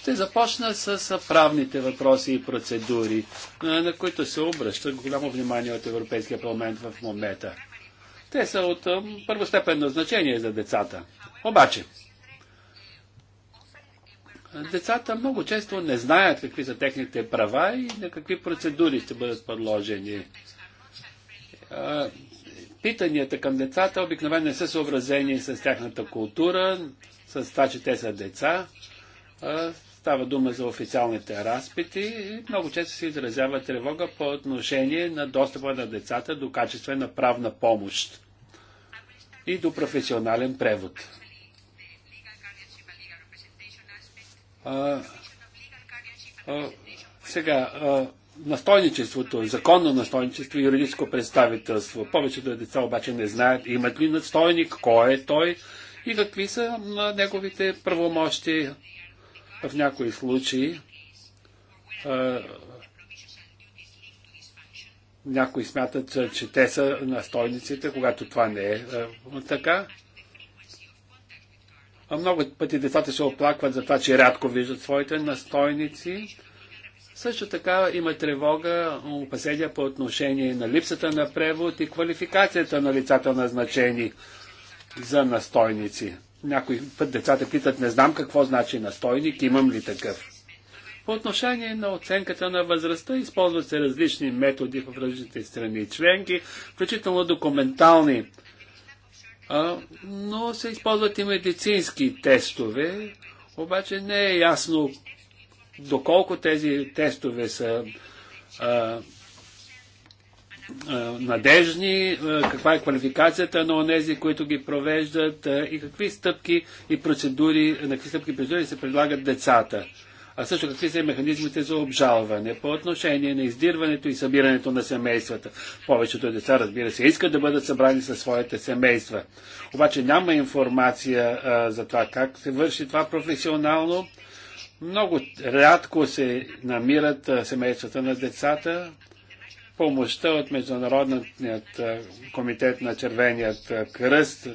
Ще започна с правните въпроси и процедури, на които се обръща голямо внимание от Европейския парламент в момента. Те са от първостепенно значение за децата. Обаче, децата много често не знаят какви са техните права и на какви процедури ще бъдат подложени. Питанията към децата обикновено не са съобразени с тяхната култура, с това, че те са деца. Става дума за официалните разпити и много често се изразява тревога по отношение на достъпа на децата до качествена правна помощ и до професионален превод. А, а, сега, а, настойничеството, законно настойничество и юридическо представителство. Повечето деца обаче не знаят имат ли настойник, кой е той и какви са неговите правомощи в някои случаи а, някои смятат, че те са настойниците, когато това не е така. А много пъти децата се оплакват за това, че рядко виждат своите настойници. Също така има тревога, опасения по отношение на липсата на превод и квалификацията на лицата назначени за настойници някой път децата питат, не знам какво значи настойник, имам ли такъв. По отношение на оценката на възрастта използват се различни методи в различните страни членки, включително документални, а, но се използват и медицински тестове, обаче не е ясно доколко тези тестове са а, е, надежни, е, каква е квалификацията на онези, които ги провеждат е, и какви стъпки и процедури, на какви стъпки и процедури се предлагат децата. А също какви са и механизмите за обжалване по отношение на издирването и събирането на семействата. Повечето деца, разбира се, искат да бъдат събрани със своите семейства. Обаче няма информация а, за това как се върши това професионално. Много рядко се намират а, семействата на децата, помощта от Международният е, комитет на Червеният е, кръст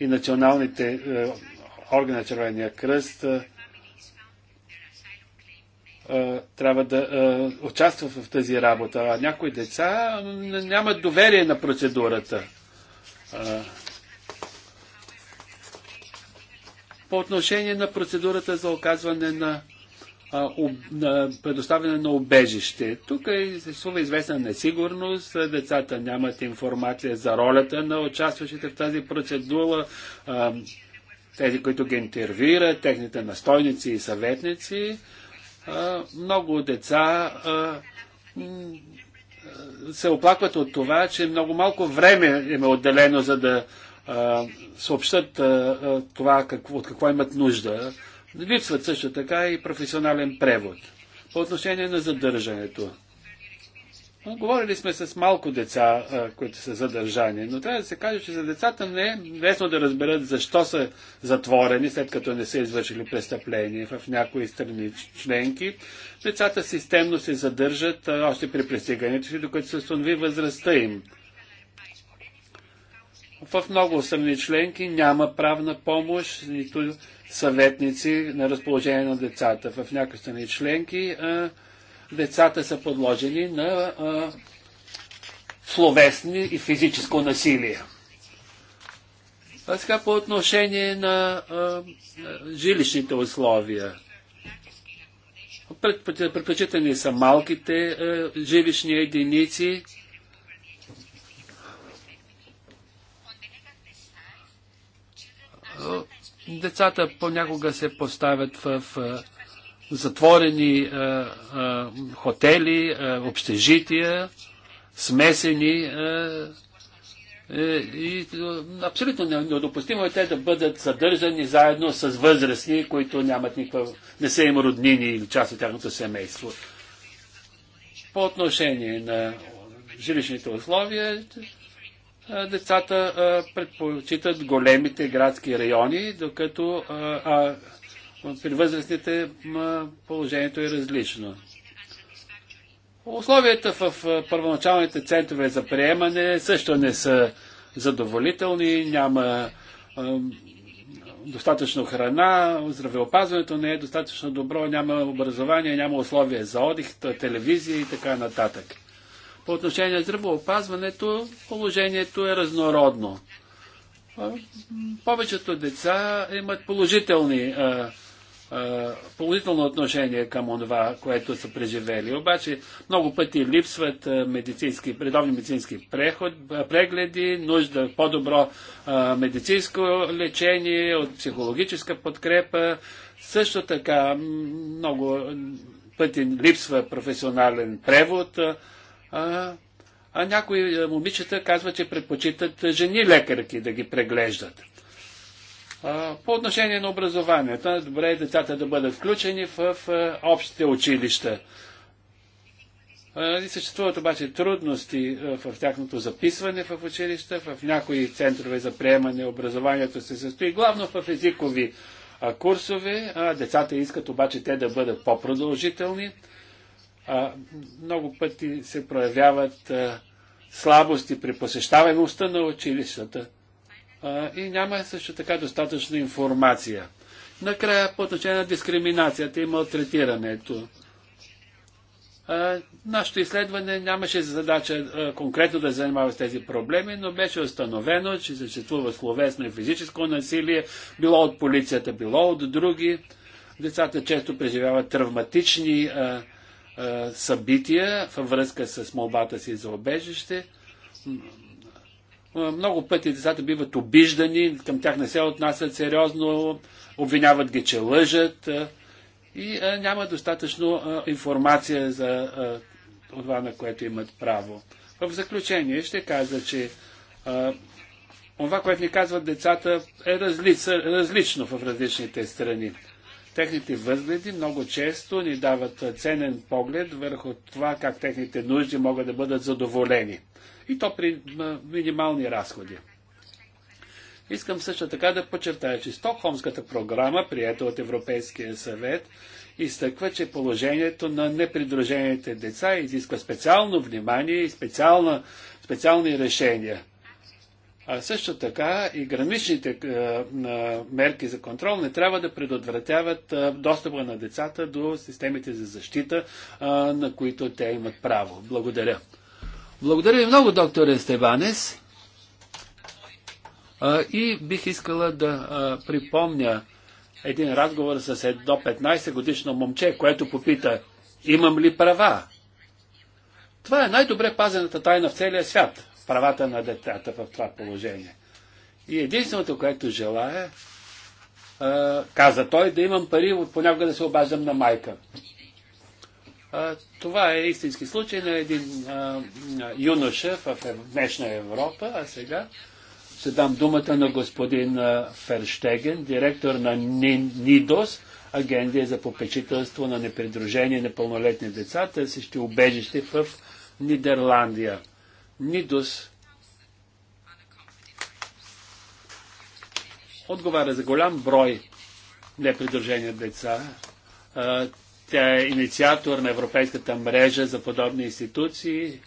и националните е, органи на Червения кръст трябва да участва в тази работа. А някои деца нямат доверие на процедурата. По отношение на процедурата за оказване на предоставяне на обежище. Тук е, съществува известна несигурност, децата нямат информация за ролята на участващите в тази процедура, тези, които ги интервюират, техните настойници и съветници. Много деца се оплакват от това, че много малко време им е отделено за да съобщат това, от какво имат нужда Липсват също така и професионален превод. По отношение на задържането. Говорили сме с малко деца, които са задържани, но трябва да се каже, че за децата не е лесно да разберат защо са затворени, след като не са извършили престъпление в някои страни членки. Децата системно се задържат още при пристигането си, докато се установи възрастта им. В много страни членки няма правна помощ, нито съветници на разположение на децата. В някои страни членки децата са подложени на словесни и физическо насилие. А сега по отношение на а, жилищните условия. Предпочитани са малките а, жилищни единици. А, Децата понякога се поставят в затворени хотели, общежития, смесени е, и абсолютно недопустимо е те да бъдат съдържани заедно с възрастни, които нямат никаква, не са им роднини или част от тяхното семейство. По отношение на жилищните условия, децата предпочитат големите градски райони, докато а, при възрастните положението е различно. Условията в първоначалните центрове за приемане също не са задоволителни, няма а, достатъчно храна, здравеопазването не е достатъчно добро, няма образование, няма условия за отдих, телевизия и така нататък. По отношение на здравеопазването положението е разнородно. Повечето деца имат положителни, положително отношение към това, което са преживели. Обаче много пъти липсват медицински, предовни медицински преход, прегледи, нужда по-добро медицинско лечение, от психологическа подкрепа. Също така много пъти липсва професионален превод. А, а някои е, момичета казват, че предпочитат жени лекарки да ги преглеждат. А, по отношение на образованието, добре е децата да бъдат включени в, в е, общите училища. И съществуват обаче трудности е, в тяхното записване в училища, в някои центрове за приемане образованието се състои главно в езикови курсове, децата искат обаче те да бъдат по-продължителни а, много пъти се проявяват а, слабости при посещаваемостта на училищата а, и няма също така достатъчно информация. Накрая по отношение на дискриминацията и малтретирането. Нашето изследване нямаше задача а, конкретно да занимава с тези проблеми, но беше установено, че съществува словесно и физическо насилие, било от полицията, било от други. Децата често преживяват травматични а, е, събития във връзка с молбата си за обежище. Много пъти децата биват обиждани, към тях не се отнасят сериозно, обвиняват ги, че лъжат е, и е, няма достатъчно информация за това, на което имат право. В заключение ще кажа, че това, което ни казват децата, е различно в различните страни. Техните възгледи много често ни дават ценен поглед върху това как техните нужди могат да бъдат задоволени. И то при минимални разходи. Искам също така да подчертая, че Стокхолмската програма, приета от Европейския съвет, изтъква, че положението на непридружените деца изисква специално внимание и специална, специални решения. А също така и граничните е, е, мерки за контрол не трябва да предотвратяват е, достъпа на децата до системите за защита, на които те имат право. Благодаря. Благодаря ви много, доктор Естебанес. И бих искала да припомня един разговор с едно 15 годишно момче, което попита, имам ли права? Това е най-добре пазената тайна в целия свят правата на децата в това положение. И единственото, което желая, каза той, да имам пари от понякога да се обаждам на майка. това е истински случай на един юноша в днешна Европа, а сега ще дам думата на господин Ферштеген, директор на НИДОС, агенция за попечителство на на пълнолетни деца, търсещи убежище в Нидерландия. Нидус отговаря за голям брой непридружени деца. Тя е инициатор на Европейската мрежа за подобни институции.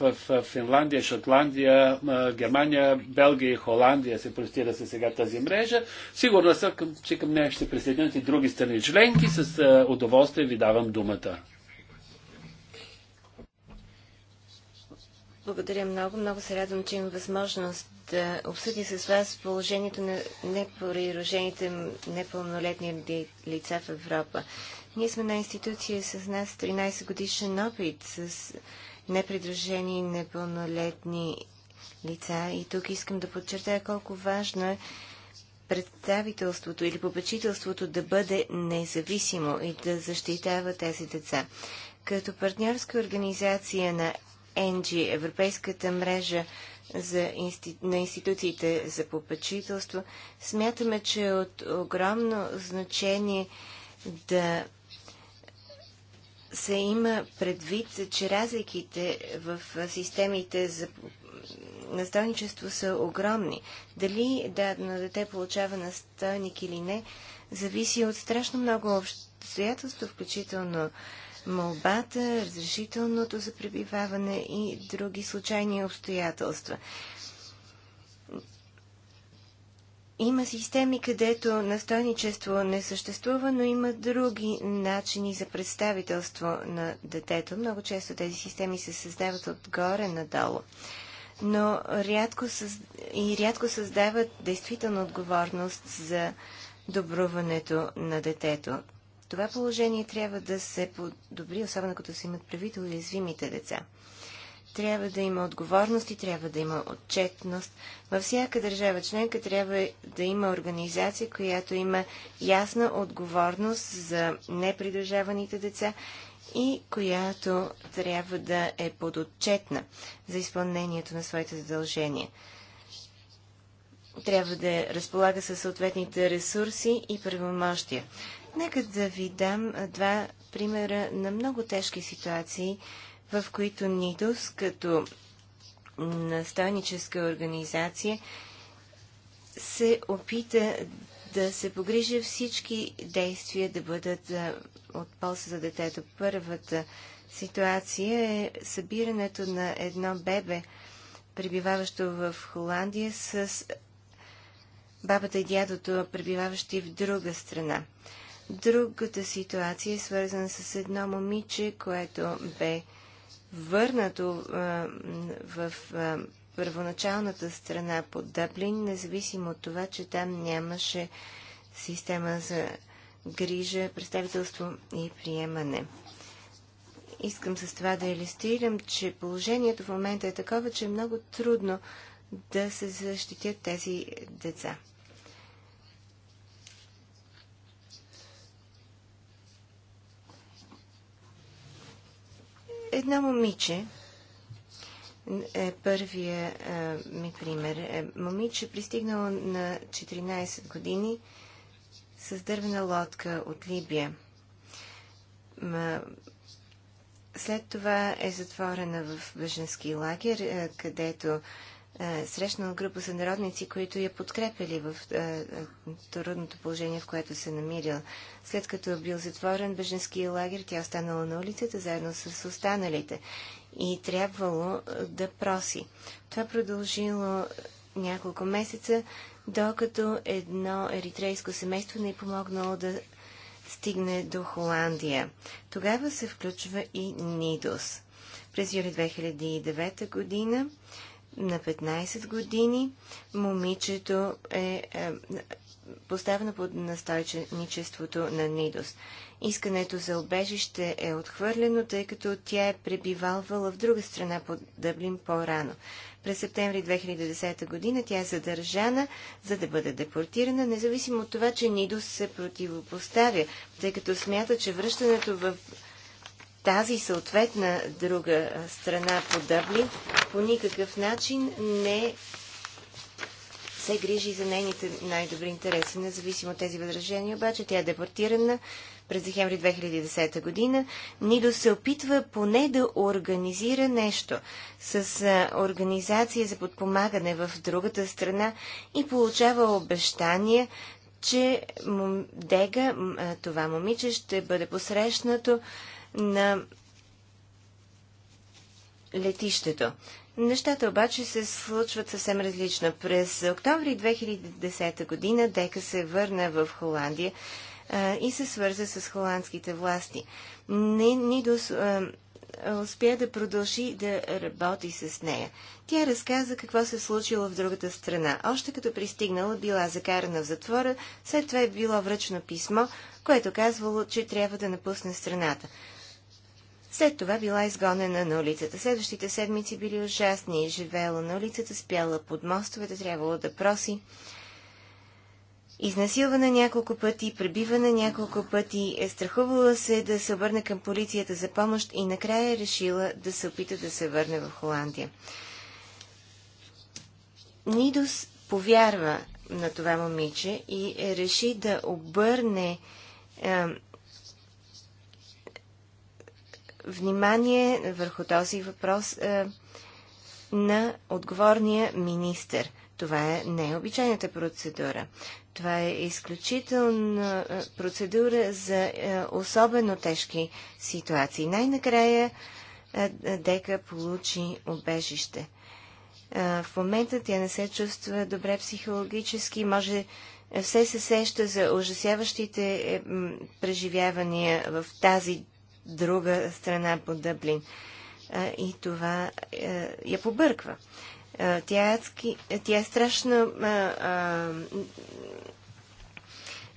В Финландия, Шотландия, Германия, Белгия и Холандия се простира се сега тази мрежа. Сигурно съм, че към нея ще присъединят и други страни членки. С удоволствие ви давам думата. Благодаря много. Много се радвам, че имам възможност да обсъди с вас положението на непорирожените непълнолетни лица в Европа. Ние сме на институция с нас 13 годишен опит с непридружени непълнолетни лица и тук искам да подчертая колко важно е представителството или попечителството да бъде независимо и да защитава тези деца. Като партньорска организация на ENGI, Европейската мрежа за инсти... на институциите за попечителство, смятаме, че е от огромно значение да се има предвид, че разликите в системите за настойничество са огромни. Дали дадено дете получава настойник или не, зависи от страшно много обстоятелства, включително молбата, разрешителното за пребиваване и други случайни обстоятелства. Има системи, където настойничество не съществува, но има други начини за представителство на детето. Много често тези системи се създават отгоре надолу, но рядко съз... и рядко създават действителна отговорност за добруването на детето това положение трябва да се подобри, особено като се имат правител уязвимите деца. Трябва да има отговорности, трябва да има отчетност. Във всяка държава членка трябва да има организация, която има ясна отговорност за непридържаваните деца и която трябва да е подотчетна за изпълнението на своите задължения. Трябва да разполага със съответните ресурси и правомощия. Нека да ви дам два примера на много тежки ситуации, в които НИДОС като настойническа организация се опита да се погрижи всички действия да бъдат от полза за детето. Първата ситуация е събирането на едно бебе, пребиваващо в Холандия, с бабата и дядото, пребиваващи в друга страна. Другата ситуация е свързана с едно момиче, което бе върнато а, в а, първоначалната страна под Дъблин, независимо от това, че там нямаше система за грижа, представителство и приемане. Искам с това да иллюстрирам, че положението в момента е такова, че е много трудно да се защитят тези деца. едно момиче, е първия е, ми пример. Е, момиче пристигнало на 14 години с дървена лодка от Либия. Ма, след това е затворена в беженски лагер, е, където е, срещнал група сънародници, които я подкрепили в е, е, трудното положение, в което се намирал. След като бил затворен беженския лагер, тя останала на улицата заедно с останалите и трябвало да проси. Това продължило няколко месеца, докато едно еритрейско семейство не е помогнало да стигне до Холандия. Тогава се включва и Нидос. През юли 2009 година на 15 години. Момичето е, е поставено под настойничеството на Нидос. Искането за обежище е отхвърлено, тъй като тя е пребивалвала в друга страна под Дъблин по-рано. През септември 2010 година тя е задържана, за да бъде депортирана, независимо от това, че Нидос се противопоставя, тъй като смята, че връщането в тази съответна друга страна по Дъблин по никакъв начин не се грижи за нейните най-добри интереси, независимо от тези възражения. Обаче тя е депортирана през декември 2010 година. Нидо се опитва поне да организира нещо с организация за подпомагане в другата страна и получава обещания, че Дега, това момиче, ще бъде посрещнато на летището. Нещата обаче се случват съвсем различно. През октомври 2010 година Дека се върна в Холандия а, и се свърза с холандските власти. Не, Нидос а, успя да продължи да работи с нея. Тя разказа какво се е случило в другата страна. Още като пристигнала, била закарана в затвора, след това е било връчено писмо, което казвало, че трябва да напусне страната. След това била изгонена на улицата. Следващите седмици били ужасни. и Живеела на улицата, спяла под мостовете, трябвало да проси. Изнасилвана няколко пъти, пребивана няколко пъти, е страхувала се да се обърне към полицията за помощ и накрая е решила да се опита да се върне в Холандия. Нидос повярва на това момиче и е реши да обърне е, внимание върху този въпрос е, на отговорния министр. Това е необичайната процедура. Това е изключителна е, процедура за е, особено тежки ситуации. Най-накрая е, Дека получи обежище. В момента тя не се чувства добре психологически, може все се сеща за ужасяващите преживявания в тази друга страна по Дъблин. И това е, я побърква. Тя е, адски, тя е страшно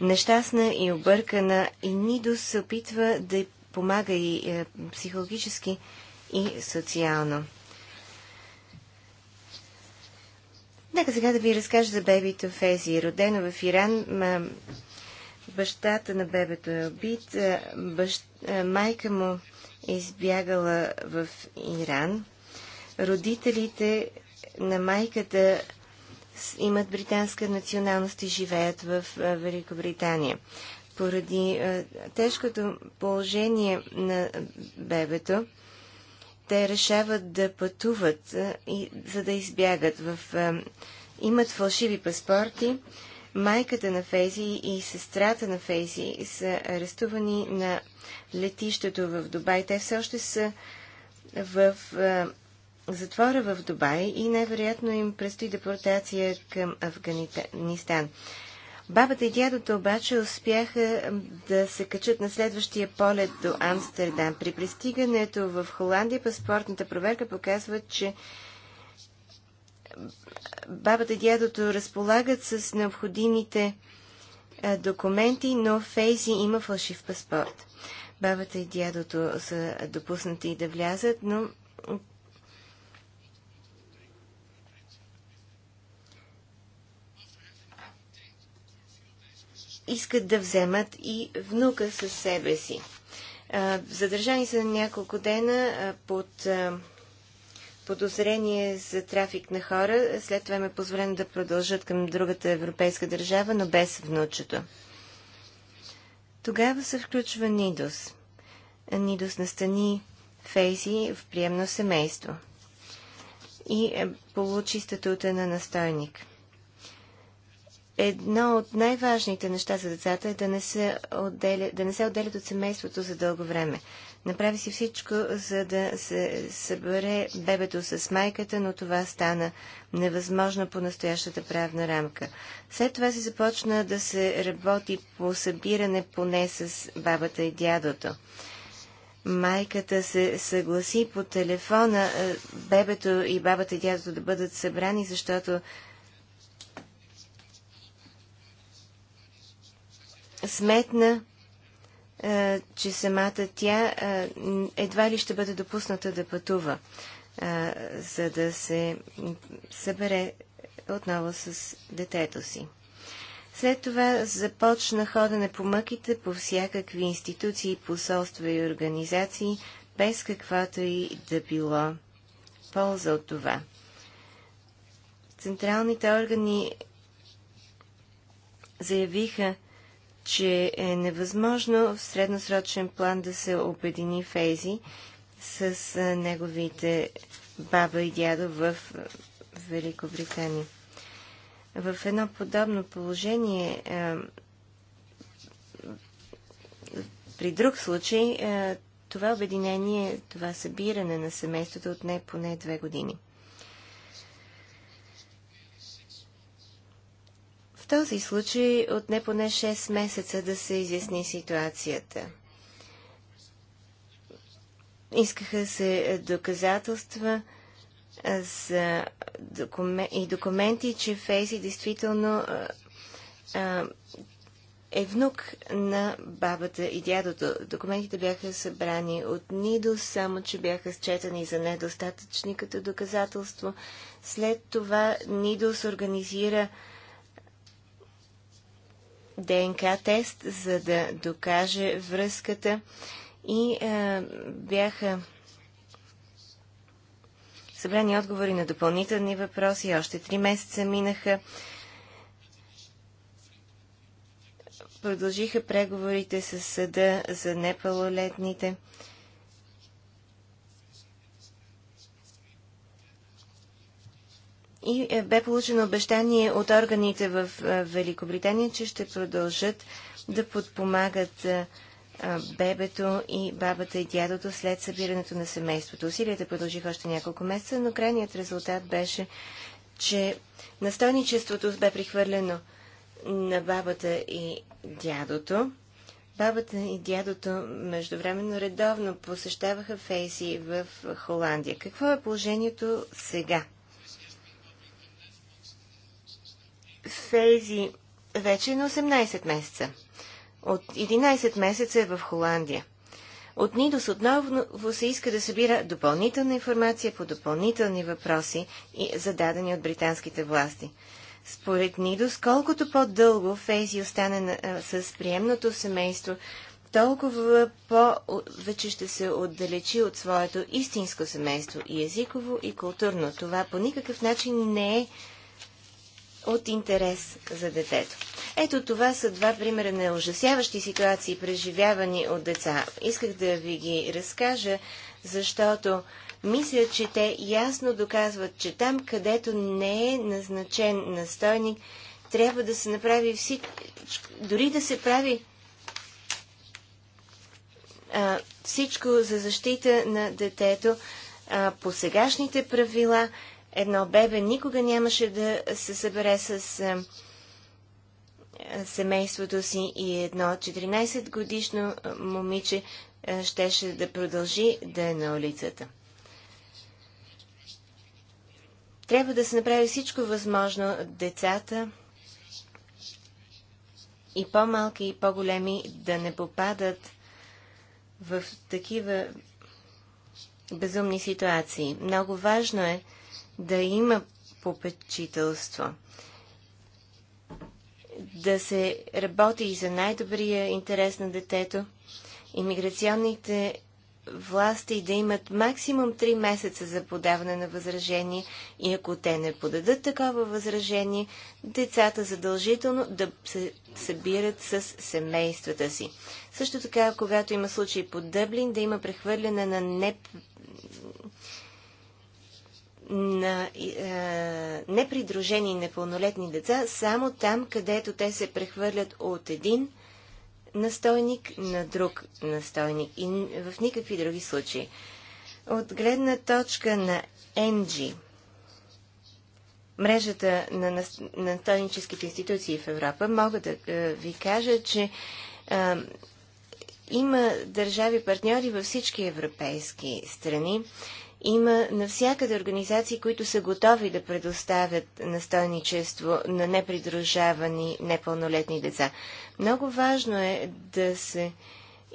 нещастна и объркана и Нидо се опитва да й помага и е, психологически, и социално. Нека сега да ви разкажа за бебито Фези, родено в Иран, Бащата на бебето е убит, бащ... майка му е избягала в Иран. Родителите на майката имат британска националност и живеят в Великобритания. Поради тежкото положение на бебето, те решават да пътуват, за да избягат. В, имат фалшиви паспорти, Майката на Фейзи и сестрата на Фейзи са арестувани на летището в Дубай. Те все още са в затвора в Дубай и най-вероятно им предстои депортация към Афганистан. Бабата и дядото обаче успяха да се качат на следващия полет до Амстердам. При пристигането в Холандия паспортната проверка показва, че бабата и дядото разполагат с необходимите е, документи, но Фейзи има фалшив паспорт. Бабата и дядото са допуснати да влязат, но искат да вземат и внука със себе си. Е, задържани са няколко дена е, под подозрение за трафик на хора. След това им е позволено да продължат към другата европейска държава, но без внучето. Тогава се включва Нидос. Нидос настани Фейзи в приемно семейство и е, получи статута на настойник. Едно от най-важните неща за децата е да не, се отделят, да не се отделят от семейството за дълго време. Направи си всичко, за да се събере бебето с майката, но това стана невъзможно по настоящата правна рамка. След това се започна да се работи по събиране поне с бабата и дядото. Майката се съгласи по телефона е, бебето и бабата и дядото да бъдат събрани, защото сметна, е, че самата тя е, едва ли ще бъде допусната да пътува, е, за да се събере отново с детето си. След това започна ходене по мъките по всякакви институции, посолства и организации, без каквато и да било полза от това. Централните органи заявиха, че е невъзможно в средносрочен план да се обедини Фейзи с неговите баба и дядо в Великобритания. В едно подобно положение при друг случай това обединение, това събиране на семейството отне поне две години. В този случай отне поне 6 месеца да се изясни ситуацията. Искаха се доказателства за докумен... и документи, че Фейси действително а, а, е внук на бабата и дядото. Документите бяха събрани от Нидо, само че бяха счетани за недостатъчни като доказателство. След това Нидос организира ДНК тест, за да докаже връзката и а, бяха събрани отговори на допълнителни въпроси. Още три месеца минаха. Продължиха преговорите с съда за непълнолетните. и е, бе получено обещание от органите в е, Великобритания, че ще продължат да подпомагат е, бебето и бабата и дядото след събирането на семейството. Усилията продължиха още няколко месеца, но крайният резултат беше, че настойничеството бе прихвърлено на бабата и дядото. Бабата и дядото междувременно редовно посещаваха Фейси в Холандия. Какво е положението сега? Фейзи вече е на 18 месеца. От 11 месеца е в Холандия. От НИДОС отново се иска да събира допълнителна информация по допълнителни въпроси, зададени от британските власти. Според НИДОС, колкото по-дълго Фейзи остане на, с приемното семейство, толкова повече ще се отдалечи от своето истинско семейство и езиково, и културно. Това по никакъв начин не е от интерес за детето. Ето това са два примера на ужасяващи ситуации, преживявани от деца. Исках да ви ги разкажа, защото мисля, че те ясно доказват, че там, където не е назначен настойник, трябва да се направи всичко, дори да се прави а, всичко за защита на детето а, по сегашните правила едно бебе никога нямаше да се събере с е, е, семейството си и едно 14 годишно е, момиче щеше да продължи да е на улицата. Трябва да се направи всичко възможно децата и по-малки и по-големи да не попадат в такива безумни ситуации. Много важно е да има попечителство, да се работи и за най-добрия интерес на детето, иммиграционните власти да имат максимум 3 месеца за подаване на възражение и ако те не подадат такова възражение, децата задължително да се събират с семействата си. Също така, когато има случаи по Дъблин, да има прехвърляне на не на е, непридружени непълнолетни деца само там, където те се прехвърлят от един настойник на друг настойник и в никакви други случаи. От гледна точка на NG, мрежата на, на настойническите институции в Европа, мога да е, ви кажа, че е, има държави партньори във всички европейски страни, има навсякъде организации, които са готови да предоставят настойничество на непридружавани непълнолетни деца. Много важно е да се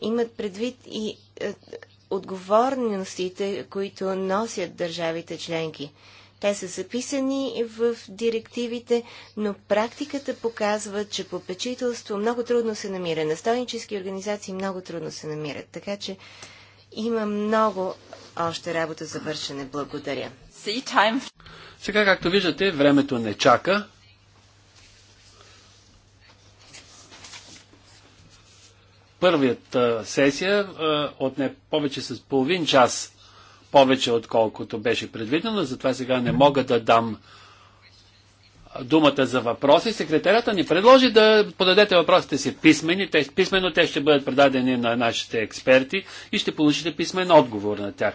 имат предвид и е, отговорностите, които носят държавите членки. Те са записани в директивите, но практиката показва, че попечителство много трудно се намира. Настойнически организации много трудно се намират. Така че има много още работа за вършене. Благодаря. Сега, както виждате, времето не чака. Първият а, сесия а, отне повече с половин час повече, отколкото беше предвидено, затова сега не мога да дам думата за въпроси, секретарята ни предложи да подадете въпросите си писмени. Те, писменно те ще бъдат предадени на нашите експерти и ще получите писмен отговор на тях.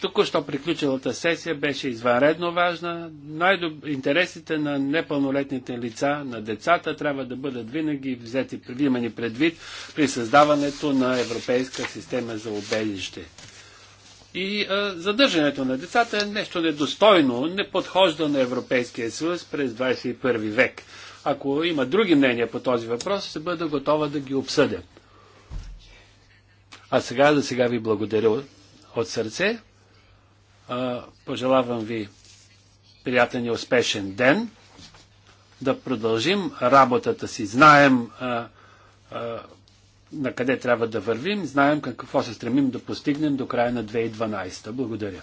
Току-що приключилата сесия беше извънредно важна. Най-интересите на непълнолетните лица, на децата, трябва да бъдат винаги взети, взимани предвид при създаването на Европейска система за обедище. И а, задържането на децата е нещо недостойно, не подхожда на Европейския съюз през 21 век. Ако има други мнения по този въпрос, ще бъда готова да ги обсъдя. А сега за сега ви благодаря от, сърце. А, пожелавам ви приятен и успешен ден. Да продължим работата си. Знаем а, а, на къде трябва да вървим, знаем какво се стремим да постигнем до края на 2012. Благодаря.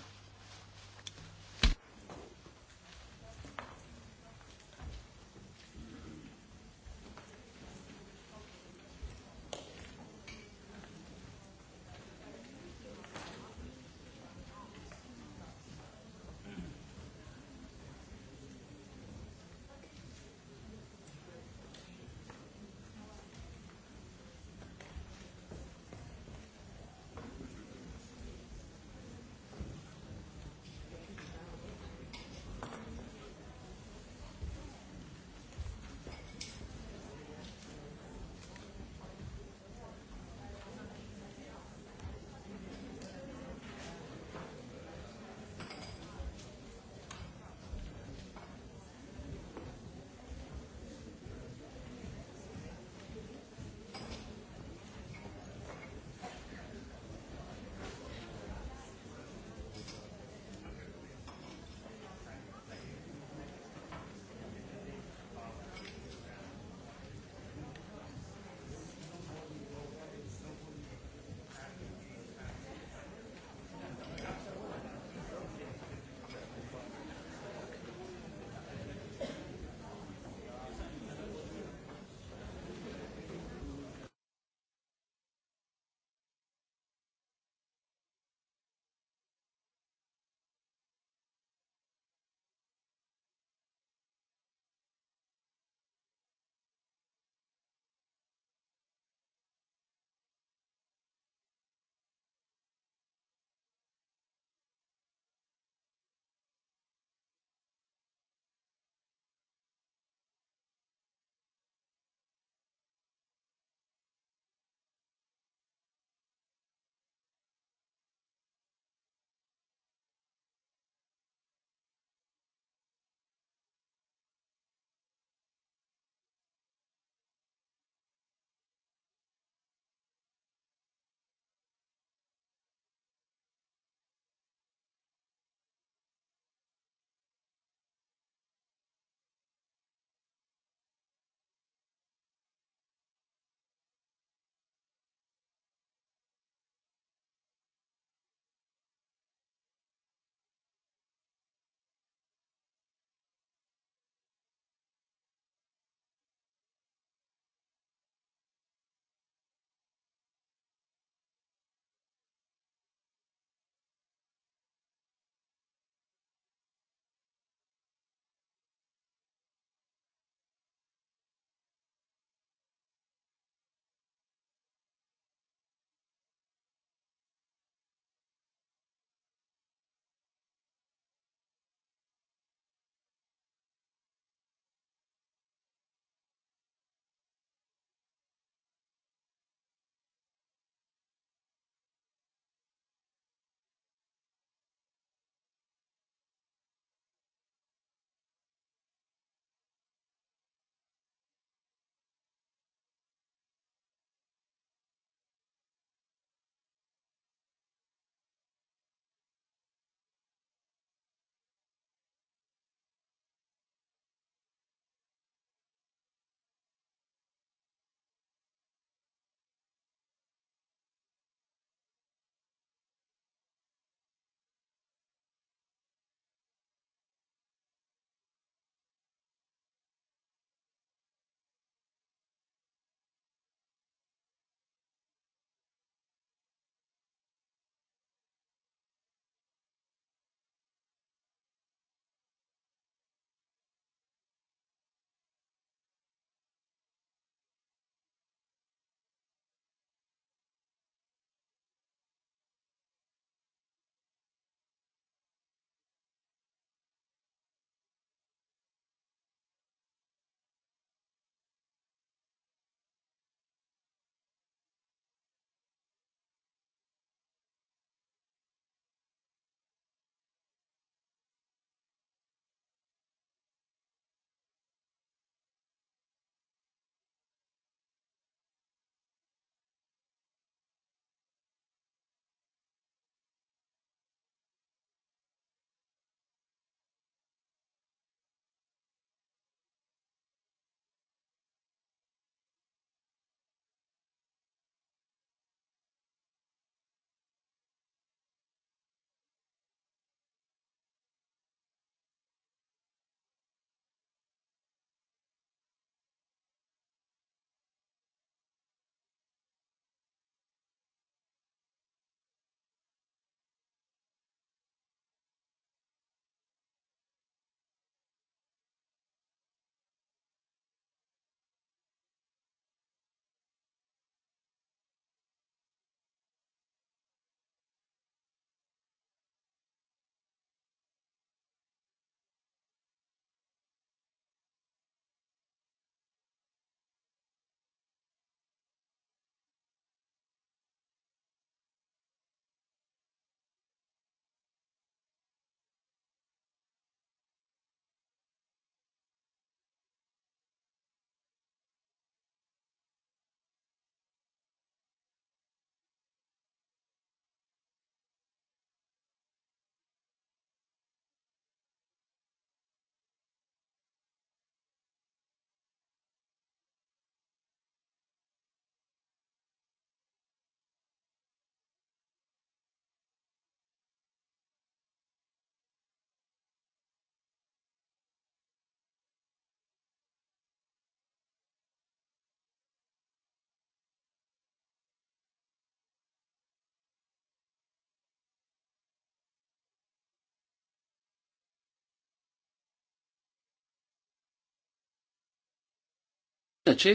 Иначе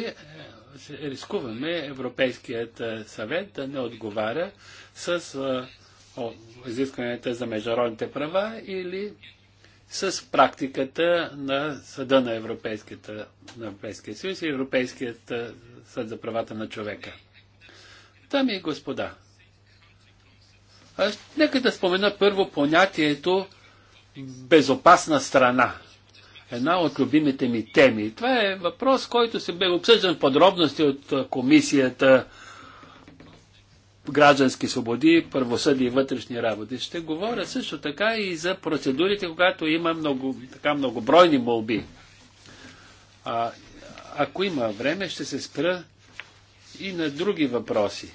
е, рискуваме Европейският е, съвет да не отговаря с е, изискванията за международните права или с практиката на Съда на, на Европейския съюз и Европейският съд за правата на човека. Дами и господа, нека да спомена първо понятието безопасна страна – една от любимите ми теми. Това е въпрос, който се бе обсъждан подробности от комисията граждански свободи, първосъди и вътрешни работи. Ще говоря също така и за процедурите, когато има много, така многобройни молби. А, ако има време, ще се спра и на други въпроси.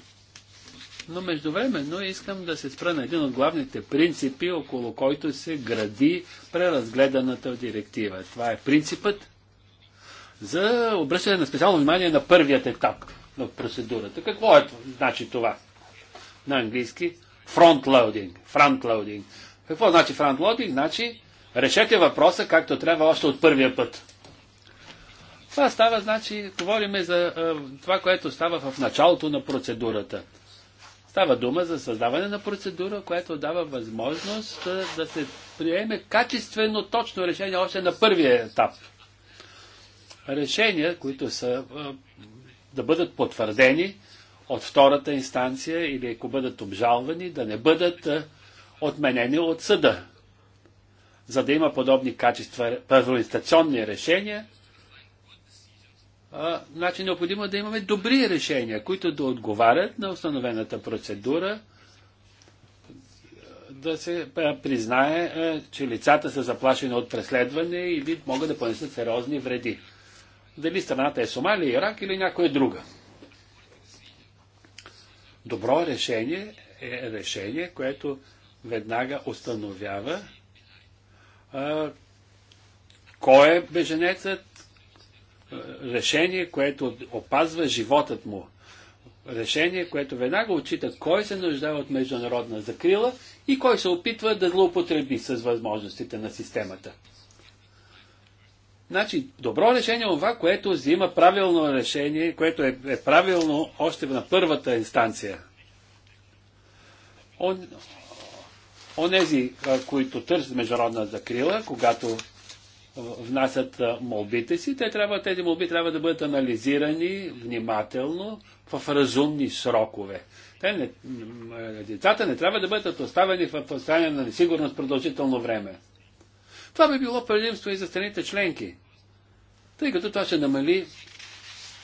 Но междувременно искам да се спра на един от главните принципи, около който се гради преразгледаната директива. Това е принципът за обръщане на специално внимание на първият етап в процедурата. Какво е значи това? На английски Front loading. Какво значи loading? Значи решете въпроса както трябва още от първия път. Това става, значи, говориме за а, това, което става в началото на процедурата. Става дума за създаване на процедура, която дава възможност да се приеме качествено точно решение още на първия етап. Решения, които са да бъдат потвърдени от втората инстанция или ако бъдат обжалвани, да не бъдат отменени от съда. За да има подобни качества първоинстанционни решения, значи необходимо е да имаме добри решения, които да отговарят на установената процедура, да се признае, че лицата са заплашени от преследване или могат да понесат сериозни вреди. Дали страната е Сомалия, Ирак или някоя друга. Добро решение е решение, което веднага установява а, кой е беженецът, решение, което опазва животът му. Решение, което веднага отчита кой се нуждае от международна закрила и кой се опитва да злоупотреби с възможностите на системата. Значи, добро решение е това, което взима правилно решение, което е, е правилно още на първата инстанция. Он, онези, които търсят международна закрила, когато внасят молбите си, те трябва, тези молби трябва да бъдат анализирани внимателно в разумни срокове. Те не, децата не трябва да бъдат оставени в състояние на несигурност продължително време. Това би било предимство и за страните членки, тъй като това ще намали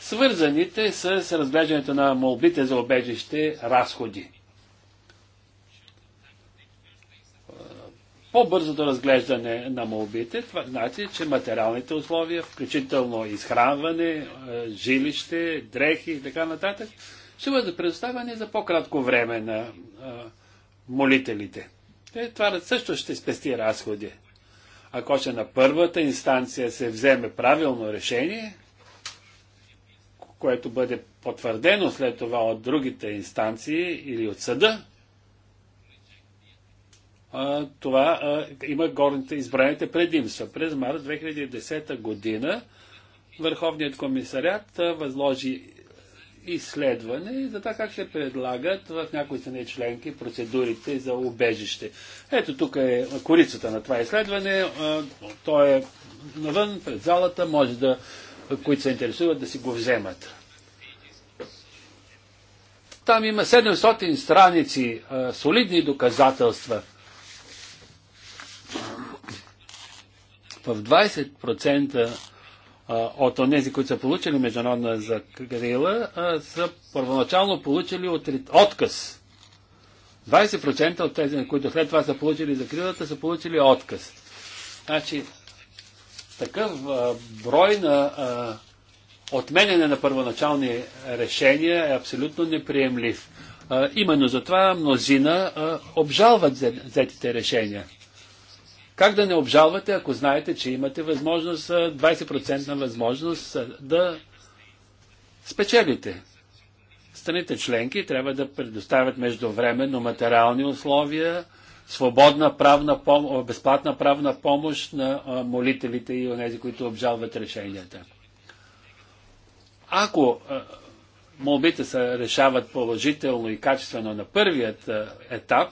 свързаните с разглеждането на молбите за обежище разходи. по-бързото разглеждане на молбите, това значи, че материалните условия, включително изхранване, е, жилище, дрехи и така нататък, ще бъдат предоставени за по-кратко време на е, молителите. Е, това също ще спести разходи. Ако ще на първата инстанция се вземе правилно решение, което бъде потвърдено след това от другите инстанции или от съда, това а, има горните избраните предимства. През март 2010 година Върховният комисарят а, възложи изследване за това как се предлагат в някои страни членки процедурите за убежище. Ето тук е корицата на това изследване. То е навън, пред залата, може да, които се интересуват, да си го вземат. Там има 700 страници солидни доказателства в 20% от тези, които са получили международна закрила, са първоначално получили отказ. 20% от тези, които след това са получили закрилата, са получили отказ. Значи, такъв брой на отменяне на първоначални решения е абсолютно неприемлив. Именно затова мнозина обжалват взетите решения. Как да не обжалвате, ако знаете, че имате възможност, 20% възможност да спечелите? Страните членки трябва да предоставят междувременно материални условия, свободна правна помощ, безплатна правна помощ на молителите и онези, които обжалват решенията. Ако молбите се решават положително и качествено на първият етап,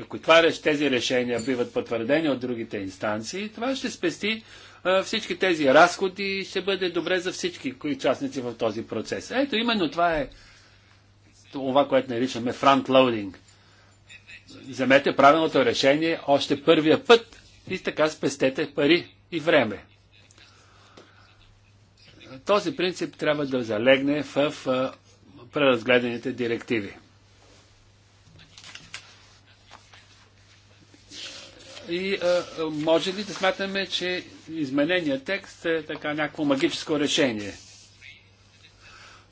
ако това, тези решения биват потвърдени от другите инстанции, това ще спести всички тези разходи и ще бъде добре за всички участници в този процес. Ето, именно това е това, което наричаме фронтлоудинг. Вземете правилното решение още първия път и така спестете пари и време. Този принцип трябва да залегне в преразгледаните директиви. и а, е, е, може ли да смятаме, че изменения текст е така някакво магическо решение?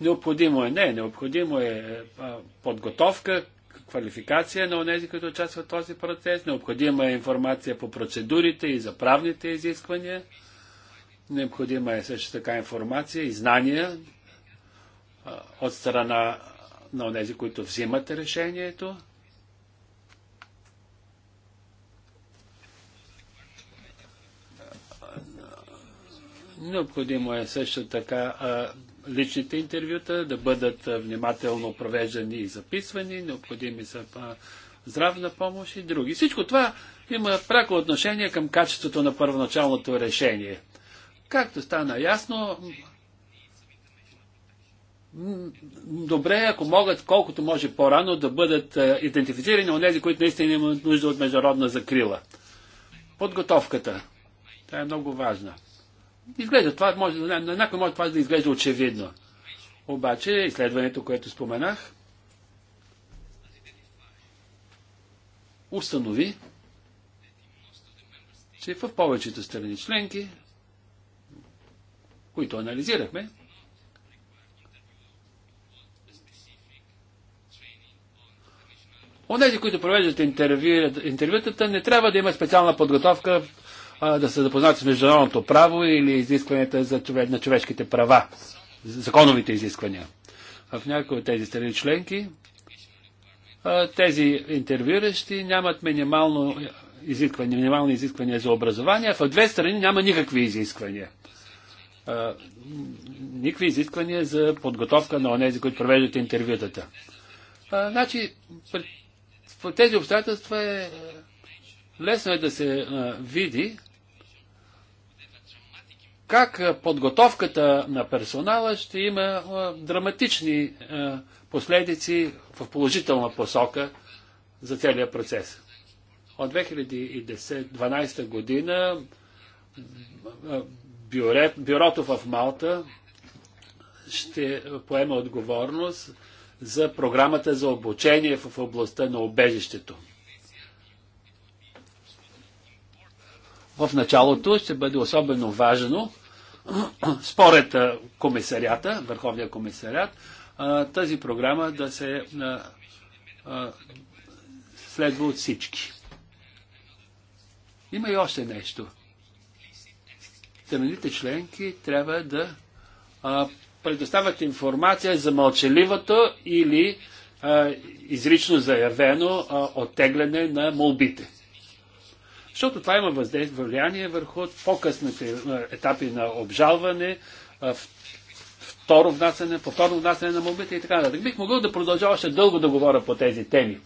Необходимо е, не, необходимо е а, е, подготовка, квалификация на онези, които участват в този процес, необходима е информация по процедурите и за правните изисквания, необходима е също така информация и знания а, от страна на онези, които взимат решението. Необходимо е също така личните интервюта да бъдат внимателно провеждани и записвани, необходими са здравна помощ и други. Всичко това има пряко отношение към качеството на първоначалното решение. Както стана ясно, добре, ако могат колкото може по-рано да бъдат идентифицирани от тези, които наистина имат нужда от международна закрила. Подготовката. Тя е много важна. Изглежда това, може, на някой може това да изглежда очевидно. Обаче изследването, което споменах, установи, че в повечето страни членки, които анализирахме, Онези, които провеждат интервю, интервютата, не трябва да има специална подготовка а, да са запознат с международното право или изискванията за човек, на човешките права, законовите изисквания. В някои от тези страни членки а, тези интервюиращи нямат минимално изисквания, минимални изисквания за образование, а в две страни няма никакви изисквания. А, никакви изисквания за подготовка на онези, които провеждат интервютата. А, значи, в тези обстоятелства е лесно е да се а, види как подготовката на персонала ще има драматични последици в положителна посока за целия процес. От 2012 година бюрото в Малта ще поема отговорност за програмата за обучение в областта на обежището. В началото ще бъде особено важно според комисарията, Върховния комисарят, тази програма да се следва от всички. Има и още нещо. Страните членки трябва да предоставят информация за мълчаливото или изрично заявено оттегляне на молбите. Защото това има въздействие, влияние върху по-късните е, етапи на обжалване, е, второ внасяне, повторно внасяне на молбите и така нататък. Бих могъл да продължа още дълго да говоря по тези теми.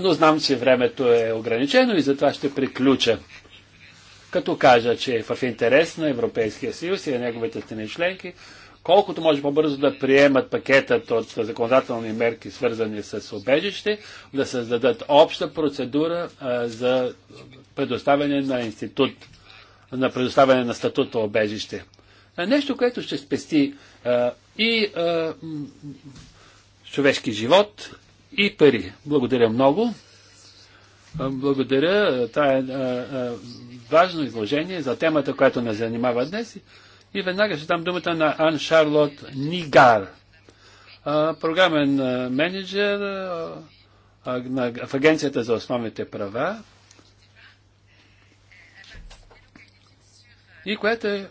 Но знам, че времето е ограничено и затова ще приключа. Като кажа, че е в интерес на Европейския съюз и на неговите страни членки колкото може по-бързо да приемат пакетът от законодателни мерки, свързани с обежище, да създадат обща процедура за предоставяне на институт, на предоставяне на статута обежище. Нещо, което ще спести и човешки живот, и пари. Благодаря много. Благодаря. Това е важно изложение за темата, която не занимава днес. И веднага ще дам думата на Ан Шарлот Нигар, програмен менеджер в Агенцията за основните права и което е,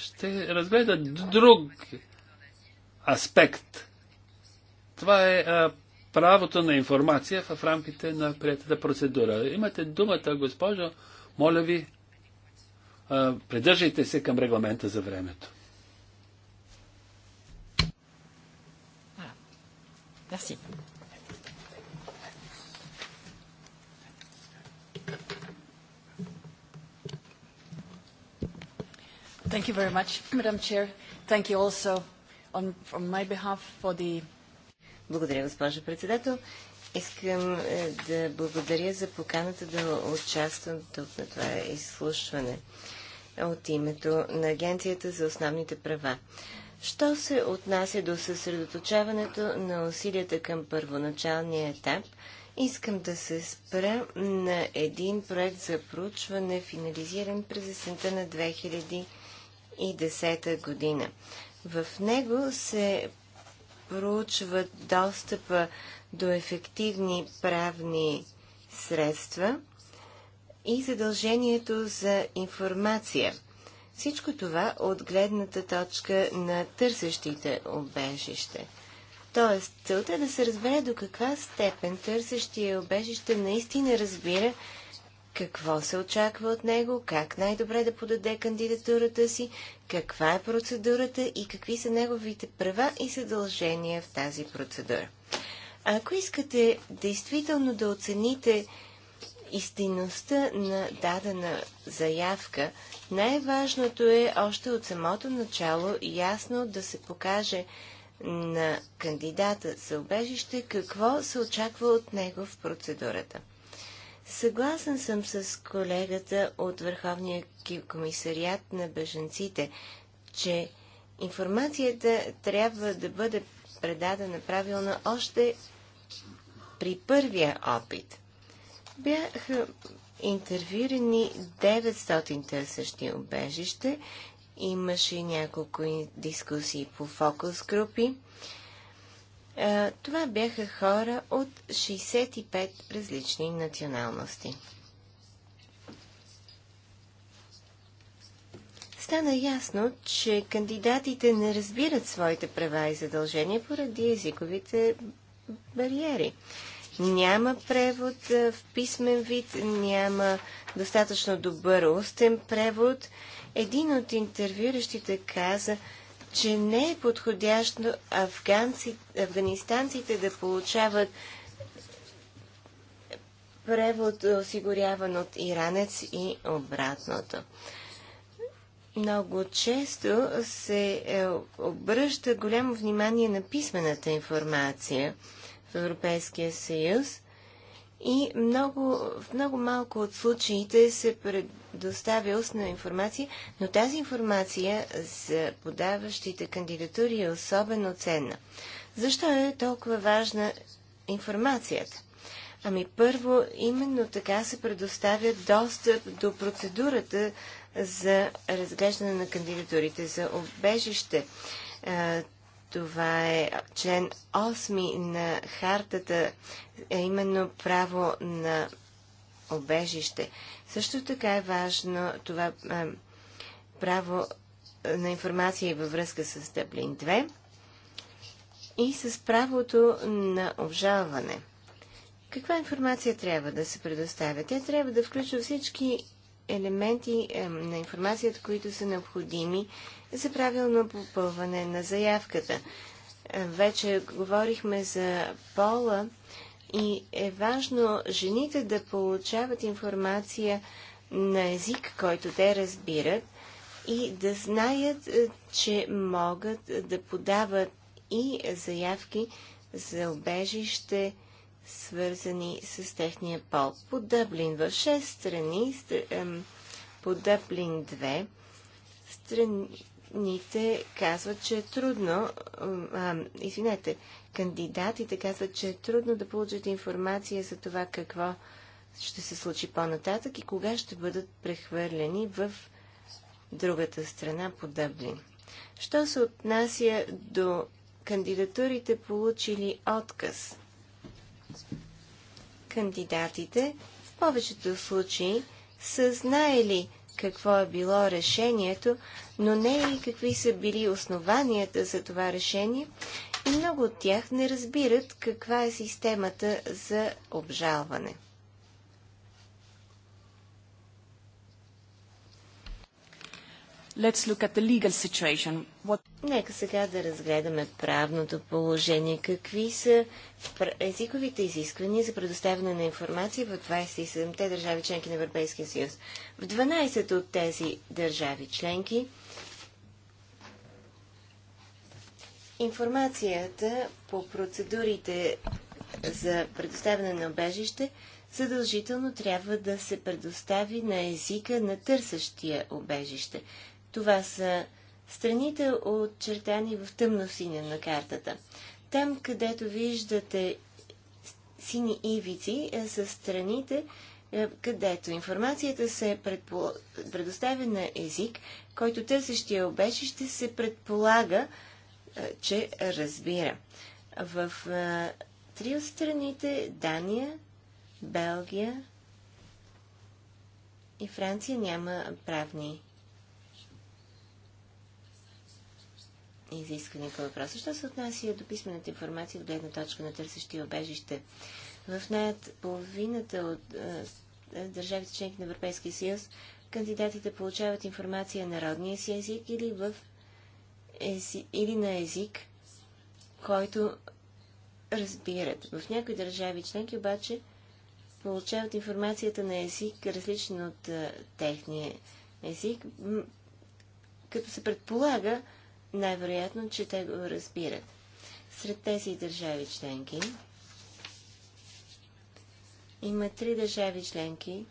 ще разгледа друг аспект. Това е правото на информация в рамките на приятата процедура. Имате думата, госпожо. Моля ви, придържайте се към регламента за времето. Merci. Thank you very much, Madam Chair. Thank you also on, from my behalf for the... Благодаря, госпожа председател. Искам е, да благодаря за поканата да участвам тук на това изслушване. Е, от името на Агенцията за основните права. Що се отнася до съсредоточаването на усилията към първоначалния етап, искам да се спра на един проект за проучване, финализиран през есента на 2010 година. В него се проучват достъпа до ефективни правни средства – и задължението за информация. Всичко това от гледната точка на търсещите обежище. Тоест, целта е да се разбере до каква степен търсещия обежище наистина разбира какво се очаква от него, как най-добре да подаде кандидатурата си, каква е процедурата и какви са неговите права и задължения в тази процедура. ако искате действително да оцените истинността на дадена заявка, най-важното е още от самото начало ясно да се покаже на кандидата за убежище какво се очаква от него в процедурата. Съгласен съм с колегата от Върховния комисариат на беженците, че информацията трябва да бъде предадена правилно още при първия опит – бяха интервюирани 900 търсещи обежище. Имаше няколко дискусии по фокус групи. Това бяха хора от 65 различни националности. Стана ясно, че кандидатите не разбират своите права и задължения поради езиковите бариери. Няма превод в писмен вид, няма достатъчно добър устен превод. Един от интервюращите каза, че не е подходящо афганци, афганистанците да получават превод осигуряван от иранец и обратното. Много често се е, обръща голямо внимание на писмената информация – Европейския съюз и много, в много малко от случаите се предоставя устна информация, но тази информация за подаващите кандидатури е особено ценна. Защо е толкова важна информацията? Ами първо, именно така се предоставя достъп до процедурата за разглеждане на кандидатурите за обежище. Това е член 8 на хартата, е именно право на обежище. Също така е важно това е, право на информация и във връзка с Дъблин 2 и с правото на обжалване. Каква информация трябва да се предоставя? Тя трябва да включва всички елементи е, на информацията, които са необходими за правилно попълване на заявката. Е, вече говорихме за пола и е важно жените да получават информация на език, който те разбират и да знаят, е, че могат да подават и заявки за обежище, свързани с техния пол. По Дъблин в 6 страни, по Дъблин 2, страните казват, че е трудно, а, извинете, кандидатите казват, че е трудно да получат информация за това какво ще се случи по-нататък и кога ще бъдат прехвърлени в другата страна по Дъблин. Що се отнася до кандидатурите, получили отказ Кандидатите в повечето случаи са знаели какво е било решението, но не и какви са били основанията за това решение и много от тях не разбират каква е системата за обжалване. Let's look at the legal situation. What... Нека сега да разгледаме правното положение. Какви са езиковите изисквания за предоставяне на информация в 27-те държави членки на Европейския съюз? В 12 от тези държави членки информацията по процедурите за предоставяне на обежище задължително трябва да се предостави на езика на търсещия обежище. Това са страните, отчертани в тъмно синя на картата. Там, където виждате сини ивици, е, са страните, е, където информацията се предоставя на език, който търсещия ще се предполага, е, че разбира. В три от страните Дания, Белгия и Франция няма правни Изискване по въпроса. Що се отнася до писмената информация от гледна точка на търсещи обежище? В нея половината от е, е, държавите членки на Европейския съюз кандидатите получават информация на родния си език или, в ези, или на език, който разбират. В някои държави членки обаче получават информацията на език, различен от а, е, техния език, като се предполага, най-вероятно, че те го разбират. Сред тези държави членки има три държави членки,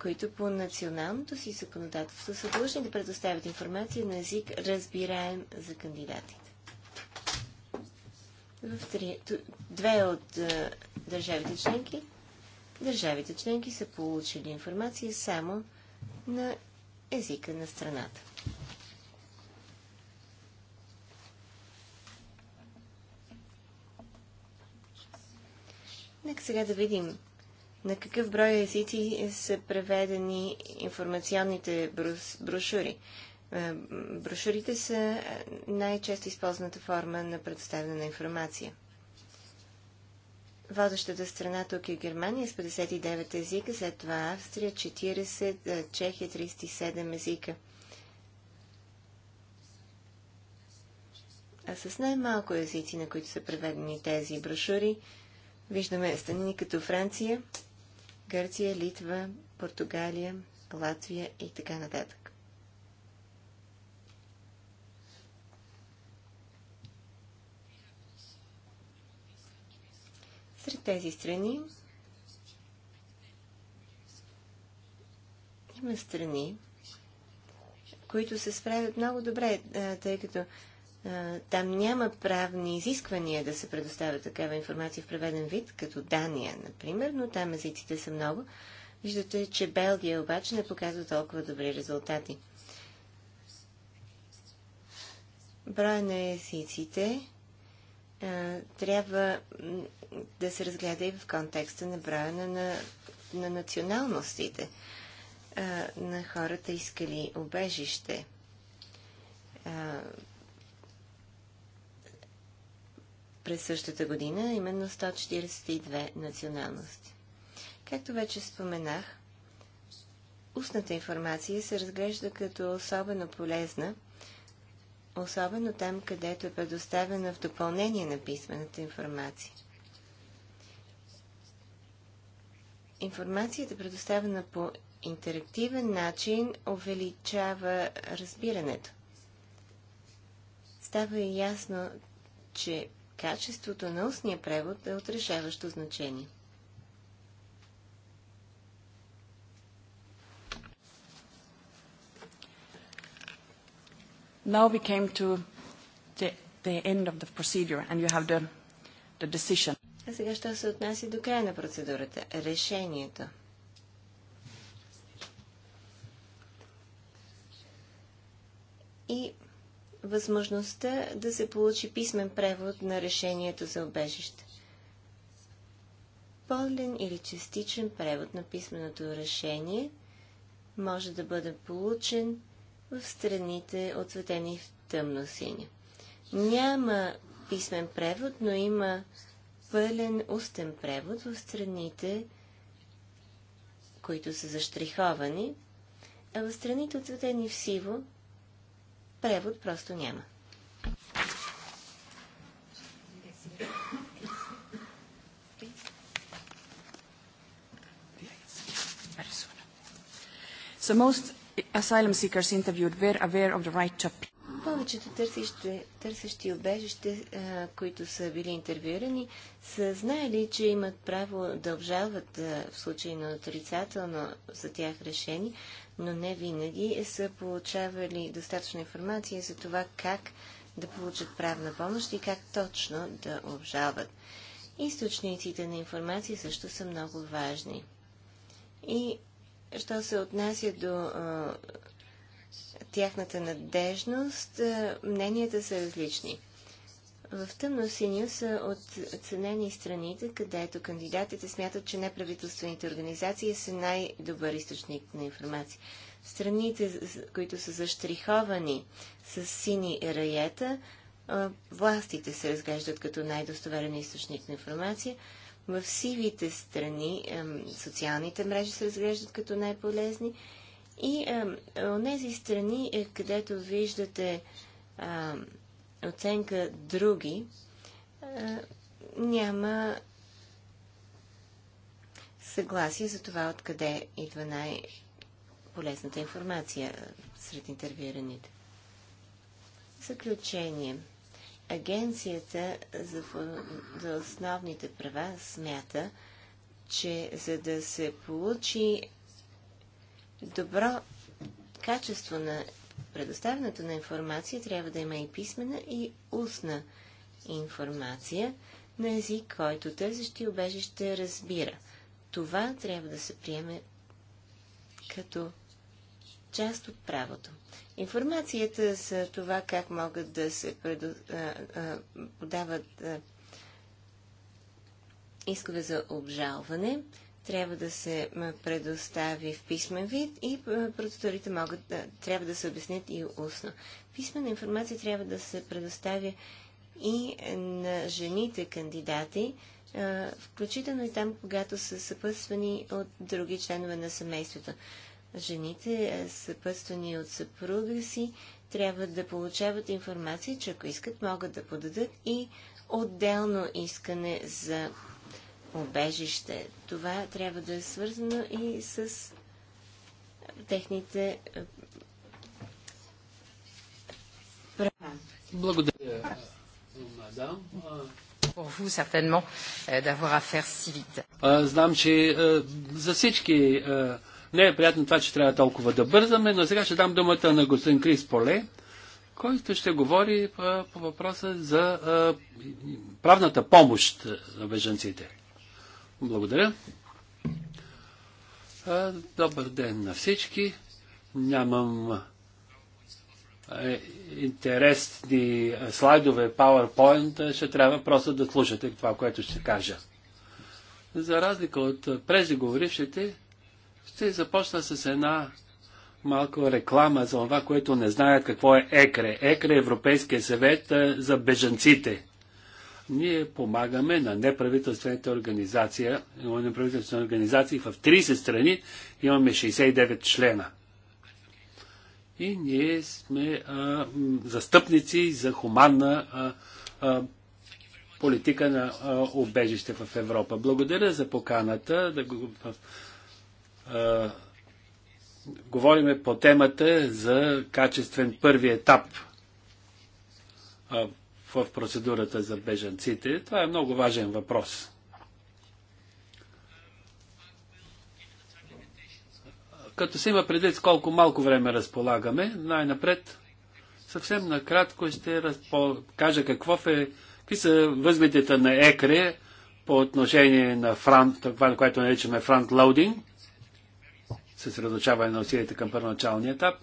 които по националното си законодателство са длъжни да предоставят информация на език разбираем за кандидатите. В три, две от е, държавите членки, държавите членки са получили информация само на езика на страната. Нека сега да видим на какъв брой езици са преведени информационните брошури. Е, брошурите са най-често използваната форма на представяне на информация. Водещата страна тук е Германия с 59 езика, след това Австрия 40, е, Чехия 37 езика. А с най-малко езици, на които са преведени тези брошури, Виждаме страни като Франция, Гърция, Литва, Португалия, Латвия и така нататък. Сред тези страни има страни, които се справят много добре, тъй като там няма правни изисквания да се предоставя такава информация в преведен вид, като Дания, например, но там езиците са много. Виждате, че Белгия обаче не показва толкова добри резултати. Броя на езиците трябва да се разгледа и в контекста на броя на, на, на националностите на хората искали обежище. през същата година, именно 142 националности. Както вече споменах, устната информация се разглежда като особено полезна, особено там, където е предоставена в допълнение на писмената информация. Информацията, предоставена по интерактивен начин, увеличава разбирането. Става и ясно, че качеството на устния превод е от решаващо значение. Now we came to the, the end of the procedure and you have the, the decision. А сега ще се отнася до края на процедурата. Решението. И възможността да се получи писмен превод на решението за обежище. Пълен или частичен превод на писменото решение може да бъде получен в страните, отцветени в тъмно синя. Няма писмен превод, но има пълен устен превод в страните, които са заштриховани, а в страните, отцветени в сиво, превод просто няма. So most asylum seekers interviewed were aware of the right to повечето търсещи, търсещи обежище, които са били интервюирани, са знаели, че имат право да обжалват в случай на отрицателно за тях решение, но не винаги са получавали достатъчно информация за това как да получат правна помощ и как точно да обжалват. Източниците на информация също са много важни. И що се отнася до а, тяхната надежност, а, мненията са различни. В тъмно синьо са оценени страните, където кандидатите смятат, че неправителствените организации са най-добър източник на информация. Страните, които са заштриховани с сини раета, властите се разглеждат като най-достоверен източник на информация. В сивите страни социалните мрежи се разглеждат като най-полезни. И от тези страни, е, където виждате оценка други, няма съгласие за това откъде идва най-полезната информация сред интервюираните. Заключение. Агенцията за, за основните права смята, че за да се получи добро качество на предоставянето на информация трябва да има и писмена, и устна информация на език, който търсещи ще разбира. Това трябва да се приеме като част от правото. Информацията за това как могат да се предо... подават искове за обжалване трябва да се предостави в писмен вид и процедурите могат да, трябва да се обяснят и устно. Писмена информация трябва да се предоставя и на жените кандидати, включително и там, когато са съпътствани от други членове на семейството. Жените, съпътствани от съпруга си, трябва да получават информация, че ако искат, могат да подадат и отделно искане за обежище. Това трябва да е свързано и с техните е, права. Благодаря, мадам. Euh, знам, че е, за всички е, не е приятно това, че трябва толкова да бързаме, но сега ще дам думата на господин Крис Поле, който ще говори по въпроса за правната помощ на бежанците. Благодаря. Добър ден на всички. Нямам е, интересни слайдове, PowerPoint, ще трябва просто да слушате това, което ще кажа. За разлика от преждеговорившите, ще започна с една малко реклама за това, което не знаят какво е ЕКРЕ. ЕКРЕ е Европейския съвет за бежанците ние помагаме на неправителствените организации, неправителствени организации в 30 страни, имаме 69 члена. И ние сме а, застъпници за хуманна а, а, политика на а, убежище в Европа. Благодаря за поканата. Да го, а, говориме по темата за качествен първи етап в процедурата за бежанците? Това е много важен въпрос. Като се има предвид колко малко време разполагаме, най-напред съвсем накратко ще разпо... кажа какво е, какви са възгледите на ЕКРЕ по отношение на фронт, това, което наричаме лоудинг, съсредоточаване на усилията към първоначалния етап.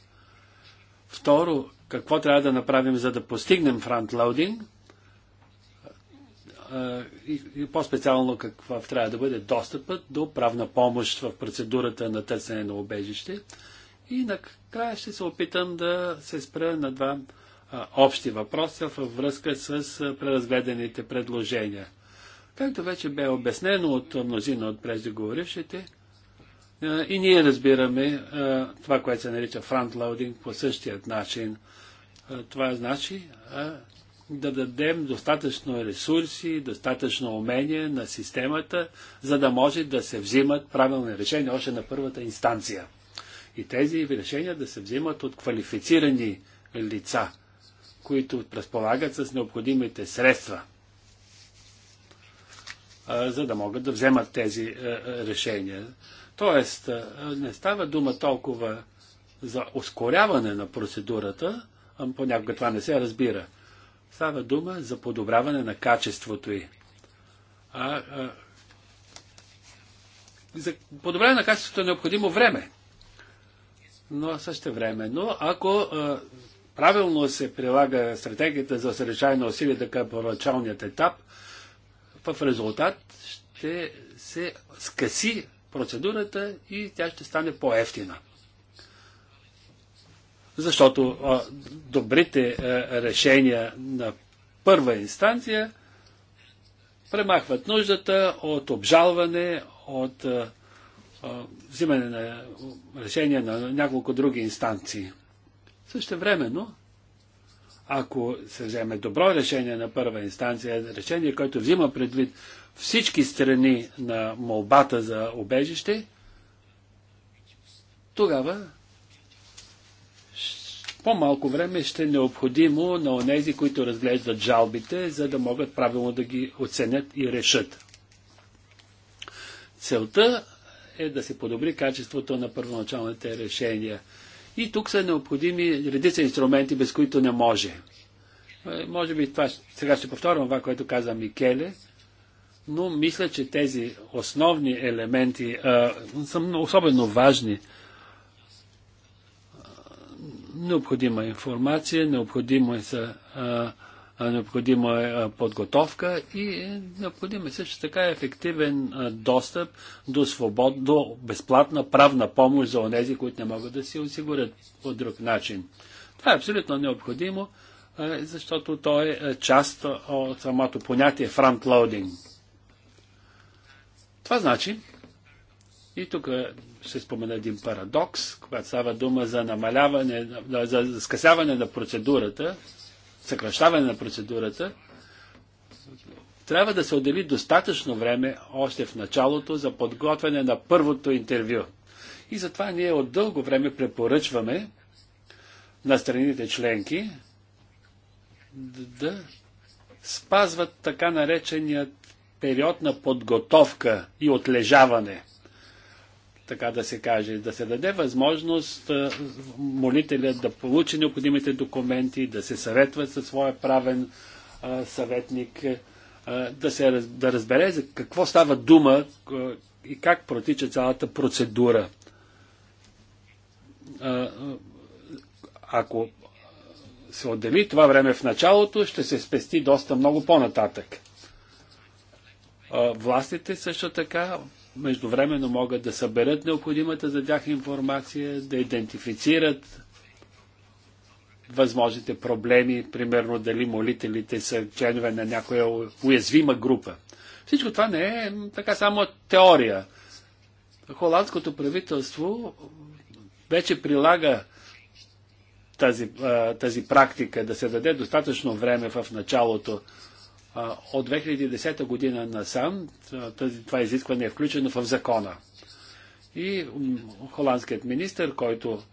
Второ, какво трябва да направим, за да постигнем фронтлоудинг и, и по-специално какъв трябва да бъде достъпът до правна помощ в процедурата на търсене на обежище. И накрая ще се опитам да се спра на два а, общи въпроса във връзка с преразгледаните предложения. Както вече бе обяснено от мнозина от преждеговорившите, и ние разбираме това, което се нарича фронтлоудинг по същият начин. Това значи да дадем достатъчно ресурси, достатъчно умение на системата, за да може да се взимат правилни решения още на първата инстанция. И тези решения да се взимат от квалифицирани лица, които разполагат с необходимите средства, за да могат да вземат тези решения. Тоест, не става дума толкова за ускоряване на процедурата, а понякога това не се разбира. Става дума за подобряване на качеството й. А, а, за подобряване на качеството е необходимо време. Но също време, но ако а, правилно се прилага стратегията за сърешаване на усилията към първоначалният етап, в резултат ще се скъси процедурата и тя ще стане по-ефтина. Защото а, добрите а, решения на първа инстанция премахват нуждата от обжалване, от а, взимане на решения на няколко други инстанции. Също времено, ако се вземе добро решение на първа инстанция, решение, което взима предвид всички страни на молбата за обежище, тогава по-малко време ще е необходимо на онези, които разглеждат жалбите, за да могат правилно да ги оценят и решат. Целта е да се подобри качеството на първоначалните решения. И тук са необходими редица инструменти, без които не може. Е, може би това, сега ще повторям това, което каза Микеле, но мисля, че тези основни елементи а, са особено важни. Необходима информация, е необходима е, а, необходима е подготовка и необходим е също така ефективен достъп до, свобод, до безплатна правна помощ за онези, които не могат да си осигурят по друг начин. Това е абсолютно необходимо защото то е част от самото понятие фронтлоудинг. Това значи, и тук ще спомена един парадокс, когато става дума за намаляване, за скъсяване на процедурата, съкръщаване на процедурата, трябва да се отдели достатъчно време още в началото за подготвяне на първото интервю. И затова ние от дълго време препоръчваме на страните членки да спазват така нареченият период на подготовка и отлежаване, така да се каже, да се даде възможност молителя да получи необходимите документи, да се съветва със своя правен съветник, да, се, да разбере за какво става дума и как протича цялата процедура. Ако се отдели това време в началото, ще се спести доста много по-нататък. Властите също така междувременно могат да съберат необходимата за тях информация, да идентифицират възможните проблеми, примерно дали молителите са членове на някоя уязвима група. Всичко това не е така само теория. Холандското правителство вече прилага тази, тази практика да се даде достатъчно време в началото от 2010 година насам това изискване е включено в закона. И холандският министр, който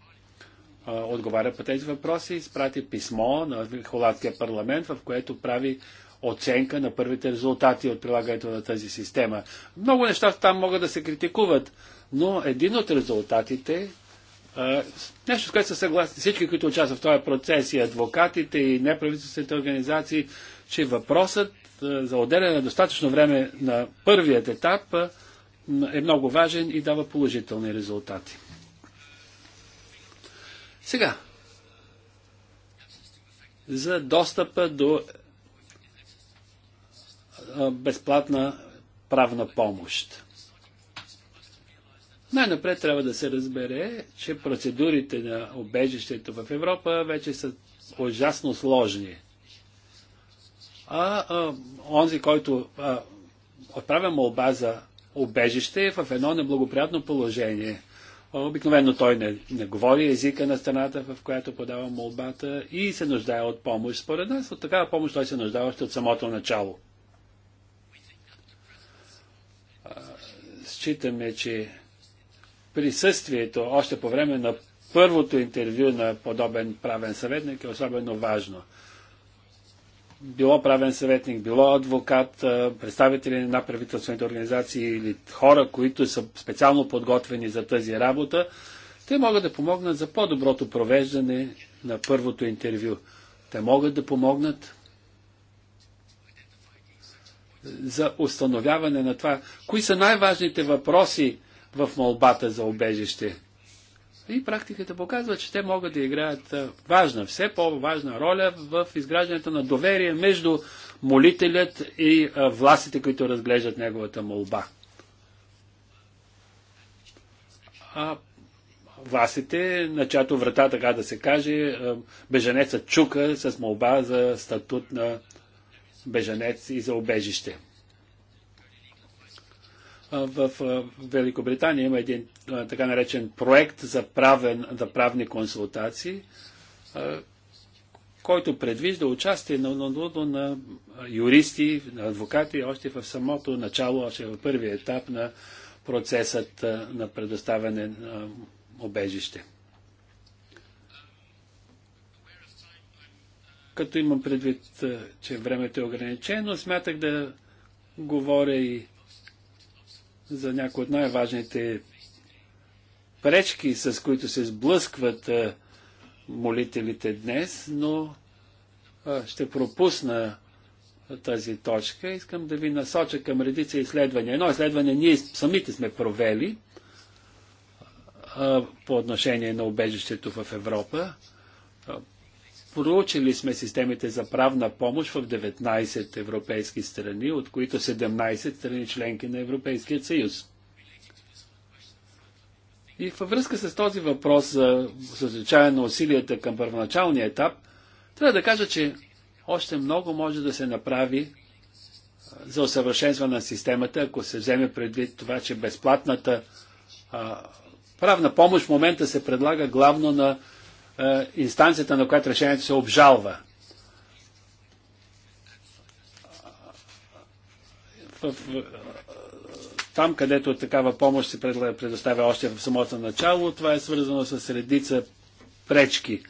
отговаря по тези въпроси, изпрати писмо на холандския парламент, в което прави оценка на първите резултати от прилагането на тази система. Много неща там могат да се критикуват, но един от резултатите, нещо с което са съгласни всички, които участват в този процес, и адвокатите, и неправителствените организации, че въпросът за отделяне на достатъчно време на първият етап е много важен и дава положителни резултати. Сега, за достъпа до безплатна правна помощ. Най-напред трябва да се разбере, че процедурите на обежището в Европа вече са ужасно сложни а, а онзи, който а, отправя молба за обежище е в едно неблагоприятно положение. Обикновено той не, не говори езика на страната, в която подава молбата и се нуждае от помощ. Според нас от такава помощ той се нуждае още от самото начало. Считаме, че присъствието още по време на първото интервю на подобен правен съветник е особено важно било правен съветник, било адвокат, представители на правителствените организации или хора, които са специално подготвени за тази работа, те могат да помогнат за по-доброто провеждане на първото интервю. Те могат да помогнат за установяване на това, кои са най-важните въпроси в молбата за обежище и практиката показва, че те могат да играят важна, все по-важна роля в изграждането на доверие между молителят и властите, които разглеждат неговата молба. А властите, на чиято врата, така да се каже, беженецът чука с молба за статут на беженец и за обежище. В Великобритания има един така наречен проект за, правен, за правни консултации, който предвижда участие на, на, на, на юристи, на адвокати още в самото начало, още в първия етап на процесът на предоставяне на обежище. Като имам предвид, че времето е ограничено, смятах да говоря и за някои от най-важните пречки, с които се сблъскват молителите днес, но ще пропусна тази точка. Искам да ви насоча към редица изследвания. Едно изследване ние самите сме провели по отношение на убежището в Европа. Проучили сме системите за правна помощ в 19 европейски страни, от които 17 страни членки на Европейския съюз. И във връзка с този въпрос за съзвичаване на усилията към първоначалния етап, трябва да кажа, че още много може да се направи за усъвършенстване на системата, ако се вземе предвид това, че безплатната а, правна помощ в момента се предлага главно на е, инстанцията, на която решението се обжалва. Е, там, където такава помощ се предоставя още в самото начало, това е свързано с редица пречки.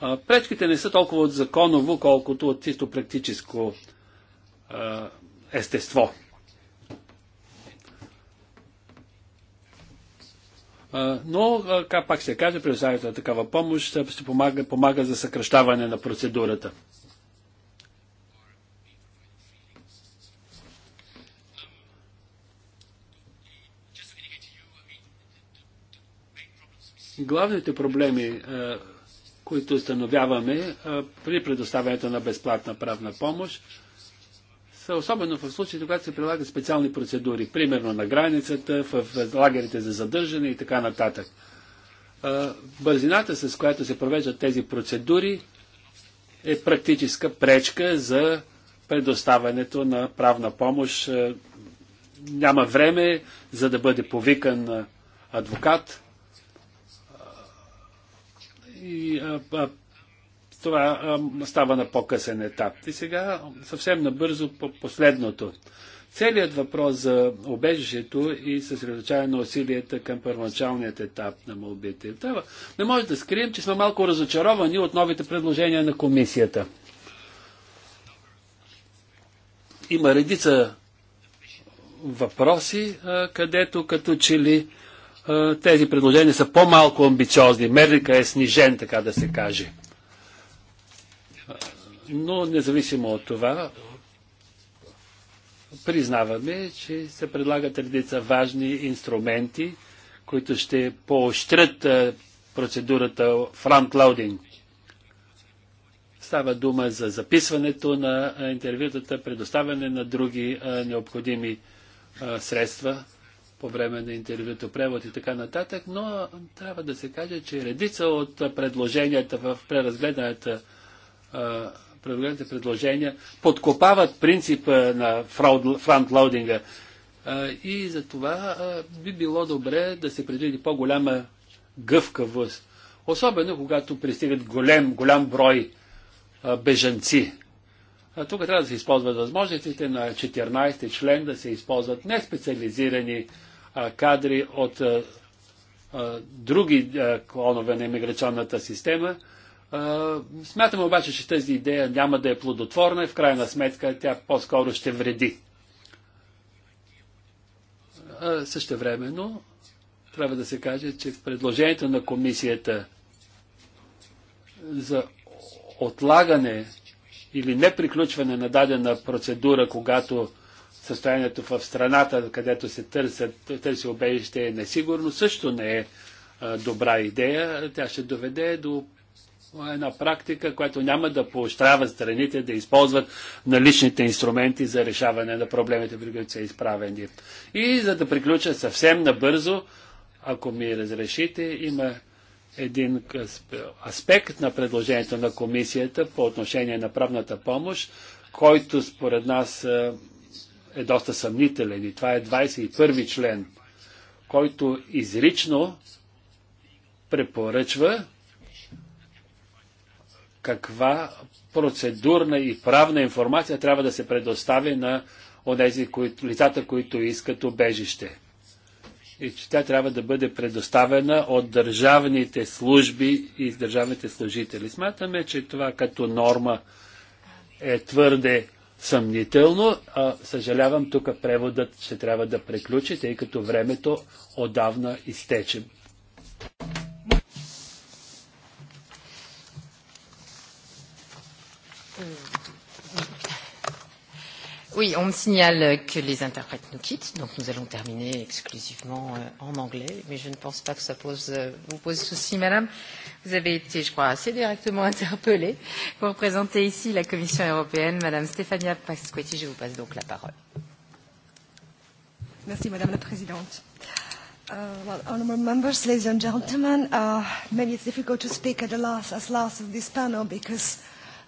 Пречките не са толкова от законово, колкото от чисто практическо е, естество. Но, как пак се каже, предоставянето на такава помощ ще помага, помага за съкръщаване на процедурата. Главните проблеми, които установяваме при предоставянето на безплатна правна помощ, особено в случаите, когато се прилагат специални процедури, примерно на границата, в лагерите за задържане и така нататък. Бързината, с която се провеждат тези процедури, е практическа пречка за предоставянето на правна помощ. Няма време, за да бъде повикан адвокат. И това а, става на по-късен етап. И сега съвсем набързо по последното. Целият въпрос за обежището и съсредоточаване на усилията към първоначалният етап на молбите. Това не може да скрием, че сме малко разочаровани от новите предложения на комисията. Има редица въпроси, а, където като че ли тези предложения са по-малко амбициозни. Мерника е снижен, така да се каже. Но независимо от това, признаваме, че се предлагат редица важни инструменти, които ще поощрят е, процедурата фронтлоудинг. Става дума за записването на е, интервютата, предоставяне на други е, необходими средства по време на интервюто, превод и така нататък, но трябва да се каже, че редица от предложенията в преразгледаната предлаганите предложения подкопават принципа на фронтлоудинга. И за това би било добре да се предвиди по-голяма гъвкавост. Особено когато пристигат голям, голям брой бежанци. тук трябва да се използват възможностите на 14-ти член, да се използват неспециализирани кадри от а, а, други а, клонове на иммиграционната система, Смятам обаче, че тази идея няма да е плодотворна и в крайна сметка тя по-скоро ще вреди. Също времено трябва да се каже, че предложението на комисията за отлагане или неприключване на дадена процедура, когато състоянието в страната, където се търсят, търси обежище е несигурно, също не е добра идея. Тя ще доведе до е една практика, която няма да поощрява страните да използват наличните инструменти за решаване на проблемите, при които са изправени. И за да приключа съвсем набързо, ако ми разрешите, има един аспект на предложението на комисията по отношение на правната помощ, който според нас е, е доста съмнителен. И това е 21 член, който изрично препоръчва каква процедурна и правна информация трябва да се предостави на онези, които, лицата, които искат обежище. И че тя трябва да бъде предоставена от държавните служби и държавните служители. Смятаме, че това като норма е твърде съмнително. А, съжалявам, тук преводът ще трябва да преключи, тъй като времето отдавна изтече. Oui, on me signale que les interprètes nous quittent, donc nous allons terminer exclusivement en anglais, mais je ne pense pas que ça pose, vous pose souci, madame. Vous avez été, je crois, assez directement interpellée. pour présenter ici la Commission européenne, madame Stefania Pasquetti, je vous passe donc la parole. Merci, madame la présidente. Uh, well, honourable members, ladies and gentlemen, uh, maybe it's difficult to speak at the last, as last of this panel because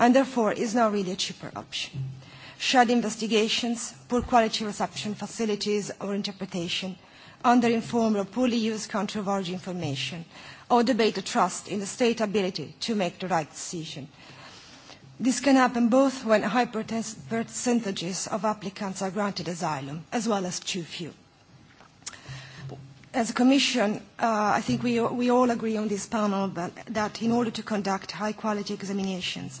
and therefore is now really a cheaper option. Shared investigations, poor quality reception facilities or interpretation, under-informed or poorly used country of origin information, or debate the trust in the state ability to make the right decision. This can happen both when high percentages of applicants are granted asylum, as well as too few. As a Commission, uh, I think we, we all agree on this panel that, that in order to conduct high-quality examinations,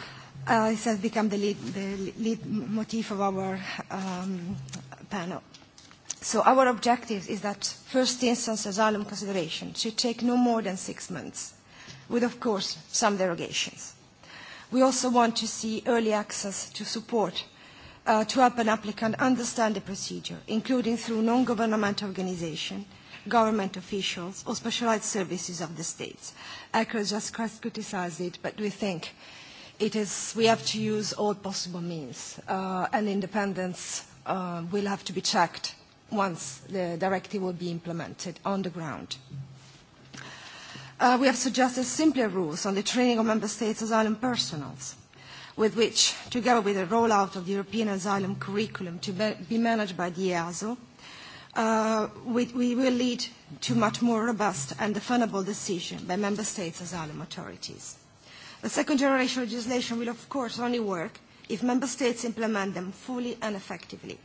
Uh, this has become the lead, the lead motif of our um, panel. So our objective is that first instance asylum consideration should take no more than six months, with of course some derogations. We also want to see early access to support uh, to help an applicant understand the procedure, including through non-governmental organizations, government officials, or specialized services of the states. ECHO just criticized it, but we think it is, we have to use all possible means, uh, and independence uh, will have to be checked once the directive will be implemented on the ground. Uh, we have suggested simpler rules on the training of member states' asylum personals, with which, together with the rollout of the European asylum curriculum to be managed by the EASO, uh, we, we will lead to much more robust and definable decision by member states' asylum authorities. The second generation legislation will of course only work if Member States implement them fully and effectively.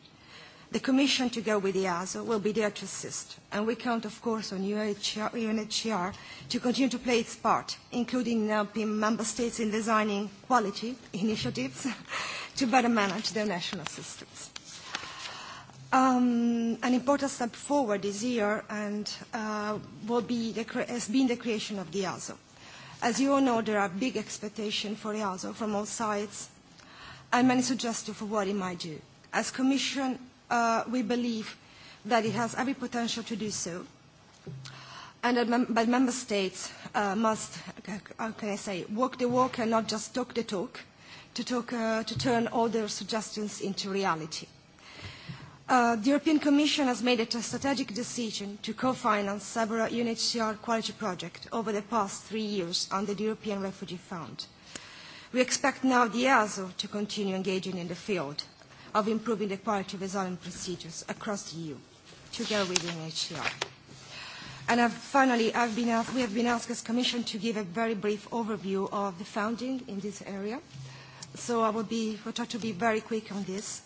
The Commission, together with EASO, will be there to assist, and we count, of course, on UNHCR to continue to play its part, including helping Member States in designing quality initiatives to better manage their national systems. Um, an important step forward this year and, uh, will be the, has been the creation of the EASO As you all know, there are big expectations for EASO from all sides and many suggestions for what it might do. As Commission, uh, we believe that it has every potential to do so, and that mem- but Member States uh, must, how can I say, walk the walk and not just talk the talk, to, talk, uh, to turn all their suggestions into reality the European Commission has made a strategic decision to co-finance several UNHCR quality projects over the past three years under the European Refugee Fund. We expect now the EASO to continue engaging in the field of improving the quality of asylum procedures across the EU, together with UNHCR. And I've, finally, I've been asked, we have been asked as Commission to give a very brief overview of the funding in this area. So I will, be, will try to be very quick on this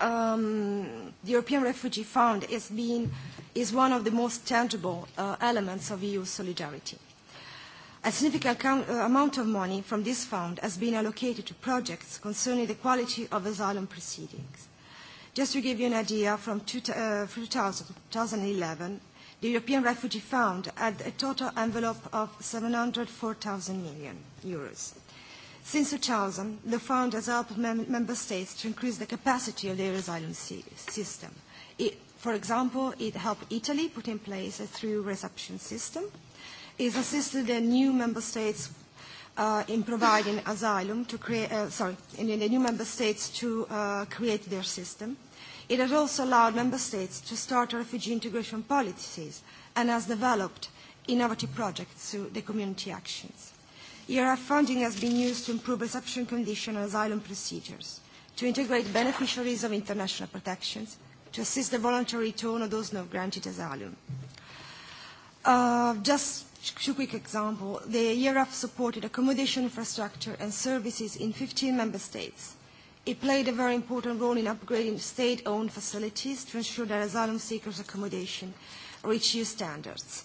um, the European Refugee Fund is, being, is one of the most tangible uh, elements of EU solidarity. A significant account, uh, amount of money from this fund has been allocated to projects concerning the quality of asylum proceedings. Just to give you an idea, from two, uh, 2000 2011, the European Refugee Fund had a total envelope of 704,000 million euros. Since 2000, the Fund has helped mem member states to increase the capacity of their asylum system. It, for example, it helped Italy put in place a through reception system. It assisted the new member states uh, in providing asylum to create, uh, sorry, in, in the new member states to uh, create their system. It has also allowed member states to start refugee integration policies and has developed innovative projects through the community actions. ERF funding has been used to improve reception conditions and asylum procedures, to integrate beneficiaries of international protections, to assist the voluntary return of those not granted asylum. Uh, just two quick examples. The ERF supported accommodation infrastructure and services in 15 member states. It played a very important role in upgrading state-owned facilities to ensure that asylum seekers' accommodation reach EU standards.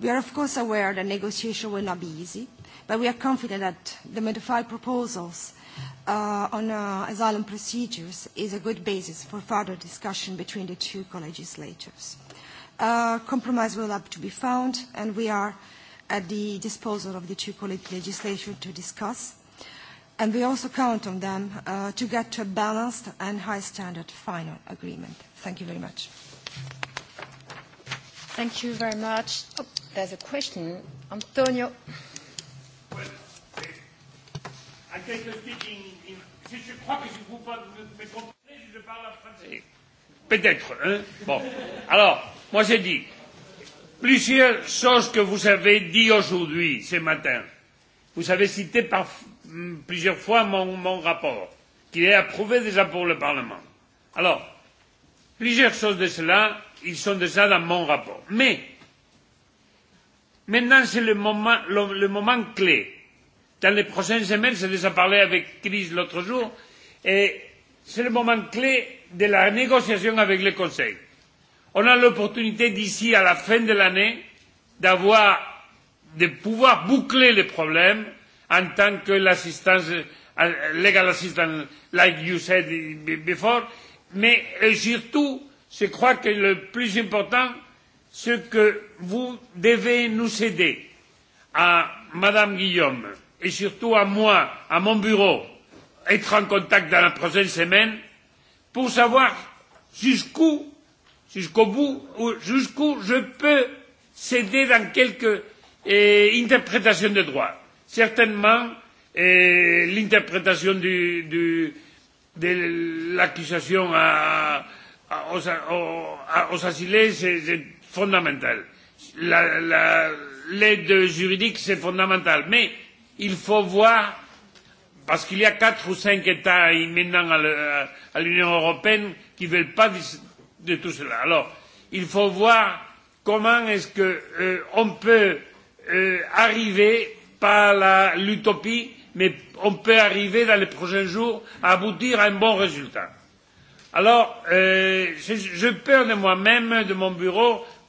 We are, of course, aware that negotiation will not be easy, but we are confident that the modified proposals uh, on uh, asylum procedures is a good basis for further discussion between the two co-legislators. Uh, compromise will have to be found, and we are at the disposal of the two co-legislators to discuss and we also count on them uh, to get to a balanced and high-standard final agreement. Thank you very much. Thank you very much there's a question. Antonio. Well, I think you're speaking in. Si je crois que je ne vous pas me comprendre, je parle français. Peut-être, hein. Bon. Alors, moi j'ai dit plusieurs choses que vous avez dit aujourd'hui, ce matin. Vous avez cité par, plusieurs fois mon, mon rapport, qui est approuvé déjà pour le Parlement. Alors, plusieurs choses de cela, ils sont déjà dans mon rapport. Mais, Maintenant, c'est le moment, le, le moment clé. Dans les prochaines semaines, j'ai déjà parlé avec Chris l'autre jour, et c'est le moment clé de la négociation avec le Conseil. On a l'opportunité d'ici à la fin de l'année d'avoir, de pouvoir boucler les problèmes en tant que l'assistance, legal assistance, like you said before, mais surtout, je crois que le plus important, ce que vous devez nous aider à Madame Guillaume et surtout à moi, à mon bureau, être en contact dans la prochaine semaine pour savoir jusqu'où, jusqu'au bout, jusqu'où je peux céder dans quelques eh, interprétations de droit. Certainement, eh, l'interprétation du, du, de l'accusation à, à, aux, aux, aux asilés, c'est fondamental. L'aide juridique, c'est fondamental. Mais il faut voir, parce qu'il y a quatre ou cinq États maintenant à l'Union européenne qui ne veulent pas de tout cela. Alors, il faut voir comment est-ce qu'on peut arriver, pas à l'utopie, mais on peut arriver dans les prochains jours à aboutir à un bon résultat. Alors, euh, j'ai peur de moi-même, de mon bureau,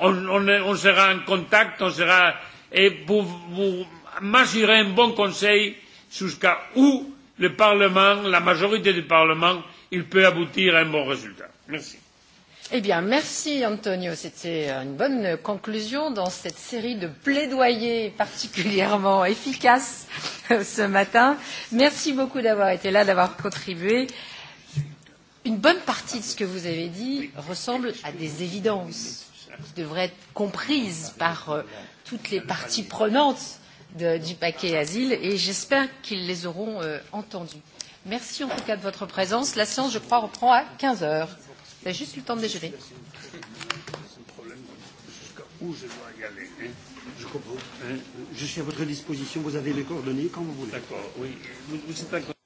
on, on, on sera en contact, on sera, et vous, vous m'assurez un bon conseil jusqu'à où le Parlement, la majorité du Parlement, il peut aboutir à un bon résultat. Merci. Eh bien, merci Antonio. C'était une bonne conclusion dans cette série de plaidoyers particulièrement efficaces ce matin. Merci beaucoup d'avoir été là, d'avoir contribué. Une bonne partie de ce que vous avez dit ressemble à des évidences qui devrait être comprise par euh, toutes les parties prenantes de, du paquet asile et j'espère qu'ils les auront euh, entendues. Merci en tout cas de votre présence. La séance, je crois, reprend à 15 heures. Vous avez juste eu le temps de déjeuner. je comprends. je suis à votre disposition. Vous avez les coordonnées quand vous voulez. D'accord, oui. Vous, vous êtes